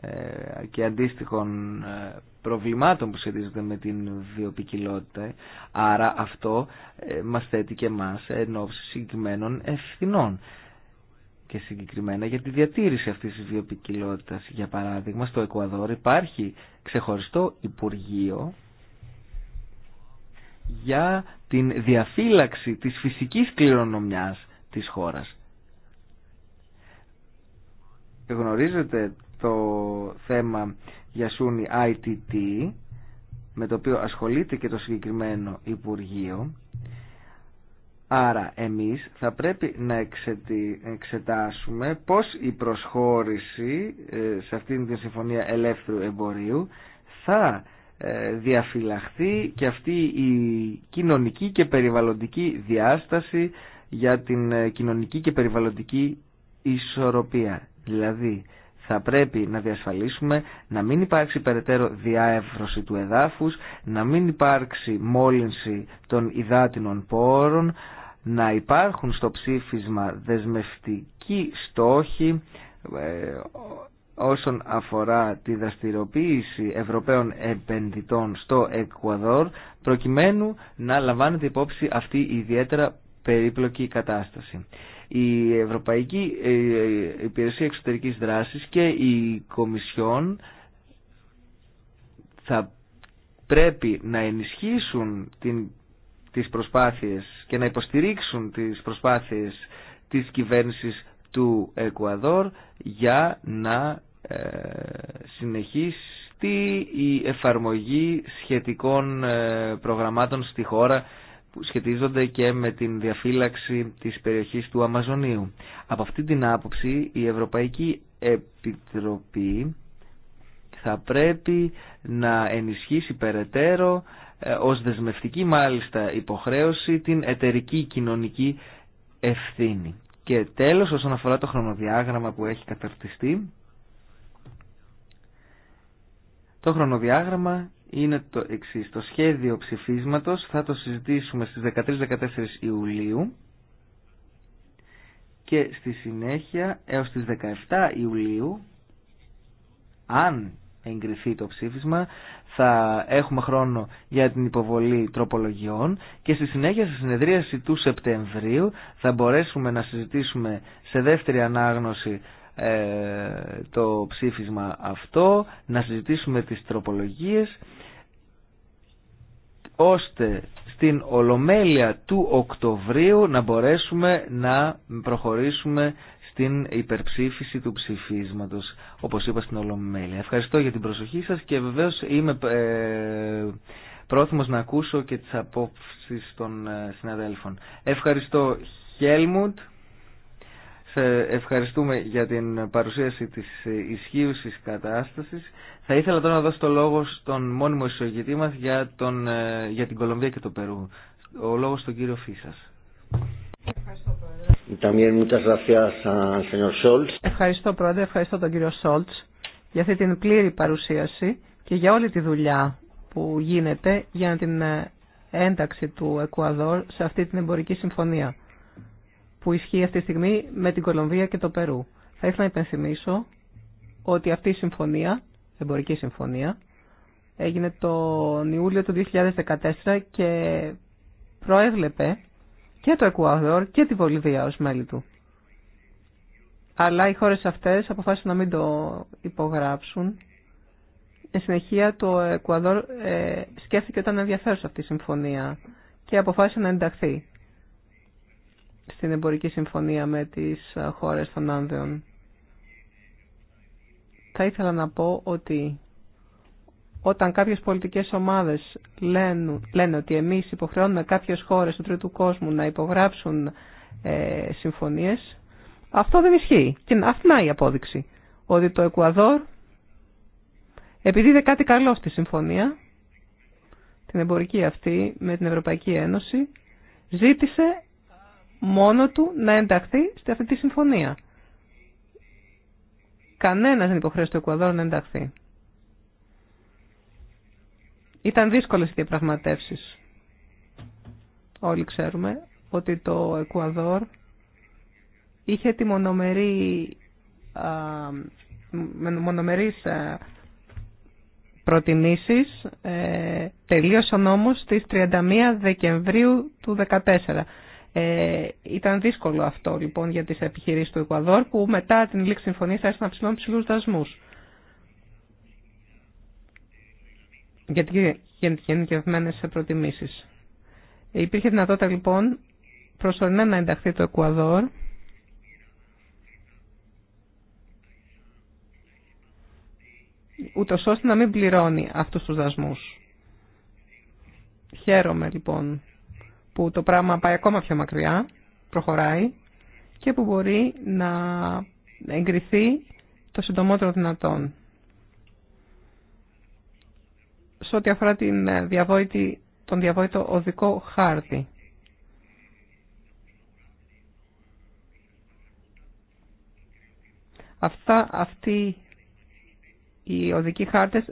ε, και αντίστοιχων ε, προβλημάτων που σχετίζονται με την βιοπικιλότητα. Άρα αυτό ε, μας θέτει και εμάς εν συγκεκριμένων ευθυνών και συγκεκριμένα για τη διατήρηση αυτής της βιοπικιλότητας. Για παράδειγμα, στο Εκουαδόρ υπάρχει ξεχωριστό Υπουργείο για την διαφύλαξη της φυσικής κληρονομιάς της χώρας. Γνωρίζετε το θέμα για Σούνη ITT, με το οποίο ασχολείται και το συγκεκριμένο Υπουργείο. Άρα εμείς θα πρέπει να εξετάσουμε πώς η προσχώρηση ε, σε αυτήν την Συμφωνία Ελεύθερου Εμπορίου θα ε, διαφυλαχθεί και αυτή η κοινωνική και περιβαλλοντική διάσταση για την ε, κοινωνική και περιβαλλοντική ισορροπία. Δηλαδή θα πρέπει να διασφαλίσουμε να μην υπάρξει περαιτέρω διάευρωση του εδάφους, να μην υπάρξει μόλυνση των υδάτινων πόρων, να υπάρχουν στο ψήφισμα δεσμευτικοί στόχοι ε, όσον αφορά τη δραστηριοποίηση Ευρωπαίων επενδυτών στο Εκουαδόρ προκειμένου να λαμβάνεται υπόψη αυτή η ιδιαίτερα περίπλοκη κατάσταση. Η Ευρωπαϊκή ε, Υπηρεσία Εξωτερικής Δράσης και η Κομισιόν θα πρέπει να ενισχύσουν την, τις προσπάθειες και να υποστηρίξουν τις προσπάθειες της κυβέρνησης του Εκουαδόρ για να ε, συνεχίστη η εφαρμογή σχετικών ε, προγραμμάτων στη χώρα που σχετίζονται και με την διαφύλαξη της περιοχής του Αμαζονίου. Από αυτή την άποψη η Ευρωπαϊκή Επιτροπή θα πρέπει να ενισχύσει περαιτέρω ε, ως δεσμευτική μάλιστα υποχρέωση την εταιρική κοινωνική ευθύνη. Και τέλος όσον αφορά το χρονοδιάγραμμα που έχει καταρτιστεί το χρονοδιάγραμμα είναι το εξής. Το σχέδιο ψηφίσματος θα το συζητήσουμε στις 13-14 Ιουλίου και στη συνέχεια έως τις 17 Ιουλίου, αν εγκριθεί το ψήφισμα, θα έχουμε χρόνο για την υποβολή τροπολογιών και στη συνέχεια στη συνεδρίαση του Σεπτεμβρίου θα μπορέσουμε να συζητήσουμε σε δεύτερη ανάγνωση ε, το ψήφισμα αυτό, να συζητήσουμε τις τροπολογίες ώστε στην Ολομέλεια του Οκτωβρίου να μπορέσουμε να προχωρήσουμε στην υπερψήφιση του ψηφίσματος, όπως είπα στην Ολομέλεια. Ευχαριστώ για την προσοχή σας και βεβαίως είμαι ε, πρόθυμος να ακούσω και τις απόψεις των ε, συναδέλφων. Ευχαριστώ Χέλμουντ. Σε ευχαριστούμε για την παρουσίαση της ε, ισχύουση κατάστασης. Θα ήθελα τώρα να δώσω το λόγο στον μόνιμο ισογητή μας για, τον, ε, για την Κολομβία και το Περού. Ο λόγος στον κύριο Φίσας. Ευχαριστώ πρόεδρε. ευχαριστώ πρόεδρε, ευχαριστώ τον κύριο Σόλτς για αυτή την πλήρη παρουσίαση και για όλη τη δουλειά που γίνεται για την ε, ένταξη του Εκουαδόρ σε αυτή την εμπορική συμφωνία που ισχύει αυτή τη στιγμή με την Κολομβία και το Περού. Θα ήθελα να υπενθυμίσω ότι αυτή η συμφωνία, εμπορική συμφωνία, έγινε τον Ιούλιο του 2014 και προέβλεπε και το Εκουαδόρ και τη Βολιβία ως μέλη του. Αλλά οι χώρες αυτές αποφάσισαν να μην το υπογράψουν. Εν συνεχεία το Εκουαδόρ ε, σκέφτηκε ότι ήταν ενδιαφέρουσα αυτή η συμφωνία και αποφάσισε να ενταχθεί στην εμπορική συμφωνία με τις χώρες των Άνδεων. Θα ήθελα να πω ότι όταν κάποιες πολιτικές ομάδες λένε, λένε ότι εμείς υποχρεώνουμε κάποιες χώρες του τρίτου κόσμου να υπογράψουν ε, συμφωνίες, αυτό δεν ισχύει. Και αυτή είναι η απόδειξη. Ότι το Εκουαδόρ, επειδή είδε κάτι καλό στη συμφωνία, την εμπορική αυτή με την Ευρωπαϊκή Ένωση, ζήτησε μόνο του να ενταχθεί σε αυτή τη συμφωνία. Κανένα δεν υποχρέωσε το Εκουαδόρ να ενταχθεί. Ήταν δύσκολε οι διαπραγματεύσεις. Όλοι ξέρουμε ότι το Εκουαδόρ είχε τη μονομερή, α, μονομερής α, προτιμήσεις. Ε, τελείωσε ο νόμος στις 31 Δεκεμβρίου του 2014. Ε, ήταν δύσκολο αυτό λοιπόν για τις επιχειρήσεις του Εκουαδόρ που μετά την λήξη συμφωνίας άρχισαν να ψηλώνουν ψηλούς δασμούς. Για γενικευμένες προτιμήσεις. Υπήρχε δυνατότητα λοιπόν προσωρινά να ενταχθεί το Εκουαδόρ ούτως ώστε να μην πληρώνει αυτούς τους δασμούς. Χαίρομαι λοιπόν που το πράγμα πάει ακόμα πιο μακριά, προχωράει και που μπορεί να εγκριθεί το συντομότερο δυνατόν. Σε ό,τι αφορά την ε, διαβόητη, τον διαβόητο οδικό χάρτη. Αυτά, αυτοί οι οδικοί χάρτες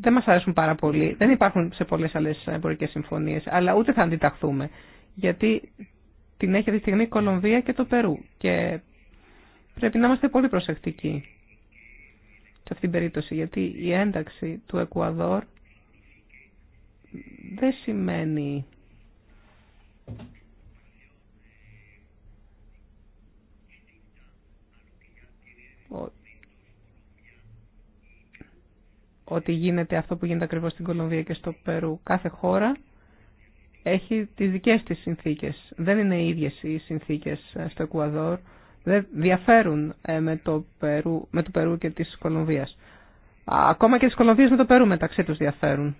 δεν μας αρέσουν πάρα πολύ. Δεν υπάρχουν σε πολλές άλλες εμπορικές συμφωνίες, αλλά ούτε θα αντιταχθούμε. Γιατί την έχει αυτή τη στιγμή η Κολομβία και το Περού. Και πρέπει να είμαστε πολύ προσεκτικοί σε αυτήν την περίπτωση, γιατί η ένταξη του Εκουαδόρ δεν σημαίνει ότι γίνεται αυτό που γίνεται ακριβώς στην Κολομβία και στο Περού. Κάθε χώρα έχει τις δικές της συνθήκες. Δεν είναι οι ίδιες οι συνθήκες ε, στο Εκουαδόρ. Δεν διαφέρουν ε, με το Περού, με το Περού και της Κολομβίας. Ακόμα και της Κολομβίας με το Περού μεταξύ τους διαφέρουν.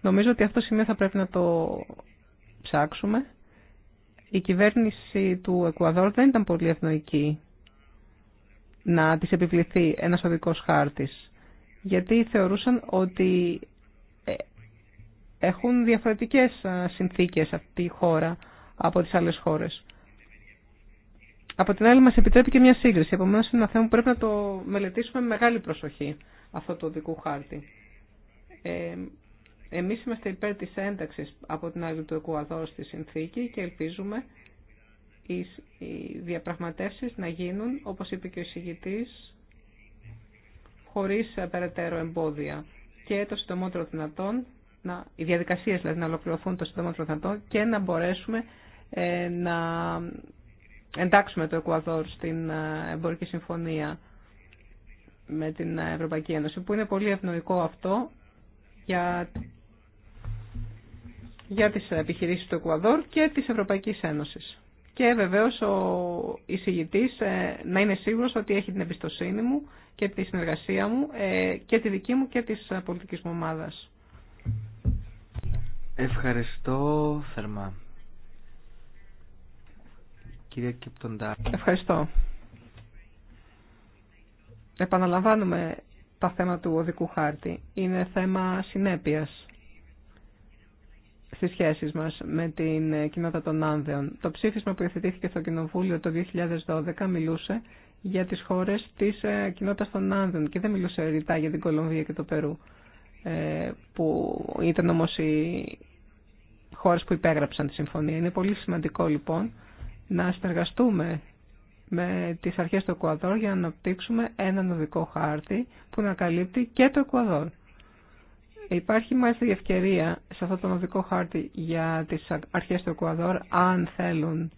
Νομίζω ότι αυτό σημείο θα πρέπει να το ψάξουμε. Η κυβέρνηση του Εκουαδόρ δεν ήταν πολύ ευνοϊκή να της επιβληθεί ένας οδικός χάρτης γιατί θεωρούσαν ότι ε, έχουν διαφορετικές συνθήκες αυτή η χώρα από τις άλλες χώρες. Από την άλλη μας επιτρέπει και μια σύγκριση, επομένως είναι ένα θέμα που πρέπει να το μελετήσουμε με μεγάλη προσοχή αυτό το δικού χάρτη. Ε, εμείς είμαστε υπέρ της ένταξης από την άλλη του Εκουαδόρ στη συνθήκη και ελπίζουμε οι διαπραγματεύσεις να γίνουν, όπως είπε και ο εισηγητής, χωρίς ε, περαιτέρω εμπόδια και το συντομότερο δυνατόν, να, οι διαδικασίες δηλαδή να ολοκληρωθούν το συντομότερο δυνατόν και να μπορέσουμε ε, να εντάξουμε το Εκουαδόρ στην ε, εμπορική συμφωνία με την Ευρωπαϊκή Ένωση, που είναι πολύ ευνοϊκό αυτό για, για τις επιχειρήσεις του Εκουαδόρ και της Ευρωπαϊκής Ένωσης. Και βεβαίως ο εισηγητής να είναι σίγουρος ότι έχει την εμπιστοσύνη μου και τη συνεργασία μου ε, και τη δική μου και της ε, πολιτικής μου ομάδας. Ευχαριστώ θερμά. Κυρία Ευχαριστώ. Επαναλαμβάνουμε τα θέματα του οδικού χάρτη. Είναι θέμα συνέπειας στις σχέσεις μας με την κοινότητα των Άνδεων. Το ψήφισμα που υιοθετήθηκε στο Κοινοβούλιο το 2012 μιλούσε για τις χώρες της ε, κοινότητας των Άνδων και δεν μιλούσε ρητά για την Κολομβία και το Περού ε, που ήταν όμως οι χώρες που υπέγραψαν τη συμφωνία. Είναι πολύ σημαντικό λοιπόν να συνεργαστούμε με τις αρχές του Εκουαδόρ για να αναπτύξουμε ένα οδικό χάρτη που να καλύπτει και το Εκουαδόρ. Υπάρχει μάλιστα η ευκαιρία σε αυτό το οδικό χάρτη για τις αρχές του Εκουαδόρ αν θέλουν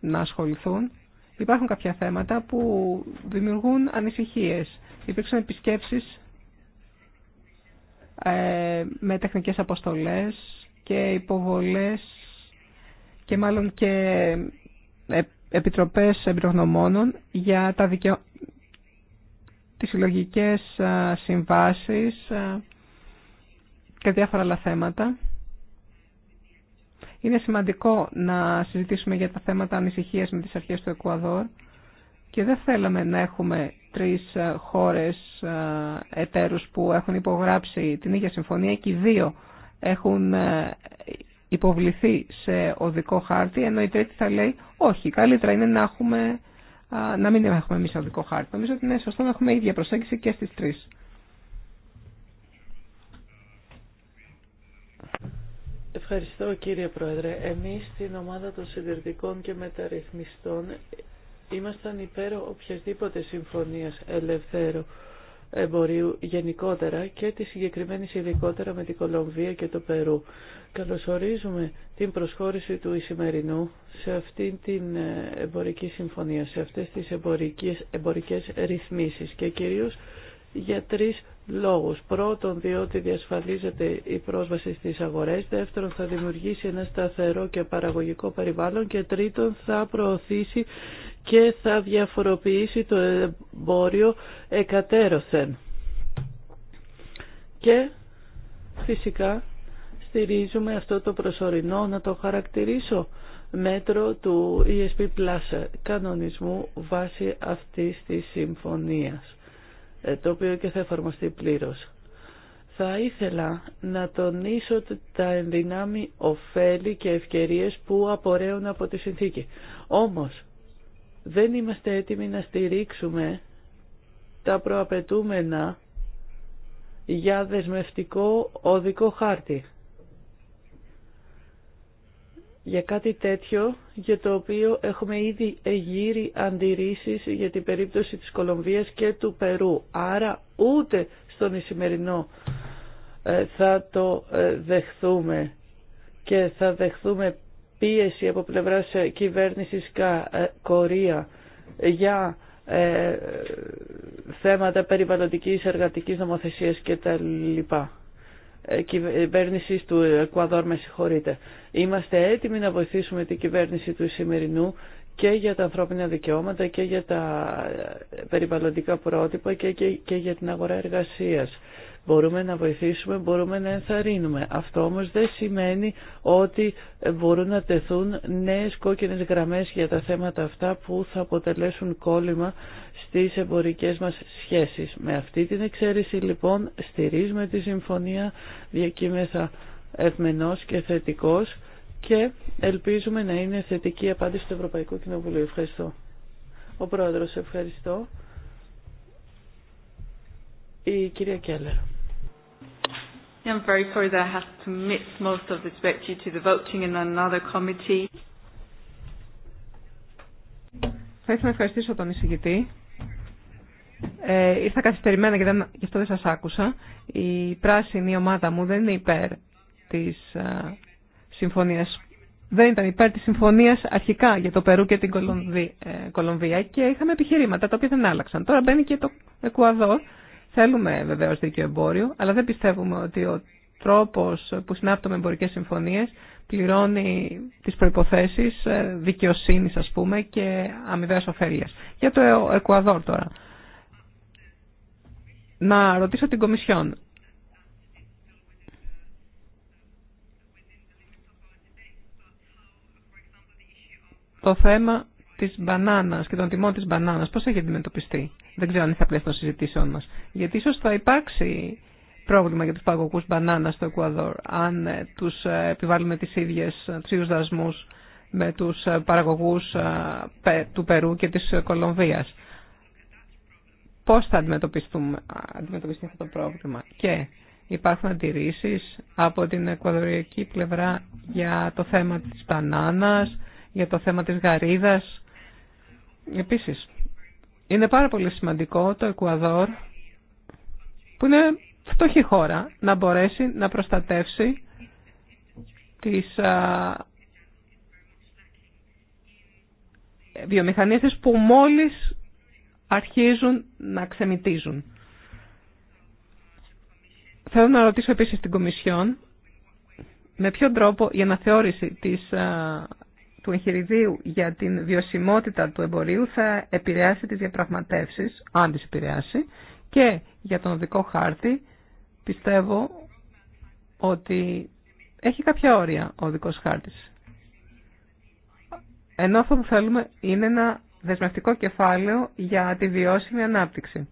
να ασχοληθούν Υπάρχουν κάποια θέματα που δημιουργούν ανησυχίες. Υπήρξαν επισκέψεις ε, με τεχνικές αποστολές και υποβολές και μάλλον και ε, επιτροπές εμπειρογνωμόνων για τα δικαιο... τις συλλογικές συμβάσεις και διάφορα άλλα θέματα. Είναι σημαντικό να συζητήσουμε για τα θέματα ανησυχίας με τις αρχές του Εκουαδόρ και δεν θέλαμε να έχουμε τρεις ε, χώρες ε, εταίρους που έχουν υπογράψει την ίδια συμφωνία και οι δύο έχουν ε, υποβληθεί σε οδικό χάρτη, ενώ η τρίτη θα λέει όχι, καλύτερα είναι να, μην έχουμε εμεί οδικό χάρτη. Νομίζω ότι είναι σωστό να έχουμε ίδια προσέγγιση και στι τρει. Ευχαριστώ κύριε Πρόεδρε. Εμείς στην ομάδα των συντηρητικών και μεταρρυθμιστών ήμασταν υπέρ οποιασδήποτε συμφωνίας ελευθέρου εμπορίου γενικότερα και τη συγκεκριμένη ειδικότερα με την Κολομβία και το Περού. Καλωσορίζουμε την προσχώρηση του Ισημερινού σε αυτή την ε, εμπορική συμφωνία, σε αυτές τις εμπορικές, εμπορικές ρυθμίσεις και κυρίως για τρεις λόγους. Πρώτον, διότι διασφαλίζεται η πρόσβαση στις αγορές. Δεύτερον, θα δημιουργήσει ένα σταθερό και παραγωγικό περιβάλλον. Και τρίτον, θα προωθήσει και θα διαφοροποιήσει το εμπόριο εκατέρωθεν. Και φυσικά στηρίζουμε αυτό το προσωρινό, να το χαρακτηρίσω, μέτρο του ESP Plus κανονισμού βάσει αυτής της συμφωνίας. Ε, το οποίο και θα εφαρμοστεί πλήρως. Θα ήθελα να τονίσω τα ενδυνάμει ωφέλη και ευκαιρίες που απορρέουν από τη συνθήκη. Όμως, δεν είμαστε έτοιμοι να στηρίξουμε τα προαπαιτούμενα για δεσμευτικό οδικό χάρτη για κάτι τέτοιο για το οποίο έχουμε ήδη εγείρει αντιρρήσεις για την περίπτωση της Κολομβίας και του Περού. Άρα ούτε στον Ισημερινό ε, θα το ε, δεχθούμε και θα δεχθούμε πίεση από πλευράς ε, κυβέρνησης Κορία για θέματα περιβαλλοντικής εργατικής νομοθεσίας κτλ. Ε, κυβέρνηση του Εκουαδόρ, με συγχωρείτε. Είμαστε έτοιμοι να βοηθήσουμε την κυβέρνηση του σημερινού και για τα ανθρώπινα δικαιώματα και για τα περιβαλλοντικά πρότυπα και, και, και για την αγορά εργασίας μπορούμε να βοηθήσουμε, μπορούμε να ενθαρρύνουμε. Αυτό όμως δεν σημαίνει ότι μπορούν να τεθούν νέες κόκκινες γραμμές για τα θέματα αυτά που θα αποτελέσουν κόλλημα στις εμπορικές μας σχέσεις. Με αυτή την εξαίρεση λοιπόν στηρίζουμε τη συμφωνία, διακείμεθα ευμενός και θετικός και ελπίζουμε να είναι θετική απάντηση του Ευρωπαϊκού Κοινοβουλίου. Ευχαριστώ. Ο Πρόεδρος, ευχαριστώ. Η κυρία Κέλλερ. I'm very sorry that I have to miss most of this back due to the voting in another committee. Θα ήθελα να ευχαριστήσω τον εισηγητή. Ε, ήρθα καθυστερημένα και, δεν, γι' αυτό δεν σας άκουσα. Η πράσινη η ομάδα μου δεν είναι υπέρ της α, ε, συμφωνίας. Δεν ήταν υπέρ της συμφωνίας αρχικά για το Περού και την Κολομβία ε, και είχαμε επιχειρήματα τα οποία δεν άλλαξαν. Τώρα μπαίνει και το Εκουαδόρ Θέλουμε βεβαίω δίκαιο εμπόριο, αλλά δεν πιστεύουμε ότι ο τρόπος που συνάπτουμε εμπορικές συμφωνίες πληρώνει τις προϋποθέσεις ε, δικαιοσύνης ας πούμε και αμοιβέ ωφέλεια. Για το Εκουαδόρ τώρα. Να ρωτήσω την Κομισιόν. Το θέμα της μπανάνας και των τιμών της μπανάνας πώς έχει αντιμετωπιστεί. Δεν ξέρω αν είναι στα των συζητήσεων μα. Γιατί ίσως θα υπάρξει πρόβλημα για τους παραγωγούς μπανάνα στο Εκουαδόρ αν ε, τους ε, επιβάλλουμε τις ίδιε ψήφου ε, δασμού με τους παραγωγούς του Περού και της Κολομβίας. Πώς θα αντιμετωπιστούμε, αντιμετωπιστεί αυτό το πρόβλημα και υπάρχουν αντιρρήσει από την εκουαδοριακή πλευρά για το θέμα τη μπανάνα, για το θέμα τη γαρίδα Επίσης, είναι πάρα πολύ σημαντικό το Εκουαδόρ, που είναι φτωχή χώρα, να μπορέσει να προστατεύσει τις βιομηχανίες που μόλις αρχίζουν να ξεμητίζουν. Θέλω να ρωτήσω επίσης την Κομισιόν με ποιο τρόπο η αναθεώρηση της του εγχειριδίου για την βιωσιμότητα του εμπορίου θα επηρεάσει τις διαπραγματεύσεις, αν τις επηρεάσει, και για τον οδικό χάρτη πιστεύω ότι έχει κάποια όρια ο οδικός χάρτης. Ενώ αυτό που θέλουμε είναι ένα δεσμευτικό κεφάλαιο για τη βιώσιμη ανάπτυξη.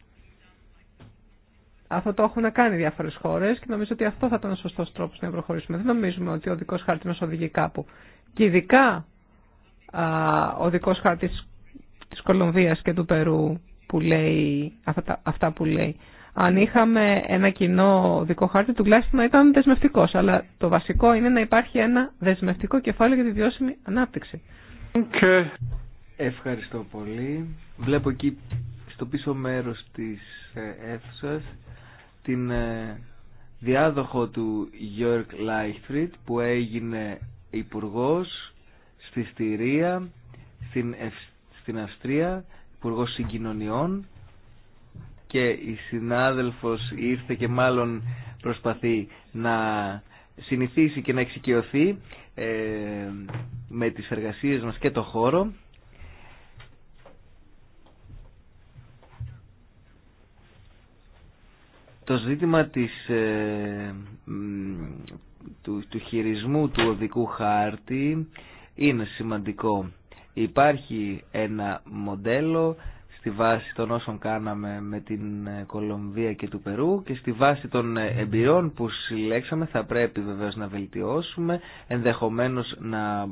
Αυτό το έχουν κάνει διάφορες χώρες και νομίζω ότι αυτό θα ήταν ο σωστό τρόπο να προχωρήσουμε. Δεν νομίζουμε ότι ο δικό χάρτης μας οδηγεί κάπου. Και ειδικά ο δικός χάρτης της Κολομβίας και του Περού που λέει αυτά, αυτά που λέει. Αν είχαμε ένα κοινό δικό χάρτη, τουλάχιστον να ήταν δεσμευτικό. Αλλά το βασικό είναι να υπάρχει ένα δεσμευτικό κεφάλαιο για τη βιώσιμη ανάπτυξη. Okay. Ευχαριστώ πολύ. Βλέπω εκεί στο πίσω μέρος της ε, αίθουσα την ε, διάδοχο του Γιώργ Λάιχτριτ που έγινε υπουργός στη Στηρία, στην, Ευ... στην Αυστρία, υπουργό συγκοινωνιών και η συνάδελφος ήρθε και μάλλον προσπαθεί να συνηθίσει και να εξοικειωθεί ε, με τις εργασίες μας και το χώρο. Το ζήτημα της, ε, του, του χειρισμού του οδικού χάρτη είναι σημαντικό. Υπάρχει ένα μοντέλο στη βάση των όσων κάναμε με την ε, Κολομβία και του Περού και στη βάση των ε, εμπειρών που συλλέξαμε θα πρέπει βεβαίως να βελτιώσουμε, ενδεχομένως να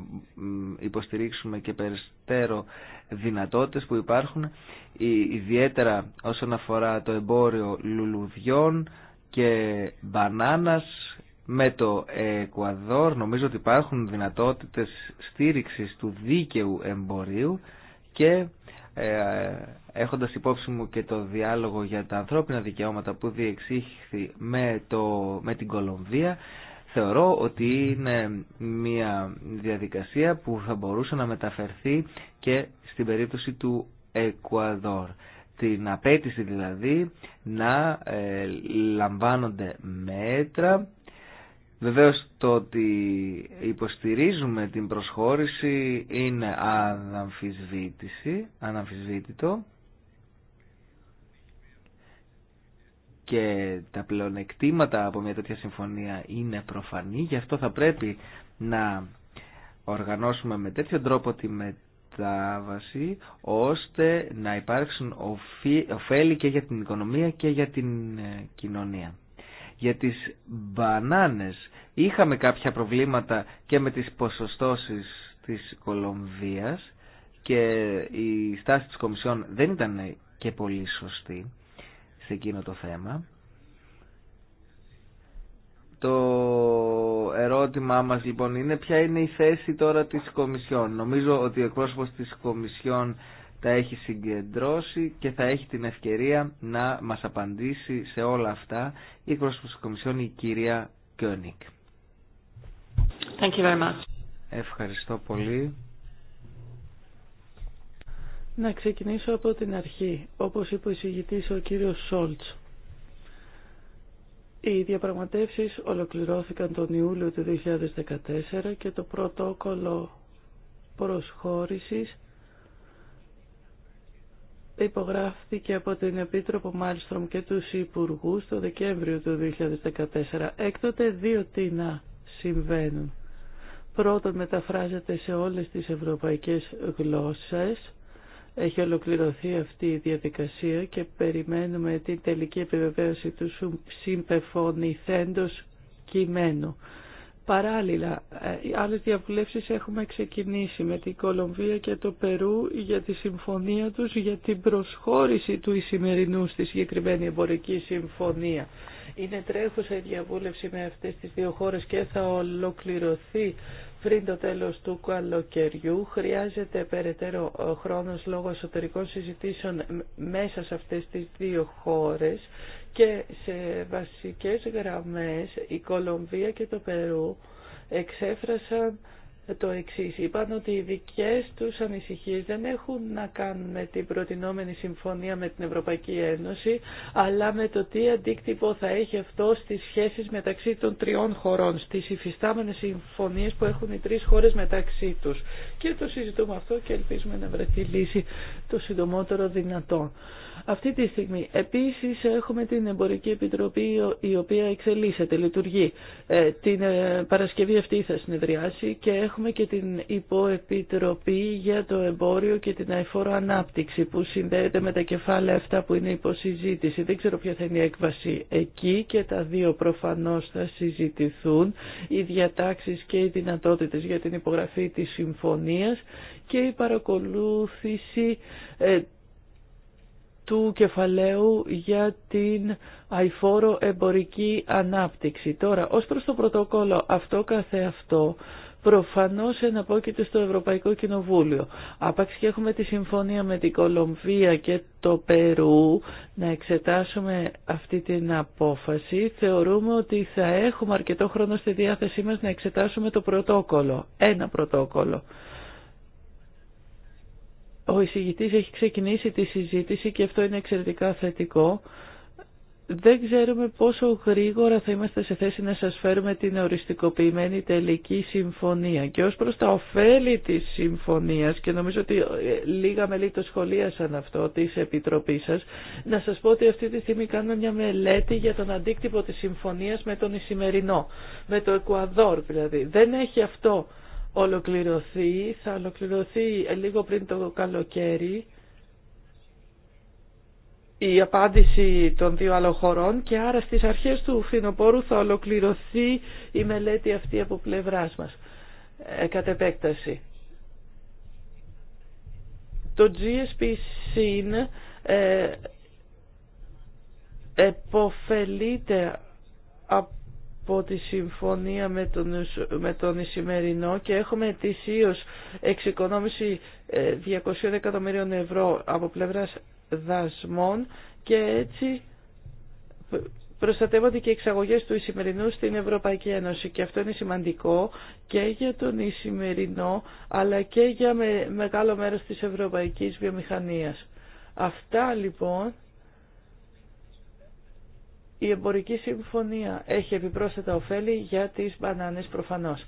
υποστηρίξουμε και περισσότερο δυνατότητες που υπάρχουν, ε, ιδιαίτερα όσον αφορά το εμπόριο λουλουδιών και μπανάνας με το Εκουαδόρ νομίζω ότι υπάρχουν δυνατότητες στήριξης του δίκαιου εμπορίου και ε, έχοντας υπόψη μου και το διάλογο για τα ανθρώπινα δικαιώματα που διεξήχθη με, το, με την Κολομβία θεωρώ ότι είναι μια διαδικασία που θα μπορούσε να μεταφερθεί και στην περίπτωση του Εκουαδόρ. Την απέτηση δηλαδή να ε, λαμβάνονται μέτρα Βεβαίως το ότι υποστηρίζουμε την προσχώρηση είναι αναμφισβήτηση, αναμφισβήτητο και τα πλεονεκτήματα από μια τέτοια συμφωνία είναι προφανή, γι' αυτό θα πρέπει να οργανώσουμε με τέτοιο τρόπο τη μετάβαση ώστε να υπάρξουν ωφέλη και για την οικονομία και για την ε, κοινωνία για τις μπανάνες είχαμε κάποια προβλήματα και με τις ποσοστώσεις της Κολομβίας και η στάση της Κομισιόν δεν ήταν και πολύ σωστή σε εκείνο το θέμα. Το ερώτημά μας λοιπόν είναι ποια είναι η θέση τώρα της Κομισιόν. Νομίζω ότι ο εκπρόσωπος της Κομισιόν τα έχει συγκεντρώσει και θα έχει την ευκαιρία να μας απαντήσει σε όλα αυτά η πρόσωπος της Κομισιόν, η κυρία Κιόνικ. Ευχαριστώ πολύ. Να ξεκινήσω από την αρχή, όπως είπε ο εισηγητής ο κύριος Σόλτς. Οι διαπραγματεύσεις ολοκληρώθηκαν τον Ιούλιο του 2014 και το πρωτόκολλο προσχώρησης υπογράφηκε από την Επίτροπο Μάλστρομ και τους Υπουργούς το Δεκέμβριο του 2014. Έκτοτε δύο τι να συμβαίνουν. Πρώτον μεταφράζεται σε όλες τις ευρωπαϊκές γλώσσες. Έχει ολοκληρωθεί αυτή η διαδικασία και περιμένουμε την τελική επιβεβαίωση του συμπεφωνηθέντος κειμένου. Παράλληλα, ε, οι άλλες διαβουλεύσεις έχουμε ξεκινήσει με την Κολομβία και το Περού για τη συμφωνία τους για την προσχώρηση του Ισημερινού στη συγκεκριμένη εμπορική συμφωνία. Είναι τρέχουσα η διαβούλευση με αυτές τις δύο χώρες και θα ολοκληρωθεί πριν το τέλος του καλοκαιριού. Χρειάζεται περαιτέρω ε, χρόνος λόγω εσωτερικών συζητήσεων μέσα σε αυτές τις δύο χώρες και σε βασικές γραμμές η Κολομβία και το Περού εξέφρασαν το εξή. Είπαν ότι οι δικέ του ανησυχίες δεν έχουν να κάνουν με την προτινόμενη συμφωνία με την Ευρωπαϊκή Ένωση, αλλά με το τι αντίκτυπο θα έχει αυτό στι σχέσει μεταξύ των τριών χωρών, στι υφιστάμενες συμφωνίε που έχουν οι τρει χώρε μεταξύ του. Και το συζητούμε αυτό και ελπίζουμε να βρεθεί λύση το συντομότερο δυνατό αυτή τη στιγμή. Επίσης έχουμε την Εμπορική Επιτροπή η οποία εξελίσσεται, λειτουργεί. Ε, την ε, Παρασκευή αυτή θα συνεδριάσει και έχουμε και την Υποεπιτροπή για το εμπόριο και την αεφόρο ανάπτυξη που συνδέεται με τα κεφάλαια αυτά που είναι υποσυζήτηση. Δεν ξέρω ποια θα είναι η έκβαση εκεί και τα δύο προφανώς θα συζητηθούν οι διατάξεις και οι δυνατότητες για την υπογραφή της συμφωνίας και η παρακολούθηση ε, του κεφαλαίου για την αηφόρο εμπορική ανάπτυξη. Τώρα, ως προς το πρωτοκόλλο αυτό καθεαυτό, προφανώς εναπόκειται στο Ευρωπαϊκό Κοινοβούλιο. Άπαξ και έχουμε τη συμφωνία με την Κολομβία και το Περού να εξετάσουμε αυτή την απόφαση. Θεωρούμε ότι θα έχουμε αρκετό χρόνο στη διάθεσή μας να εξετάσουμε το πρωτόκολλο, ένα πρωτόκολλο. Ο εισηγητής έχει ξεκινήσει τη συζήτηση και αυτό είναι εξαιρετικά θετικό. Δεν ξέρουμε πόσο γρήγορα θα είμαστε σε θέση να σας φέρουμε την οριστικοποιημένη τελική συμφωνία. Και ως προς τα ωφέλη της συμφωνίας, και νομίζω ότι ε, λίγα μελή το σχολίασαν αυτό της Επιτροπής σας, να σας πω ότι αυτή τη στιγμή κάνουμε μια μελέτη για τον αντίκτυπο της συμφωνίας με τον Ισημερινό, με το Εκουαδόρ δηλαδή. Δεν έχει αυτό ολοκληρωθεί. Θα ολοκληρωθεί λίγο πριν το καλοκαίρι η απάντηση των δύο άλλων χωρών και άρα στις αρχές του φθινοπόρου θα ολοκληρωθεί η μελέτη αυτή από πλευράς μας ε, κατ' επέκταση. Το GSP-SYN ε, εποφελείται από από τη συμφωνία με τον, με τον Ισημερινό και έχουμε ετησίως εξοικονόμηση 200 ε, εκατομμυρίων ευρώ από πλευράς δασμών και έτσι προστατεύονται και οι εξαγωγές του Ισημερινού στην Ευρωπαϊκή Ένωση και αυτό είναι σημαντικό και για τον Ισημερινό αλλά και για μεγάλο μέρος της ευρωπαϊκής βιομηχανίας. Αυτά λοιπόν η εμπορική συμφωνία έχει επιπρόσθετα ωφέλη για τις μπανάνες προφανώς.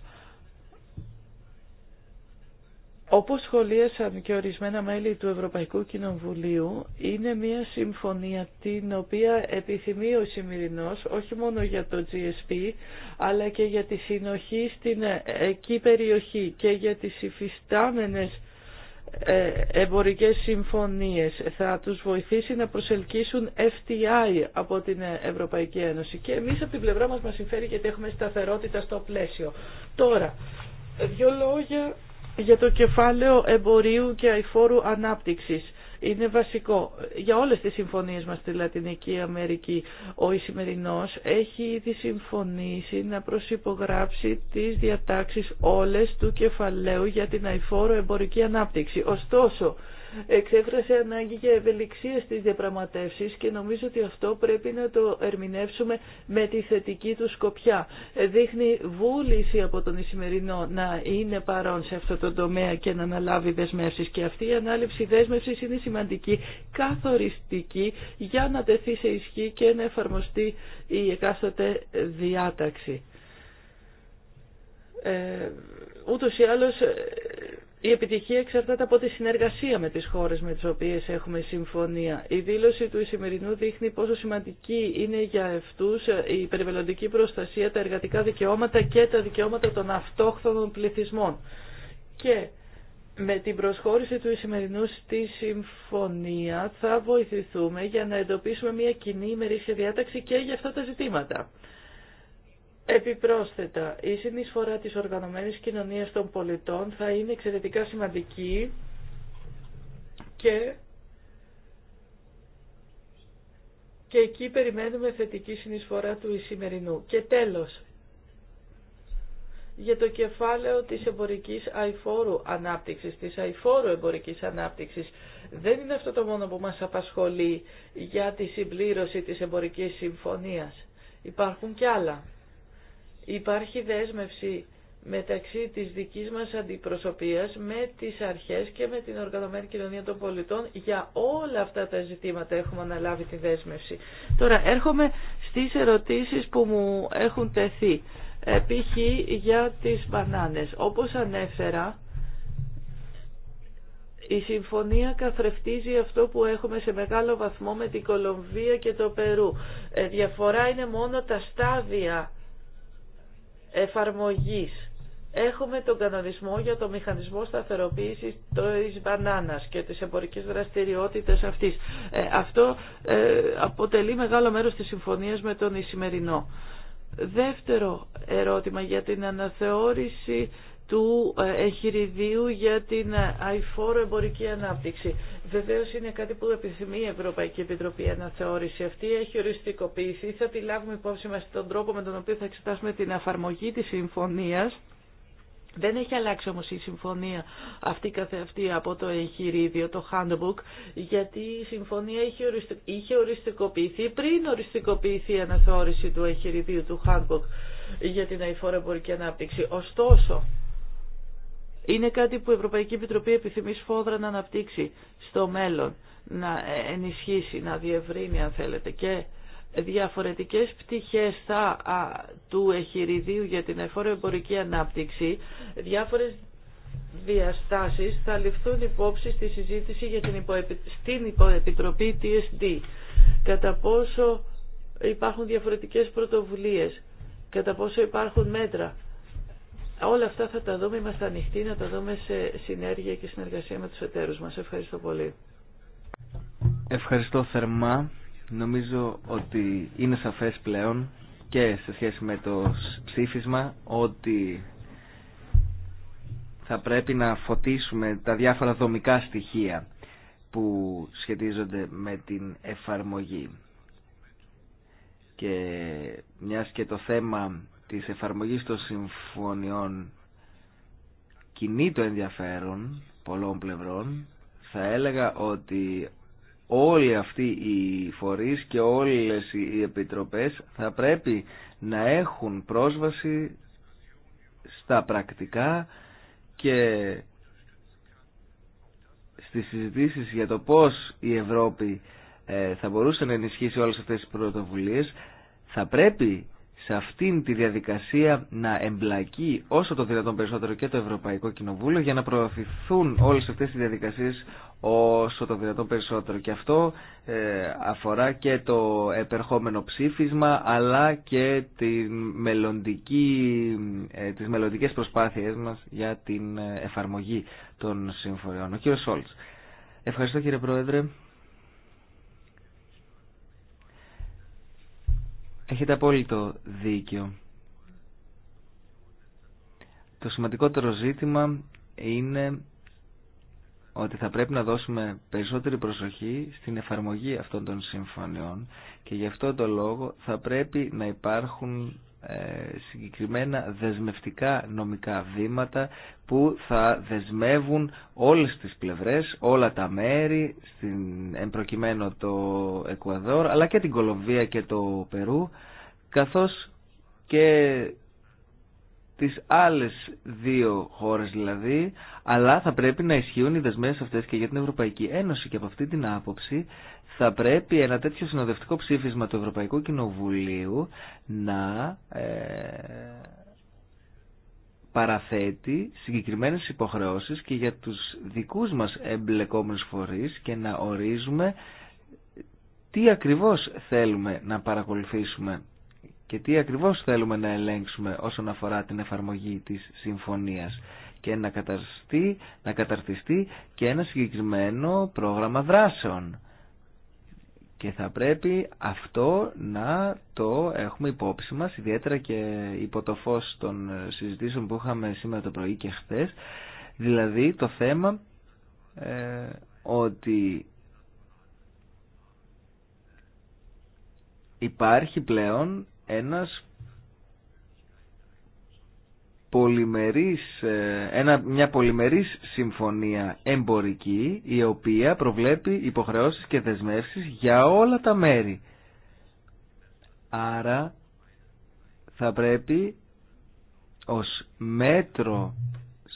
Όπως σχολίασαν και ορισμένα μέλη του Ευρωπαϊκού Κοινοβουλίου, είναι μια συμφωνία την οποία επιθυμεί ο Σημερινός, όχι μόνο για το GSP, αλλά και για τη συνοχή στην ε, εκεί περιοχή και για τις υφιστάμενες ε, εμπορικές συμφωνίες θα τους βοηθήσει να προσελκύσουν FTI από την Ευρωπαϊκή Ένωση και εμείς από την πλευρά μας μας συμφέρει γιατί έχουμε σταθερότητα στο πλαίσιο. Τώρα, δύο λόγια για το κεφάλαιο εμπορίου και αηφόρου ανάπτυξης. Είναι βασικό για όλες τις συμφωνίες μας στη Λατινική Αμερική. Ο Ισημερινός έχει ήδη συμφωνήσει να προσυπογράψει τις διατάξεις όλες του κεφαλαίου για την αηφόρο εμπορική ανάπτυξη. Ωστόσο, εξέφρασε ανάγκη για ευελιξία στις διαπραγματεύσεις και νομίζω ότι αυτό πρέπει να το ερμηνεύσουμε με τη θετική του σκοπιά. Δείχνει βούληση από τον Ισημερινό να είναι παρόν σε αυτό το τομέα και να αναλάβει δεσμεύσεις και αυτή η ανάληψη δέσμευσης είναι σημαντική, καθοριστική για να τεθεί σε ισχύ και να εφαρμοστεί η εκάστοτε διάταξη. Ε, ούτως ή η επιτυχία εξαρτάται από τη συνεργασία με τις χώρες με τις οποίες έχουμε συμφωνία. Η δήλωση του Ισημερινού δείχνει πόσο σημαντική είναι για αυτούς η περιβαλλοντική προστασία, τα εργατικά δικαιώματα και τα δικαιώματα των αυτόχθονων πληθυσμών. Και με την προσχώρηση του Ισημερινού στη συμφωνία θα βοηθηθούμε για να εντοπίσουμε μια κοινή ημερήσια διάταξη και για αυτά τα ζητήματα. Επιπρόσθετα, η συνεισφορά της οργανωμένης κοινωνίας των πολιτών θα είναι εξαιρετικά σημαντική και, και εκεί περιμένουμε θετική συνεισφορά του ησημερινού. Και τέλος, για το κεφάλαιο της εμπορικής αηφόρου ανάπτυξης, της αηφόρου εμπορικής ανάπτυξης. Δεν είναι αυτό το μόνο που μας απασχολεί για τη συμπλήρωση της εμπορικής συμφωνίας. Υπάρχουν και άλλα. Υπάρχει δέσμευση μεταξύ της δικής μας αντιπροσωπείας με τις αρχές και με την οργανωμένη κοινωνία των πολιτών για όλα αυτά τα ζητήματα έχουμε αναλάβει τη δέσμευση. Τώρα έρχομαι στις ερωτήσεις που μου έχουν τεθεί. Ε, π.χ. για τις μπανάνες. Όπως ανέφερα, η συμφωνία καθρεφτίζει αυτό που έχουμε σε μεγάλο βαθμό με την Κολομβία και το Περού. Ε, διαφορά είναι μόνο τα στάδια εφαρμογής. Έχουμε τον κανονισμό για το μηχανισμό σταθεροποίησης της μπανάνας και τις εμπορικές δραστηριότητες αυτής. Ε, αυτό ε, αποτελεί μεγάλο μέρος της συμφωνίας με τον Ισημερινό. Δεύτερο ερώτημα για την αναθεώρηση του εχειριδίου για την ε, αηφόρο εμπορική ανάπτυξη. Βεβαίω είναι κάτι που επιθυμεί η Ευρωπαϊκή Επιτροπή αναθεώρηση αυτή. Έχει οριστικοποιηθεί. Θα τη λάβουμε υπόψη μα τον τρόπο με τον οποίο θα εξετάσουμε την αφαρμογή τη συμφωνία. Δεν έχει αλλάξει όμως η συμφωνία αυτή καθεαυτή από το εγχειρίδιο, το handbook, γιατί η συμφωνία είχε οριστικοποιηθεί πριν οριστικοποιηθεί η αναθεώρηση του εγχειριδίου του handbook για την αηφόρα εμπορική ανάπτυξη. Ωστόσο, είναι κάτι που η Ευρωπαϊκή Επιτροπή επιθυμεί σφόδρα να αναπτύξει στο μέλλον, να ε, ενισχύσει, να διευρύνει αν θέλετε και διαφορετικές πτυχές θα, του εχειριδίου για την εφόρο εμπορική ανάπτυξη, διάφορες διαστάσεις θα ληφθούν υπόψη στη συζήτηση για την στην υποεπιτροπή TSD. Κατά πόσο υπάρχουν διαφορετικές πρωτοβουλίες, κατά πόσο υπάρχουν μέτρα όλα αυτά θα τα δούμε, είμαστε ανοιχτοί να τα δούμε σε συνέργεια και συνεργασία με τους εταίρους μας. Ευχαριστώ πολύ. Ευχαριστώ θερμά. Νομίζω ότι είναι σαφές πλέον και σε σχέση με το ψήφισμα ότι θα πρέπει να φωτίσουμε τα διάφορα δομικά στοιχεία που σχετίζονται με την εφαρμογή. Και μιας και το θέμα της εφαρμογής των συμφωνιών κινεί το ενδιαφέρον πολλών πλευρών. Θα έλεγα ότι όλοι αυτοί οι φορείς και όλες οι επιτροπές θα πρέπει να έχουν πρόσβαση στα πρακτικά και στις συζητήσεις για το πώς η Ευρώπη ε, θα μπορούσε να ενισχύσει όλες αυτές τις πρωτοβουλίες θα πρέπει σε αυτήν τη διαδικασία να εμπλακεί όσο το δυνατόν περισσότερο και το Ευρωπαϊκό Κοινοβούλιο για να προωθηθούν όλες αυτές οι διαδικασίες όσο το δυνατόν περισσότερο. Και αυτό ε, αφορά και το επερχόμενο ψήφισμα αλλά και τη μελλοντική, ε, τις μελλοντικές προσπάθειές μας για την ε, εφαρμογή των συμφοριών. Ο κύριος Σόλτς. Ευχαριστώ κύριε Πρόεδρε. Έχετε απόλυτο δίκιο. Το σημαντικότερο ζήτημα είναι ότι θα πρέπει να δώσουμε περισσότερη προσοχή στην εφαρμογή αυτών των συμφωνιών και γι' αυτό το λόγο θα πρέπει να υπάρχουν ε, συγκεκριμένα δεσμευτικά νομικά βήματα που θα δεσμεύουν όλες τις πλευρές, όλα τα μέρη, στην, εμπροκειμένο το Εκουαδόρ, αλλά και την Κολομβία και το Περού, καθώς και τις άλλες δύο χώρες δηλαδή, αλλά θα πρέπει να ισχύουν οι δεσμεύσεις αυτές και για την Ευρωπαϊκή Ένωση και από αυτή την άποψη θα πρέπει ένα τέτοιο συνοδευτικό ψήφισμα του Ευρωπαϊκού Κοινοβουλίου να ε, παραθέτει συγκεκριμένες υποχρεώσεις και για τους δικούς μας εμπλεκόμενους φορείς και να ορίζουμε τι ακριβώς θέλουμε να παρακολουθήσουμε και τι ακριβώς θέλουμε να ελέγξουμε όσον αφορά την εφαρμογή της συμφωνίας και να, να καταρτιστεί και ένα συγκεκριμένο πρόγραμμα δράσεων και θα πρέπει αυτό να το έχουμε υπόψη μας, ιδιαίτερα και υπό το φως των συζητήσεων που είχαμε σήμερα το πρωί και χθες, δηλαδή το θέμα ε, ότι υπάρχει πλέον ένας πολυμερής, ε, ένα, μια πολυμερής συμφωνία εμπορική η οποία προβλέπει υποχρεώσεις και δεσμεύσεις για όλα τα μέρη. Άρα θα πρέπει ως μέτρο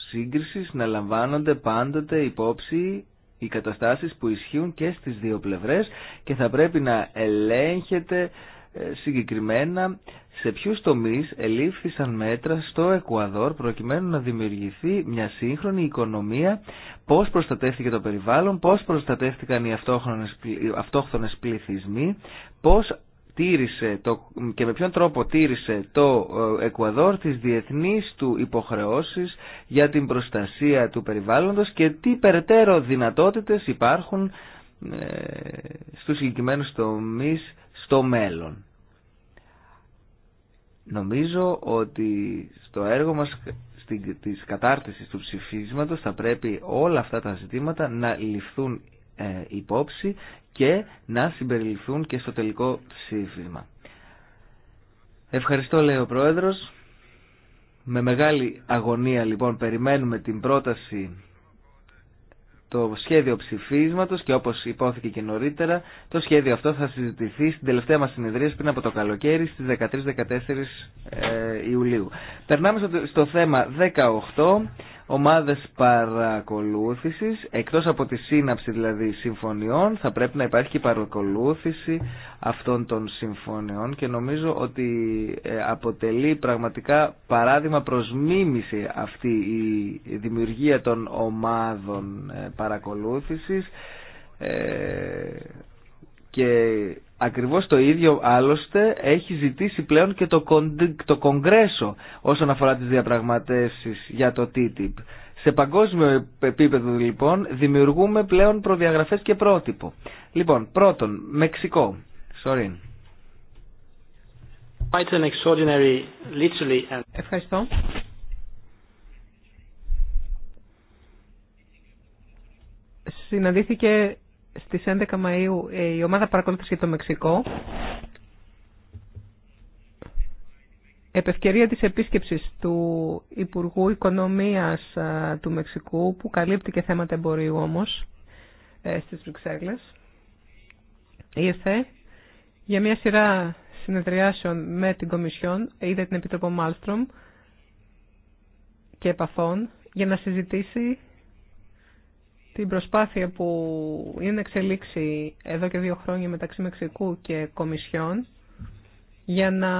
σύγκρισης να λαμβάνονται πάντοτε υπόψη οι καταστάσεις που ισχύουν και στις δύο πλευρές και θα πρέπει να ελέγχεται ε, συγκεκριμένα σε ποιους τομείς ελήφθησαν μέτρα στο Εκουαδόρ προκειμένου να δημιουργηθεί μια σύγχρονη οικονομία, πώς προστατεύτηκε το περιβάλλον, πώς προστατεύτηκαν οι αυτόχθονες πληθυσμοί, πώς τήρησε το, και με ποιον τρόπο τήρησε το ε, Εκουαδόρ τις διεθνείς του υποχρεώσεις για την προστασία του περιβάλλοντος και τι περαιτέρω δυνατότητες υπάρχουν ε, στους συγκεκριμένους τομείς στο μέλλον. Νομίζω ότι στο έργο μας της κατάρτισης του ψηφίσματος θα πρέπει όλα αυτά τα ζητήματα να ληφθούν ε, υπόψη και να συμπεριληφθούν και στο τελικό ψήφισμα. Ευχαριστώ λέει ο Πρόεδρος. Με μεγάλη αγωνία λοιπόν περιμένουμε την πρόταση το σχέδιο ψηφίσματος και όπως υπόθηκε και νωρίτερα, το σχέδιο αυτό θα συζητηθεί στην τελευταία μας συνεδρία πριν από το καλοκαίρι στις 13-14 ε, Ιουλίου. Περνάμε στο θέμα 18 ομάδες παρακολούθησης, εκτός από τη σύναψη δηλαδή συμφωνιών, θα πρέπει να υπάρχει και η παρακολούθηση αυτών των συμφωνιών και νομίζω ότι ε, αποτελεί πραγματικά παράδειγμα προς μίμηση αυτή η δημιουργία των ομάδων ε, παρακολούθησης ε, και Ακριβώς το ίδιο άλλωστε έχει ζητήσει πλέον και το, κον, το Κογκρέσο όσον αφορά τις διαπραγματεύσεις για το TTIP. Σε παγκόσμιο επίπεδο λοιπόν δημιουργούμε πλέον προδιαγραφές και πρότυπο. Λοιπόν, πρώτον, Μεξικό. Sorry. Ευχαριστώ. Συναντήθηκε στις 11 Μαΐου ε, η ομάδα παρακολούθησε για το Μεξικό επευκαιρία της επίσκεψης του Υπουργού Οικονομίας του Μεξικού που καλύπτει και θέματα εμπορίου όμως ε, στις Βρυξέλλες ήρθε για μια σειρά συνεδριάσεων με την Κομισιόν είδε την Επίτροπο Μάλστρομ και επαφών για να συζητήσει την προσπάθεια που είναι εξελίξει εδώ και δύο χρόνια μεταξύ Μεξικού και Κομισιόν για να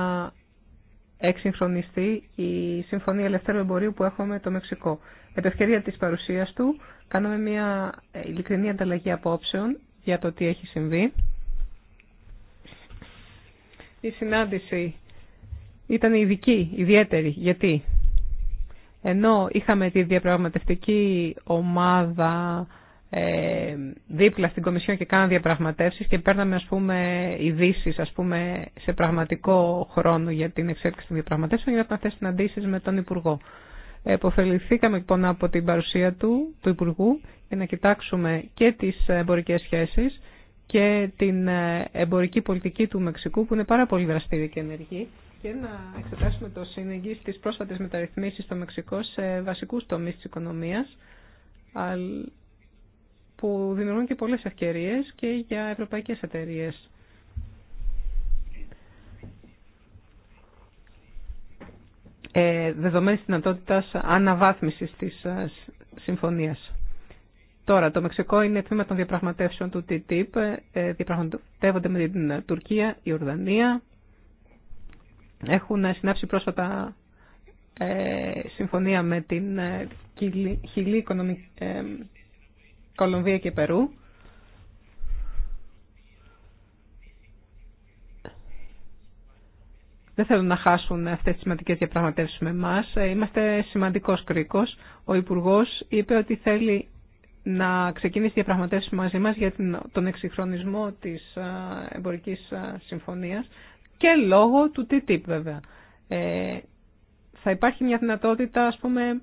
εξυγχρονιστεί η Συμφωνία Ελευθέρου Εμπορίου που έχουμε με το Μεξικό. Με την ευκαιρία της παρουσίας του κάναμε μια ειλικρινή ανταλλαγή απόψεων για το τι έχει συμβεί. Η συνάντηση ήταν ειδική, ιδιαίτερη. Γιατί? Ενώ είχαμε τη διαπραγματευτική ομάδα ε, δίπλα στην Κομισιόν και κάναμε διαπραγματεύσεις και παίρναμε ας πούμε ειδήσει ας πούμε σε πραγματικό χρόνο για την εξέλιξη των διαπραγματεύσεων για να θέσει συναντήσει με τον Υπουργό. Ε, Εποφεληθήκαμε λοιπόν από την παρουσία του, του Υπουργού, για να κοιτάξουμε και τις εμπορικέ σχέσεις και την ε, εμπορική πολιτική του Μεξικού που είναι πάρα πολύ δραστήρια και ενεργή και να εξετάσουμε το συνεγγύ στι πρόσφατε μεταρρυθμίσει στο Μεξικό σε βασικού τομεί τη οικονομία, που δημιουργούν και πολλέ ευκαιρίε και για ευρωπαϊκέ εταιρείε. ε, δεδομένης δυνατότητας αναβάθμισης της ε, συμφωνίας. Τώρα, το Μεξικό είναι τμήμα των διαπραγματεύσεων του TTIP. Ε, ε, διαπραγματεύονται με την Τουρκία, η Ορδανία, έχουν συνάψει πρόσφατα ε, συμφωνία με την ε, Χιλή, Οικονομική, ε, Κολομβία και Περού. Δεν θέλουν να χάσουν αυτές τις σημαντικές διαπραγματεύσεις με εμά. Ε, είμαστε σημαντικός κρίκος. Ο Υπουργός είπε ότι θέλει να ξεκινήσει διαπραγματεύσεις μαζί μας για τον εξυγχρονισμό της εμπορικής συμφωνίας και λόγω του TTIP βέβαια. Ε, θα υπάρχει μια δυνατότητα, ας πούμε,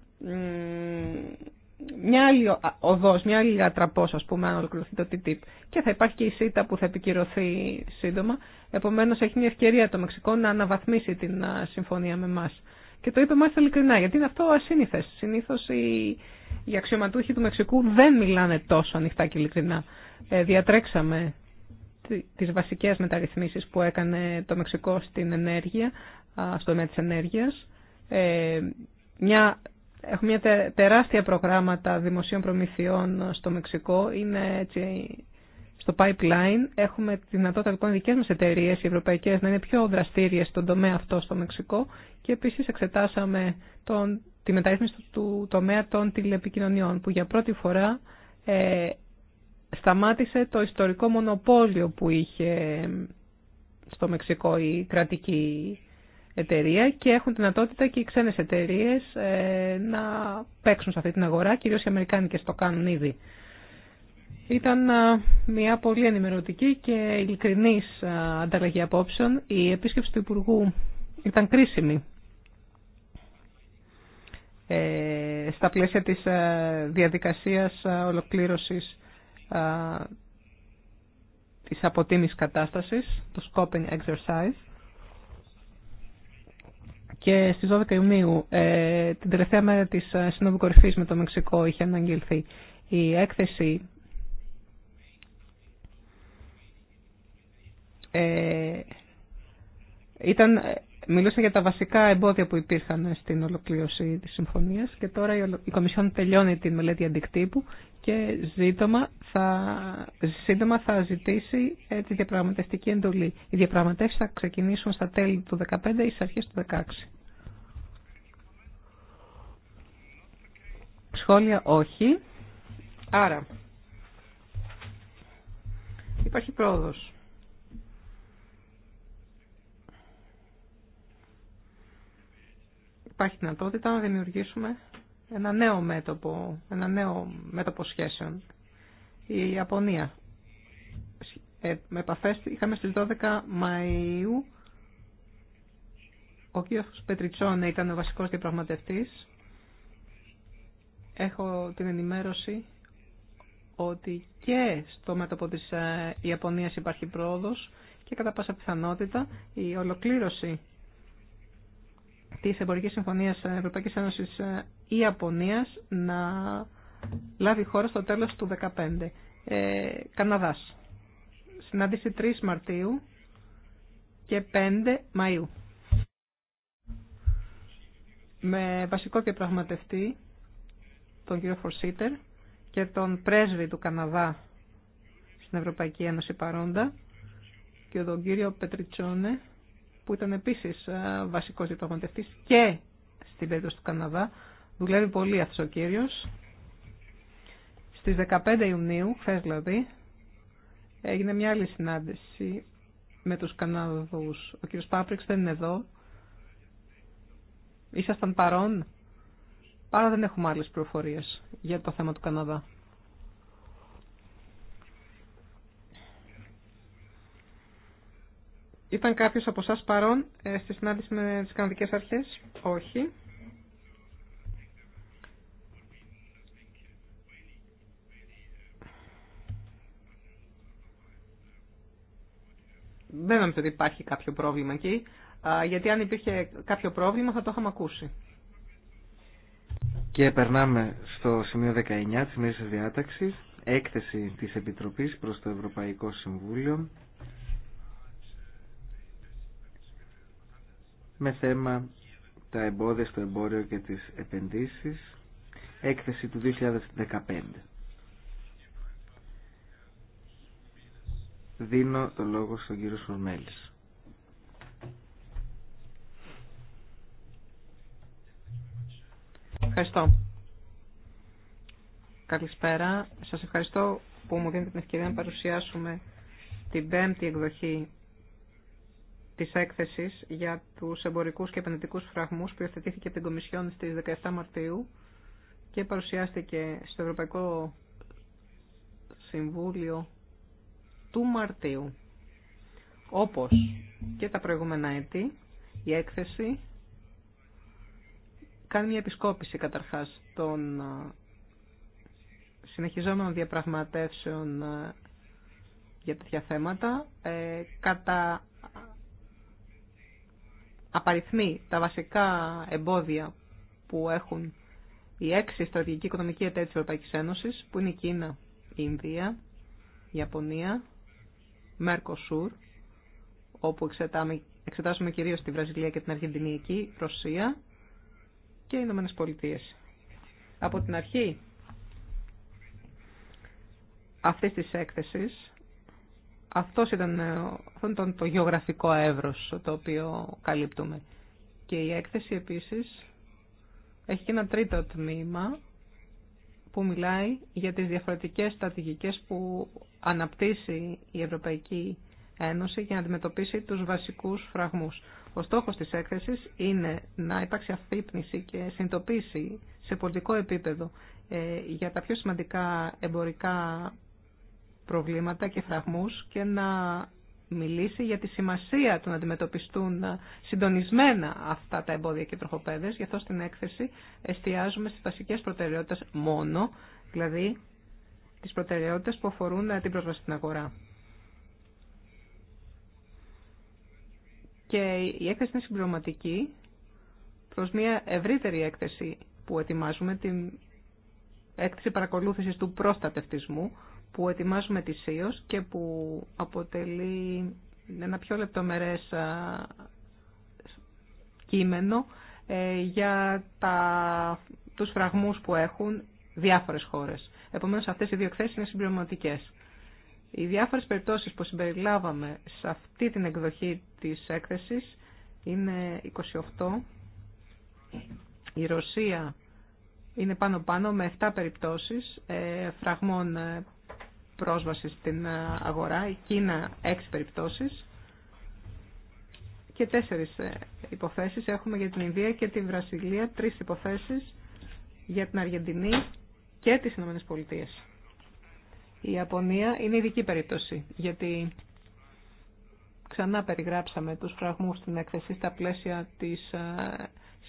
μια άλλη οδός, μια άλλη ατραπός, ας πούμε, αν ολοκληρωθεί το TTIP. Και θα υπάρχει και η ΣΥΤΑ που θα επικυρωθεί σύντομα. Επομένως, έχει μια ευκαιρία το Μεξικό να αναβαθμίσει την συμφωνία με εμά. Και το είπε μάλιστα ειλικρινά, γιατί είναι αυτό ασύνηθες. Συνήθω οι, οι αξιωματούχοι του Μεξικού δεν μιλάνε τόσο ανοιχτά και ειλικρινά. Ε, διατρέξαμε τις βασικές μεταρρυθμίσεις που έκανε το Μεξικό στην ενέργεια, στο τομέα της ενέργειας. Ε, μια, έχουμε μια τεράστια προγράμματα δημοσίων προμηθειών στο Μεξικό. Είναι έτσι, στο pipeline. Έχουμε τη δυνατότητα λοιπόν οι δικές μας εταιρείες, οι ευρωπαϊκές, να είναι πιο δραστήριες στον τομέα αυτό στο Μεξικό. Και επίσης εξετάσαμε τον, τη μεταρρύθμιση του, τομέα των τηλεπικοινωνιών, που για πρώτη φορά ε, σταμάτησε το ιστορικό μονοπόλιο που είχε στο Μεξικό η κρατική εταιρεία και έχουν δυνατότητα και οι ξένες εταιρείε ε, να παίξουν σε αυτή την αγορά, κυρίως οι Αμερικάνικες το κάνουν ήδη. Ήταν ε, μια πολύ ενημερωτική και ειλικρινής ε, ανταλλαγή απόψεων. Η επίσκεψη του Υπουργού ήταν κρίσιμη στα πλαίσια της διαδικασίας ολοκλήρωσης της αποτίμης κατάστασης, το scoping exercise. Και στις 12 Ιουνίου, ε, την τελευταία μέρα της ε, Συνόδου Κορυφής με το Μεξικό, είχε αναγγελθεί η έκθεση ε, ήταν Μιλούσα για τα βασικά εμπόδια που υπήρχαν στην ολοκλήρωση της συμφωνίας και τώρα η Κομισιόν τελειώνει την μελέτη αντικτύπου και θα, σύντομα θα ζητήσει ε, τη διαπραγματευτική εντολή. Οι διαπραγματεύσεις θα ξεκινήσουν στα τέλη του 2015 ή στις αρχές του 2016. Σχόλια όχι. Άρα, υπάρχει πρόοδος. υπάρχει δυνατότητα να δημιουργήσουμε ένα νέο μέτωπο, ένα νέο μέτωπο σχέσεων. Η Ιαπωνία. Ε, με επαφές είχαμε στις 12 Μαΐου. Ο κ. Πετριτσόνε ήταν ο βασικός διαπραγματευτής. Έχω την ενημέρωση ότι και στο μέτωπο της ε, Ιαπωνίας υπάρχει πρόοδος και κατά πάσα πιθανότητα η ολοκλήρωση τη εμπορική Συμφωνία ευρωπαϊκή Ένωση ή ε, Ιαπωνίας να λάβει χώρα στο τέλος του 2015. Ε, Καναδάς. Συνάντηση 3 Μαρτίου και 5 Μαΐου. Με βασικό πραγματευτή τον κύριο Φορσίτερ και τον πρέσβη του Καναδά στην Ευρωπαϊκή Ένωση παρόντα και τον κύριο Πετριτσόνε που ήταν επίση ε, βασικό διαπραγματευτή και στην περίπτωση του Καναδά. Δουλεύει πολύ αυτό ο κύριο. Στι 15 Ιουνίου, χθε δηλαδή, έγινε μια άλλη συνάντηση με τους Καναδούς. Ο κύριος Πάπριξ δεν είναι εδώ. Ήσασταν παρόν. Άρα δεν έχουμε άλλες προφορίες για το θέμα του Καναδά. Ήταν κάποιο από εσά παρόν ε, στη συνάντηση με τι Καναδικέ αρχέ. Όχι. Δεν νομίζω ότι υπάρχει κάποιο πρόβλημα εκεί, γιατί αν υπήρχε κάποιο πρόβλημα θα το είχαμε ακούσει. Και περνάμε στο σημείο 19 της Μέσης διάταξη. διάταξης, έκθεση της Επιτροπής προς το Ευρωπαϊκό Συμβούλιο με θέμα τα εμπόδια στο εμπόριο και τις επενδύσεις, έκθεση του 2015. Δίνω το λόγο στον κύριο Σορμέλης. Ευχαριστώ. Καλησπέρα. Σας ευχαριστώ που μου δίνετε την ευκαιρία να παρουσιάσουμε την πέμπτη εκδοχή Τη έκθεση για του εμπορικού και επενδυτικού φραγμούς που υιοθετήθηκε από την Κομισιόν στις 17 Μαρτίου και παρουσιάστηκε στο Ευρωπαϊκό Συμβούλιο του Μαρτίου. Όπως και τα προηγούμενα έτη, η έκθεση κάνει μια επισκόπηση καταρχάς των ε, συνεχιζόμενων διαπραγματεύσεων ε, για τέτοια θέματα, ε, κατά απαριθμεί τα βασικά εμπόδια που έχουν οι έξι στρατηγικοί οικονομικοί εταίροι της Ευρωπαϊκής Ένωσης, που είναι η Κίνα, η Ινδία, η Ιαπωνία, Μέρκοσουρ, όπου εξετάμε, εξετάζουμε κυρίως τη Βραζιλία και την Αργεντινή Ρωσία και οι Ηνωμένε Πολιτείες. Από την αρχή αυτής της έκθεσης αυτός ήταν, ε, αυτό ήταν το γεωγραφικό εύρος το οποίο καλύπτουμε. Και η έκθεση επίσης έχει και ένα τρίτο τμήμα που μιλάει για τις διαφορετικές στρατηγικές που αναπτύσσει η Ευρωπαϊκή Ένωση για να αντιμετωπίσει τους βασικούς φραγμούς. Ο στόχος της έκθεσης είναι να υπάρξει αφύπνιση και συνειδητοποίηση σε πολιτικό επίπεδο ε, για τα πιο σημαντικά εμπορικά προβλήματα και φραγμούς και να μιλήσει για τη σημασία του να αντιμετωπιστούν συντονισμένα αυτά τα εμπόδια και τροχοπέδες. Γι' αυτό στην έκθεση εστιάζουμε στις βασικές προτεραιότητες μόνο, δηλαδή τις προτεραιότητες που αφορούν την πρόσβαση στην αγορά. Και η έκθεση είναι συμπληρωματική προς μια ευρύτερη έκθεση που ετοιμάζουμε, την έκθεση παρακολούθησης του προστατευτισμού, που ετοιμάζουμε τη ΣΥΟΣ και που αποτελεί ένα πιο λεπτομερές κείμενο ε, για τα, τους φραγμούς που έχουν διάφορες χώρες. Επομένως αυτές οι δύο εκθέσεις είναι συμπληρωματικές. Οι διάφορες περιπτώσεις που συμπεριλάβαμε σε αυτή την εκδοχή της έκθεσης είναι 28. Η Ρωσία είναι πάνω-πάνω με 7 περιπτώσεις ε, φραγμών ε, πρόσβαση στην ε, αγορά, η Κίνα έξι περιπτώσεις και τέσσερι ε, υποθέσεις έχουμε για την Ινδία και την Βραζιλία, τρεις υποθέσεις για την Αργεντινή και τις Ηνωμένες Πολιτείες. Η Ιαπωνία είναι ειδική περίπτωση, γιατί ξανά περιγράψαμε τους φραγμού στην έκθεση στα πλαίσια της ε,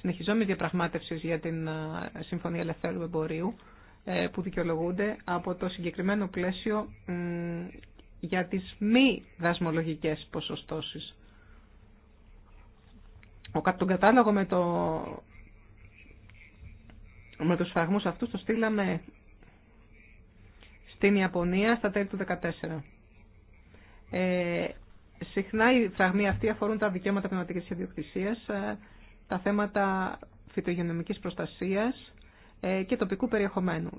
συνεχιζόμενης διαπραγμάτευσης για την Συμφωνία Ελευθέρου Εμπορίου, ε, που δικαιολογούνται από το συγκεκριμένο πλαίσιο για τις μη δασμολογικές ποσοστώσεις. Τον κατάλογο με, το, με τους φραγμούς αυτούς το στείλαμε στην Ιαπωνία στα τέλη του 2014. Ε, συχνά οι φραγμοί αυτοί αφορούν τα δικαιώματα πνευματικής ιδιοκτησίας, ε, τα θέματα φυτογενομικής προστασίας, ε, και τοπικού περιεχομένου.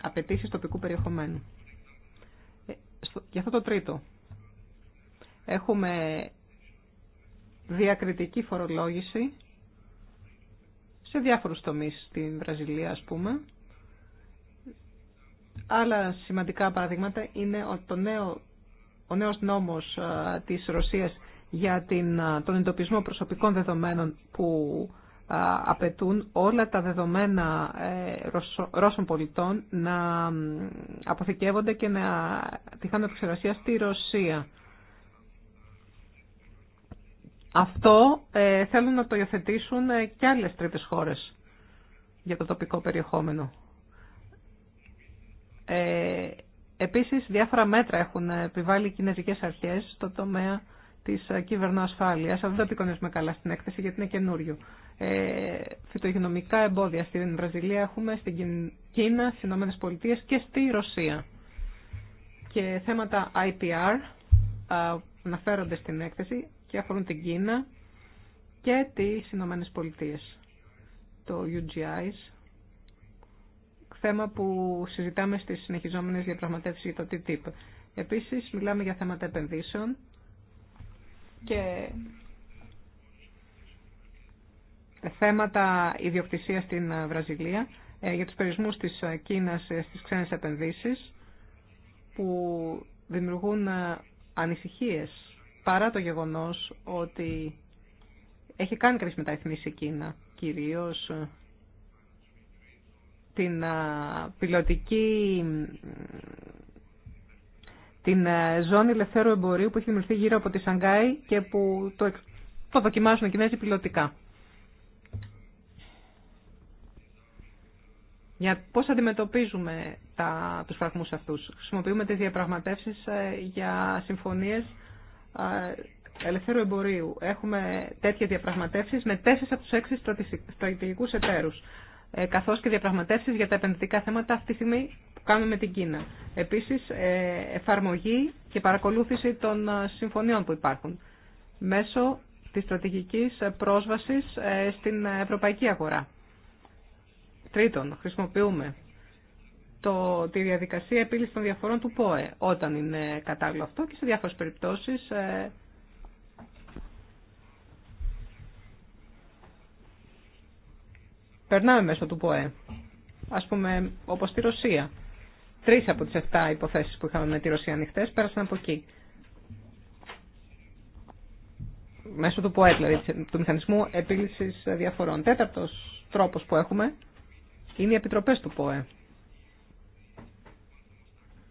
Απαιτήσει τοπικού περιεχομένου. Για ε, αυτό το τρίτο. Έχουμε διακριτική φορολόγηση σε διάφορους τομείς στην Βραζιλία ας πούμε. Άλλα σημαντικά παραδείγματα είναι το νέο, ο νέος νόμος ε, της Ρωσίας για την, τον εντοπισμό προσωπικών δεδομένων που απαιτούν όλα τα δεδομένα ε, Ρώσων πολιτών να αποθηκεύονται και να τυχάνουν επεξεργασία στη Ρωσία. Αυτό ε, θέλουν να το υιοθετήσουν ε, και άλλες τρίτες χώρες για το τοπικό περιεχόμενο. Ε, επίσης, διάφορα μέτρα έχουν επιβάλει οι κινέζικες αρχές στο τομέα της ε, ασφάλεια. Αυτό δεν το απεικονίζουμε καλά στην έκθεση γιατί είναι καινούριο. Ε, φυτογενομικά εμπόδια στην Βραζιλία έχουμε, στην Κίνα, στι Ηνωμένες Πολιτείες και στη Ρωσία. Και θέματα IPR ε, αναφέρονται στην έκθεση και αφορούν την Κίνα και τι Ηνωμένε Πολιτείε, Το UGIs, θέμα που συζητάμε στις συνεχιζόμενες διαπραγματεύσεις για το TTIP. Επίσης, μιλάμε για θέματα επενδύσεων και θέματα ιδιοκτησία στην Βραζιλία, ε, για τους περιορισμούς της Κίνας στις ξένες επενδύσεις, που δημιουργούν ε, ανησυχίες, παρά το γεγονός ότι έχει κάνει κάποιες μεταρρυθμίσεις η Κίνα, κυρίως ε, την πιλωτική την ε, ζώνη ελευθέρου εμπορίου που έχει δημιουργηθεί γύρω από τη Σανγκάη και που το, το δοκιμάζουν οι Κινέζοι πιλωτικά. Για πώς αντιμετωπίζουμε τα, τους φραγμούς αυτούς. Χρησιμοποιούμε τις διαπραγματεύσεις ε, για συμφωνίες ε, ελευθέρου εμπορίου. Έχουμε τέτοιες διαπραγματεύσεις με τέσσερις από τους έξι στρατηγικούς εταίρους. Ε, καθώς και διαπραγματεύσεις για τα επενδυτικά θέματα αυτή τη στιγμή που κάνουμε με την Κίνα. Επίσης, ε, εφαρμογή και παρακολούθηση των ε, συμφωνιών που υπάρχουν μέσω της στρατηγικής πρόσβασης στην ευρωπαϊκή αγορά. Τρίτον, χρησιμοποιούμε το, τη διαδικασία επίλυση των διαφορών του ΠΟΕ όταν είναι κατάλληλο αυτό και σε διάφορες περιπτώσεις περνάμε μέσω του ΠΟΕ. Ας πούμε, όπως στη Ρωσία. Τρει από τις 7 υποθέσεις που είχαμε με τη Ρωσία ανοιχτέ πέρασαν από εκεί. Μέσω του ΠΟΕ, δηλαδή του Μηχανισμού επίλυση Διαφορών. Τέταρτος τρόπος που έχουμε είναι οι επιτροπέ του ΠΟΕ.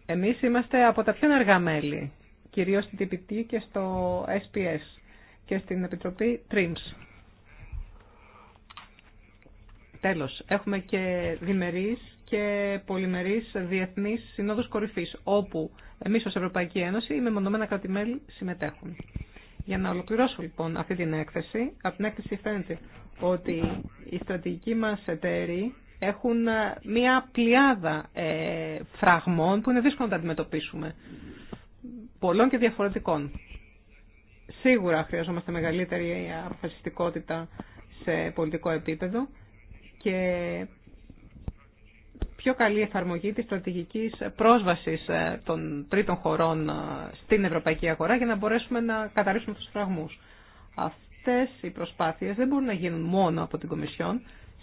Εμείς είμαστε από τα πιο ενεργά μέλη, κυρίως στην TPT και στο SPS και στην Επιτροπή TRIMS. Τέλος, έχουμε και διμερείς και πολυμερείς διεθνείς συνόδους κορυφής, όπου εμείς ως Ευρωπαϊκή Ένωση οι μεμονωμένα κράτη-μέλη συμμετέχουν. Για να ολοκληρώσω λοιπόν αυτή την έκθεση, από την έκθεση φαίνεται ότι οι στρατηγικοί μας εταίροι έχουν μία πλειάδα ε, φραγμών που είναι δύσκολο να τα αντιμετωπίσουμε, πολλών και διαφορετικών. Σίγουρα χρειαζόμαστε μεγαλύτερη αποφασιστικότητα σε πολιτικό επίπεδο και πιο καλή εφαρμογή της στρατηγικής πρόσβασης ε, των τρίτων χωρών ε, στην ευρωπαϊκή αγορά για να μπορέσουμε να καταρρύψουμε τους φραγμούς. Αυτές οι προσπάθειες δεν μπορούν να γίνουν μόνο από την Κομισιόν,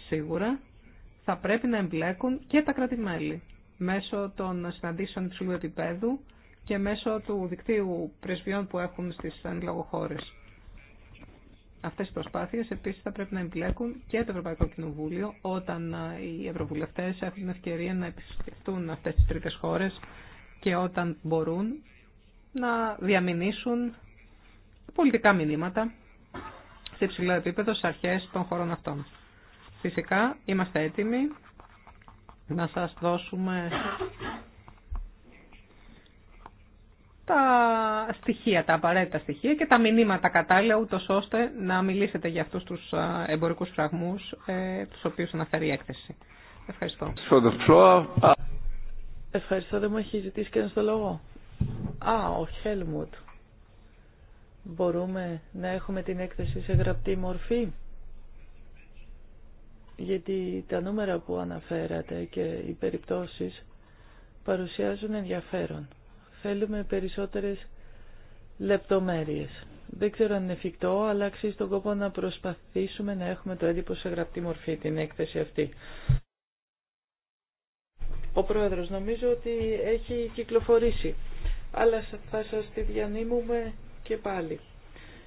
σίγουρα. Θα πρέπει να εμπλέκουν και τα κράτη-μέλη μέσω των συναντήσεων υψηλού επίπεδου και μέσω του δικτύου πρεσβειών που έχουν στις εν Αυτές οι προσπάθειες επίσης θα πρέπει να εμπλέκουν και το Ευρωπαϊκό Κοινοβούλιο όταν ε, οι ευρωβουλευτές έχουν την ευκαιρία να επισκεφτούν αυτές τις τρίτες χώρες και όταν μπορούν να διαμηνήσουν πολιτικά μηνύματα σε υψηλό επίπεδο στις αρχές των χωρών αυτών. Φυσικά είμαστε έτοιμοι να σας δώσουμε τα στοιχεία, τα απαραίτητα στοιχεία και τα μηνύματα κατάλληλα, ούτω ώστε να μιλήσετε για αυτού τους εμπορικούς φραγμούς, ε, τους οποίους αναφέρει η έκθεση. Ευχαριστώ. Uh, Ευχαριστώ, δεν μου έχει ζητήσει και το λόγο. Α, ο Χέλμουτ. Μπορούμε να έχουμε την έκθεση σε γραπτή μορφή. Γιατί τα νούμερα που αναφέρατε και οι περιπτώσεις παρουσιάζουν ενδιαφέρον. Θέλουμε περισσότερες λεπτομέρειες. Δεν ξέρω αν είναι εφικτό, αλλά αξίζει τον κόπο να προσπαθήσουμε να έχουμε το έντυπο σε γραπτή μορφή την έκθεση αυτή. Ο Πρόεδρος νομίζω ότι έχει κυκλοφορήσει, αλλά θα σας τη διανύμουμε και πάλι.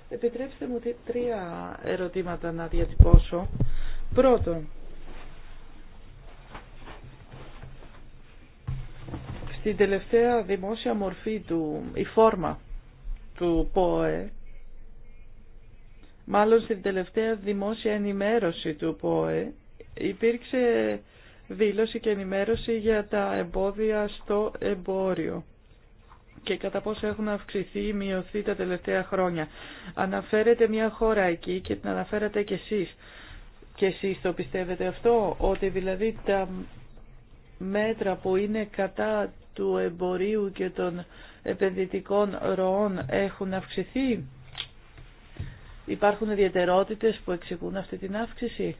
Επιτρέψτε μου τρία ερωτήματα να διατυπώσω. Πρώτον, Στην τελευταία δημόσια μορφή του, η φόρμα του ΠΟΕ, μάλλον στην τελευταία δημόσια ενημέρωση του ΠΟΕ, υπήρξε δήλωση και ενημέρωση για τα εμπόδια στο εμπόριο και κατά πόσο έχουν αυξηθεί ή μειωθεί τα τελευταία χρόνια. Αναφέρεται μια χώρα εκεί και την αναφέρατε κι εσείς. Και εσείς το πιστεύετε αυτό, ότι δηλαδή τα μέτρα που είναι κατά του εμπορίου και των επενδυτικών ροών έχουν αυξηθεί. Υπάρχουν ιδιαιτερότητες που εξηγούν αυτή την αύξηση.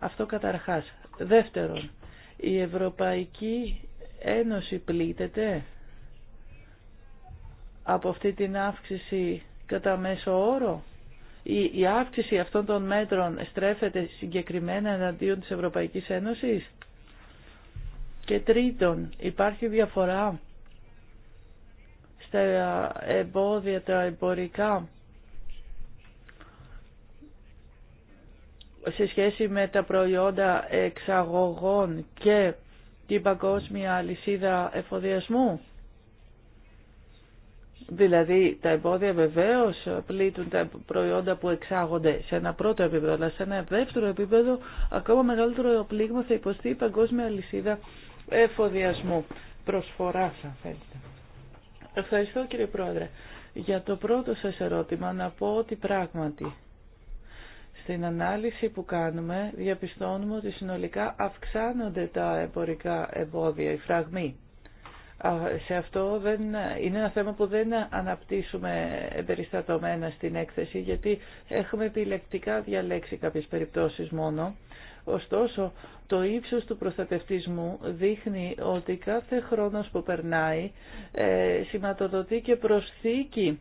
Αυτό καταρχάς. Δεύτερον, η Ευρωπαϊκή Ένωση πλήττεται από αυτή την αύξηση κατά μέσο όρο. Η, η αύξηση αυτών των μέτρων στρέφεται συγκεκριμένα εναντίον της Ευρωπαϊκής Ένωσης. Και τρίτον, υπάρχει διαφορά στα εμπόδια τα εμπορικά σε σχέση με τα προϊόντα εξαγωγών και την παγκόσμια αλυσίδα εφοδιασμού. Δηλαδή τα εμπόδια βεβαίως πλήττουν τα προϊόντα που εξάγονται σε ένα πρώτο επίπεδο, αλλά σε ένα δεύτερο επίπεδο ακόμα μεγαλύτερο πλήγμα θα υποστεί η παγκόσμια αλυσίδα εφοδιασμού, προσφοράς αν θέλετε. Ευχαριστώ κύριε Πρόεδρε. Για το πρώτο σας ερώτημα να πω ότι πράγματι στην ανάλυση που κάνουμε διαπιστώνουμε ότι συνολικά αυξάνονται τα εμπορικά εμπόδια, οι φραγμοί σε αυτό δεν, είναι ένα θέμα που δεν αναπτύσσουμε περιστατωμένα στην έκθεση γιατί έχουμε επιλεκτικά διαλέξει κάποιες περιπτώσεις μόνο. Ωστόσο, το ύψος του προστατευτισμού δείχνει ότι κάθε χρόνος που περνάει ε, σηματοδοτεί και προσθήκη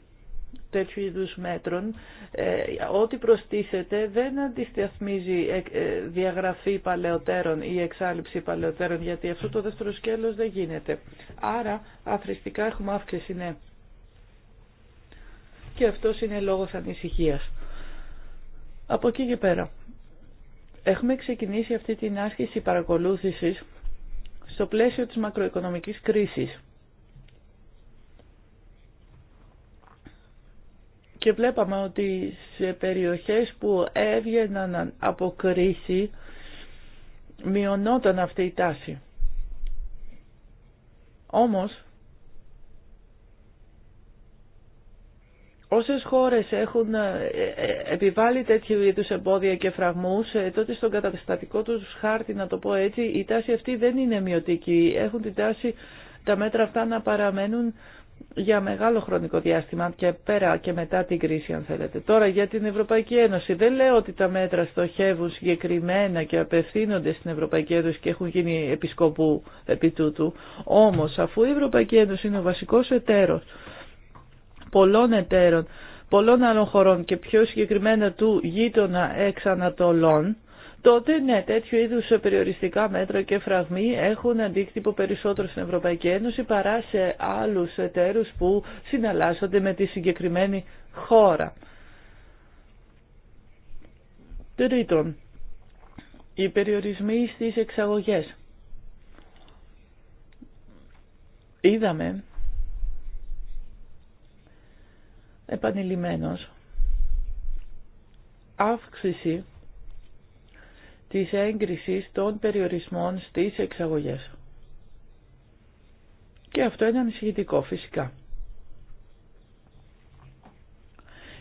τέτοιου είδους μέτρων, ε, ό,τι προστίθεται δεν αντισταθμίζει ε, ε, διαγραφή παλαιότερων ή εξάλληψη παλαιότερων, γιατί αυτό το δεύτερο σκέλος δεν γίνεται. Άρα, αθρηστικά έχουμε αύξηση, ναι. Και αυτό είναι λόγος ανησυχίας. Από εκεί και πέρα. Έχουμε ξεκινήσει αυτή την άσκηση παρακολούθησης στο πλαίσιο της μακροοικονομικής κρίσης και βλέπαμε ότι σε περιοχές που έβγαιναν από κρίση μειωνόταν αυτή η τάση. Όμως, όσες χώρες έχουν ε, ε, επιβάλει τέτοιου είδους εμπόδια και φραγμούς, ε, τότε στον καταστατικό τους χάρτη, να το πω έτσι, η τάση αυτή δεν είναι μειωτική. Έχουν την τάση τα μέτρα αυτά να παραμένουν για μεγάλο χρονικό διάστημα και πέρα και μετά την κρίση αν θέλετε. Τώρα για την Ευρωπαϊκή Ένωση δεν λέω ότι τα μέτρα στοχεύουν συγκεκριμένα και απευθύνονται στην Ευρωπαϊκή Ένωση και έχουν γίνει επισκοπού επί τούτου. Όμως αφού η Ευρωπαϊκή Ένωση είναι ο βασικός εταίρος πολλών εταίρων, πολλών άλλων χωρών και πιο συγκεκριμένα του γείτονα εξ Ανατολών, τότε ναι, τέτοιου είδου περιοριστικά μέτρα και φραγμοί έχουν αντίκτυπο περισσότερο στην Ευρωπαϊκή Ένωση παρά σε άλλου εταίρου που συναλλάσσονται με τη συγκεκριμένη χώρα. Τρίτον, οι περιορισμοί στις εξαγωγές. Είδαμε επανειλημμένος αύξηση της έγκρισης των περιορισμών στις εξαγωγές. Και αυτό είναι ανησυχητικό φυσικά.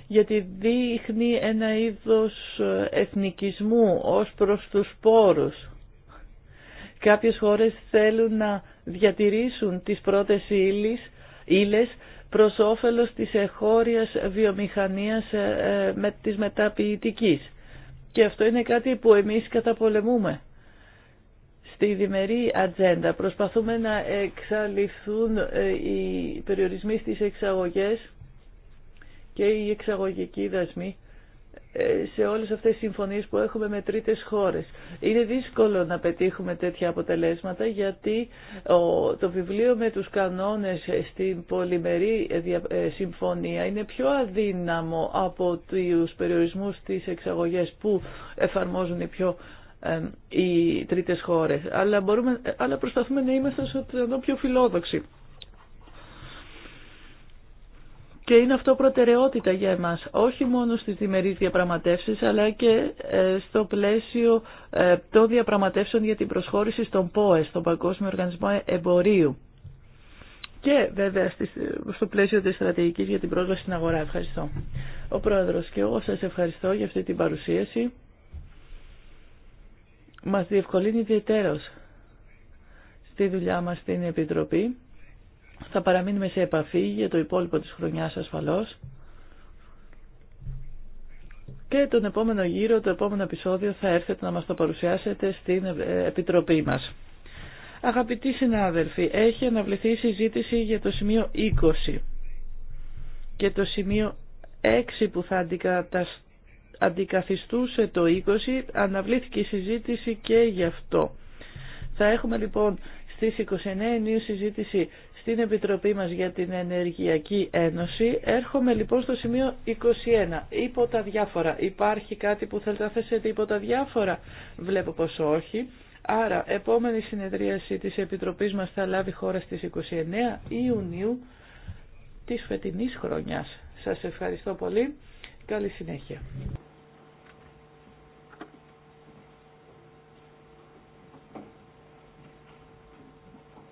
γιατί δείχνει ένα είδος εθνικισμού ως προς τους πόρους. Κάποιες χώρες θέλουν να διατηρήσουν τις πρώτες ύλες, ύλες προς όφελος της εχώριας βιομηχανίας ε, ε, με, της μεταποιητικής. Και αυτό είναι κάτι που εμείς καταπολεμούμε. Στη διμερή ατζέντα προσπαθούμε να εξαλειφθούν ε, οι περιορισμοί στις εξαγωγές και οι εξαγωγικοί δασμοί ε, σε όλες αυτές τις συμφωνίες που έχουμε με τρίτες χώρες. Είναι δύσκολο να πετύχουμε τέτοια αποτελέσματα γιατί το βιβλίο με τους κανόνες στην πολυμερή ε, ε, συμφωνία είναι πιο αδύναμο από τους περιορισμούς της εξαγωγές που εφαρμόζουν οι πιο οι τρίτες χώρες. Αλλά, μπορούμε, αλλά προσπαθούμε να είμαστε όσο πιο φιλόδοξοι. και είναι αυτό προτεραιότητα για εμάς, όχι μόνο στις διμερείς διαπραγματεύσεις, αλλά και ε, στο πλαίσιο ε, των διαπραγματεύσεων για την προσχώρηση στον ΠΟΕ, στον Παγκόσμιο Οργανισμό Εμπορίου. Και βέβαια ε, στο πλαίσιο της στρατηγικής για την πρόσβαση στην αγορά. Ευχαριστώ. Ο Πρόεδρος και εγώ σας ευχαριστώ για αυτή την παρουσίαση. Μας διευκολύνει ιδιαίτερος στη δουλειά μας στην Επιτροπή θα παραμείνουμε σε επαφή για το υπόλοιπο της χρονιάς ασφαλώς. Και τον επόμενο γύρο, το επόμενο επεισόδιο θα έρθετε να μας το παρουσιάσετε στην ε, Επιτροπή μας. Αγαπητοί συνάδελφοι, έχει αναβληθεί η συζήτηση για το σημείο 20 και το σημείο 6 που θα αντικαθιστούσε το 20 αναβλήθηκε η συζήτηση και γι' αυτό. Θα έχουμε λοιπόν στις 29 Ιουνίου συζήτηση στην Επιτροπή μας για την Ενεργειακή Ένωση. Έρχομαι λοιπόν στο σημείο 21. Υπό τα διάφορα. Υπάρχει κάτι που θέλετε να θέσετε υπό τα διάφορα. Βλέπω πως όχι. Άρα, επόμενη συνεδρίαση της Επιτροπής μας θα λάβει χώρα στις 29 Ιουνίου της φετινής χρονιάς. Σας ευχαριστώ πολύ. Καλή συνέχεια.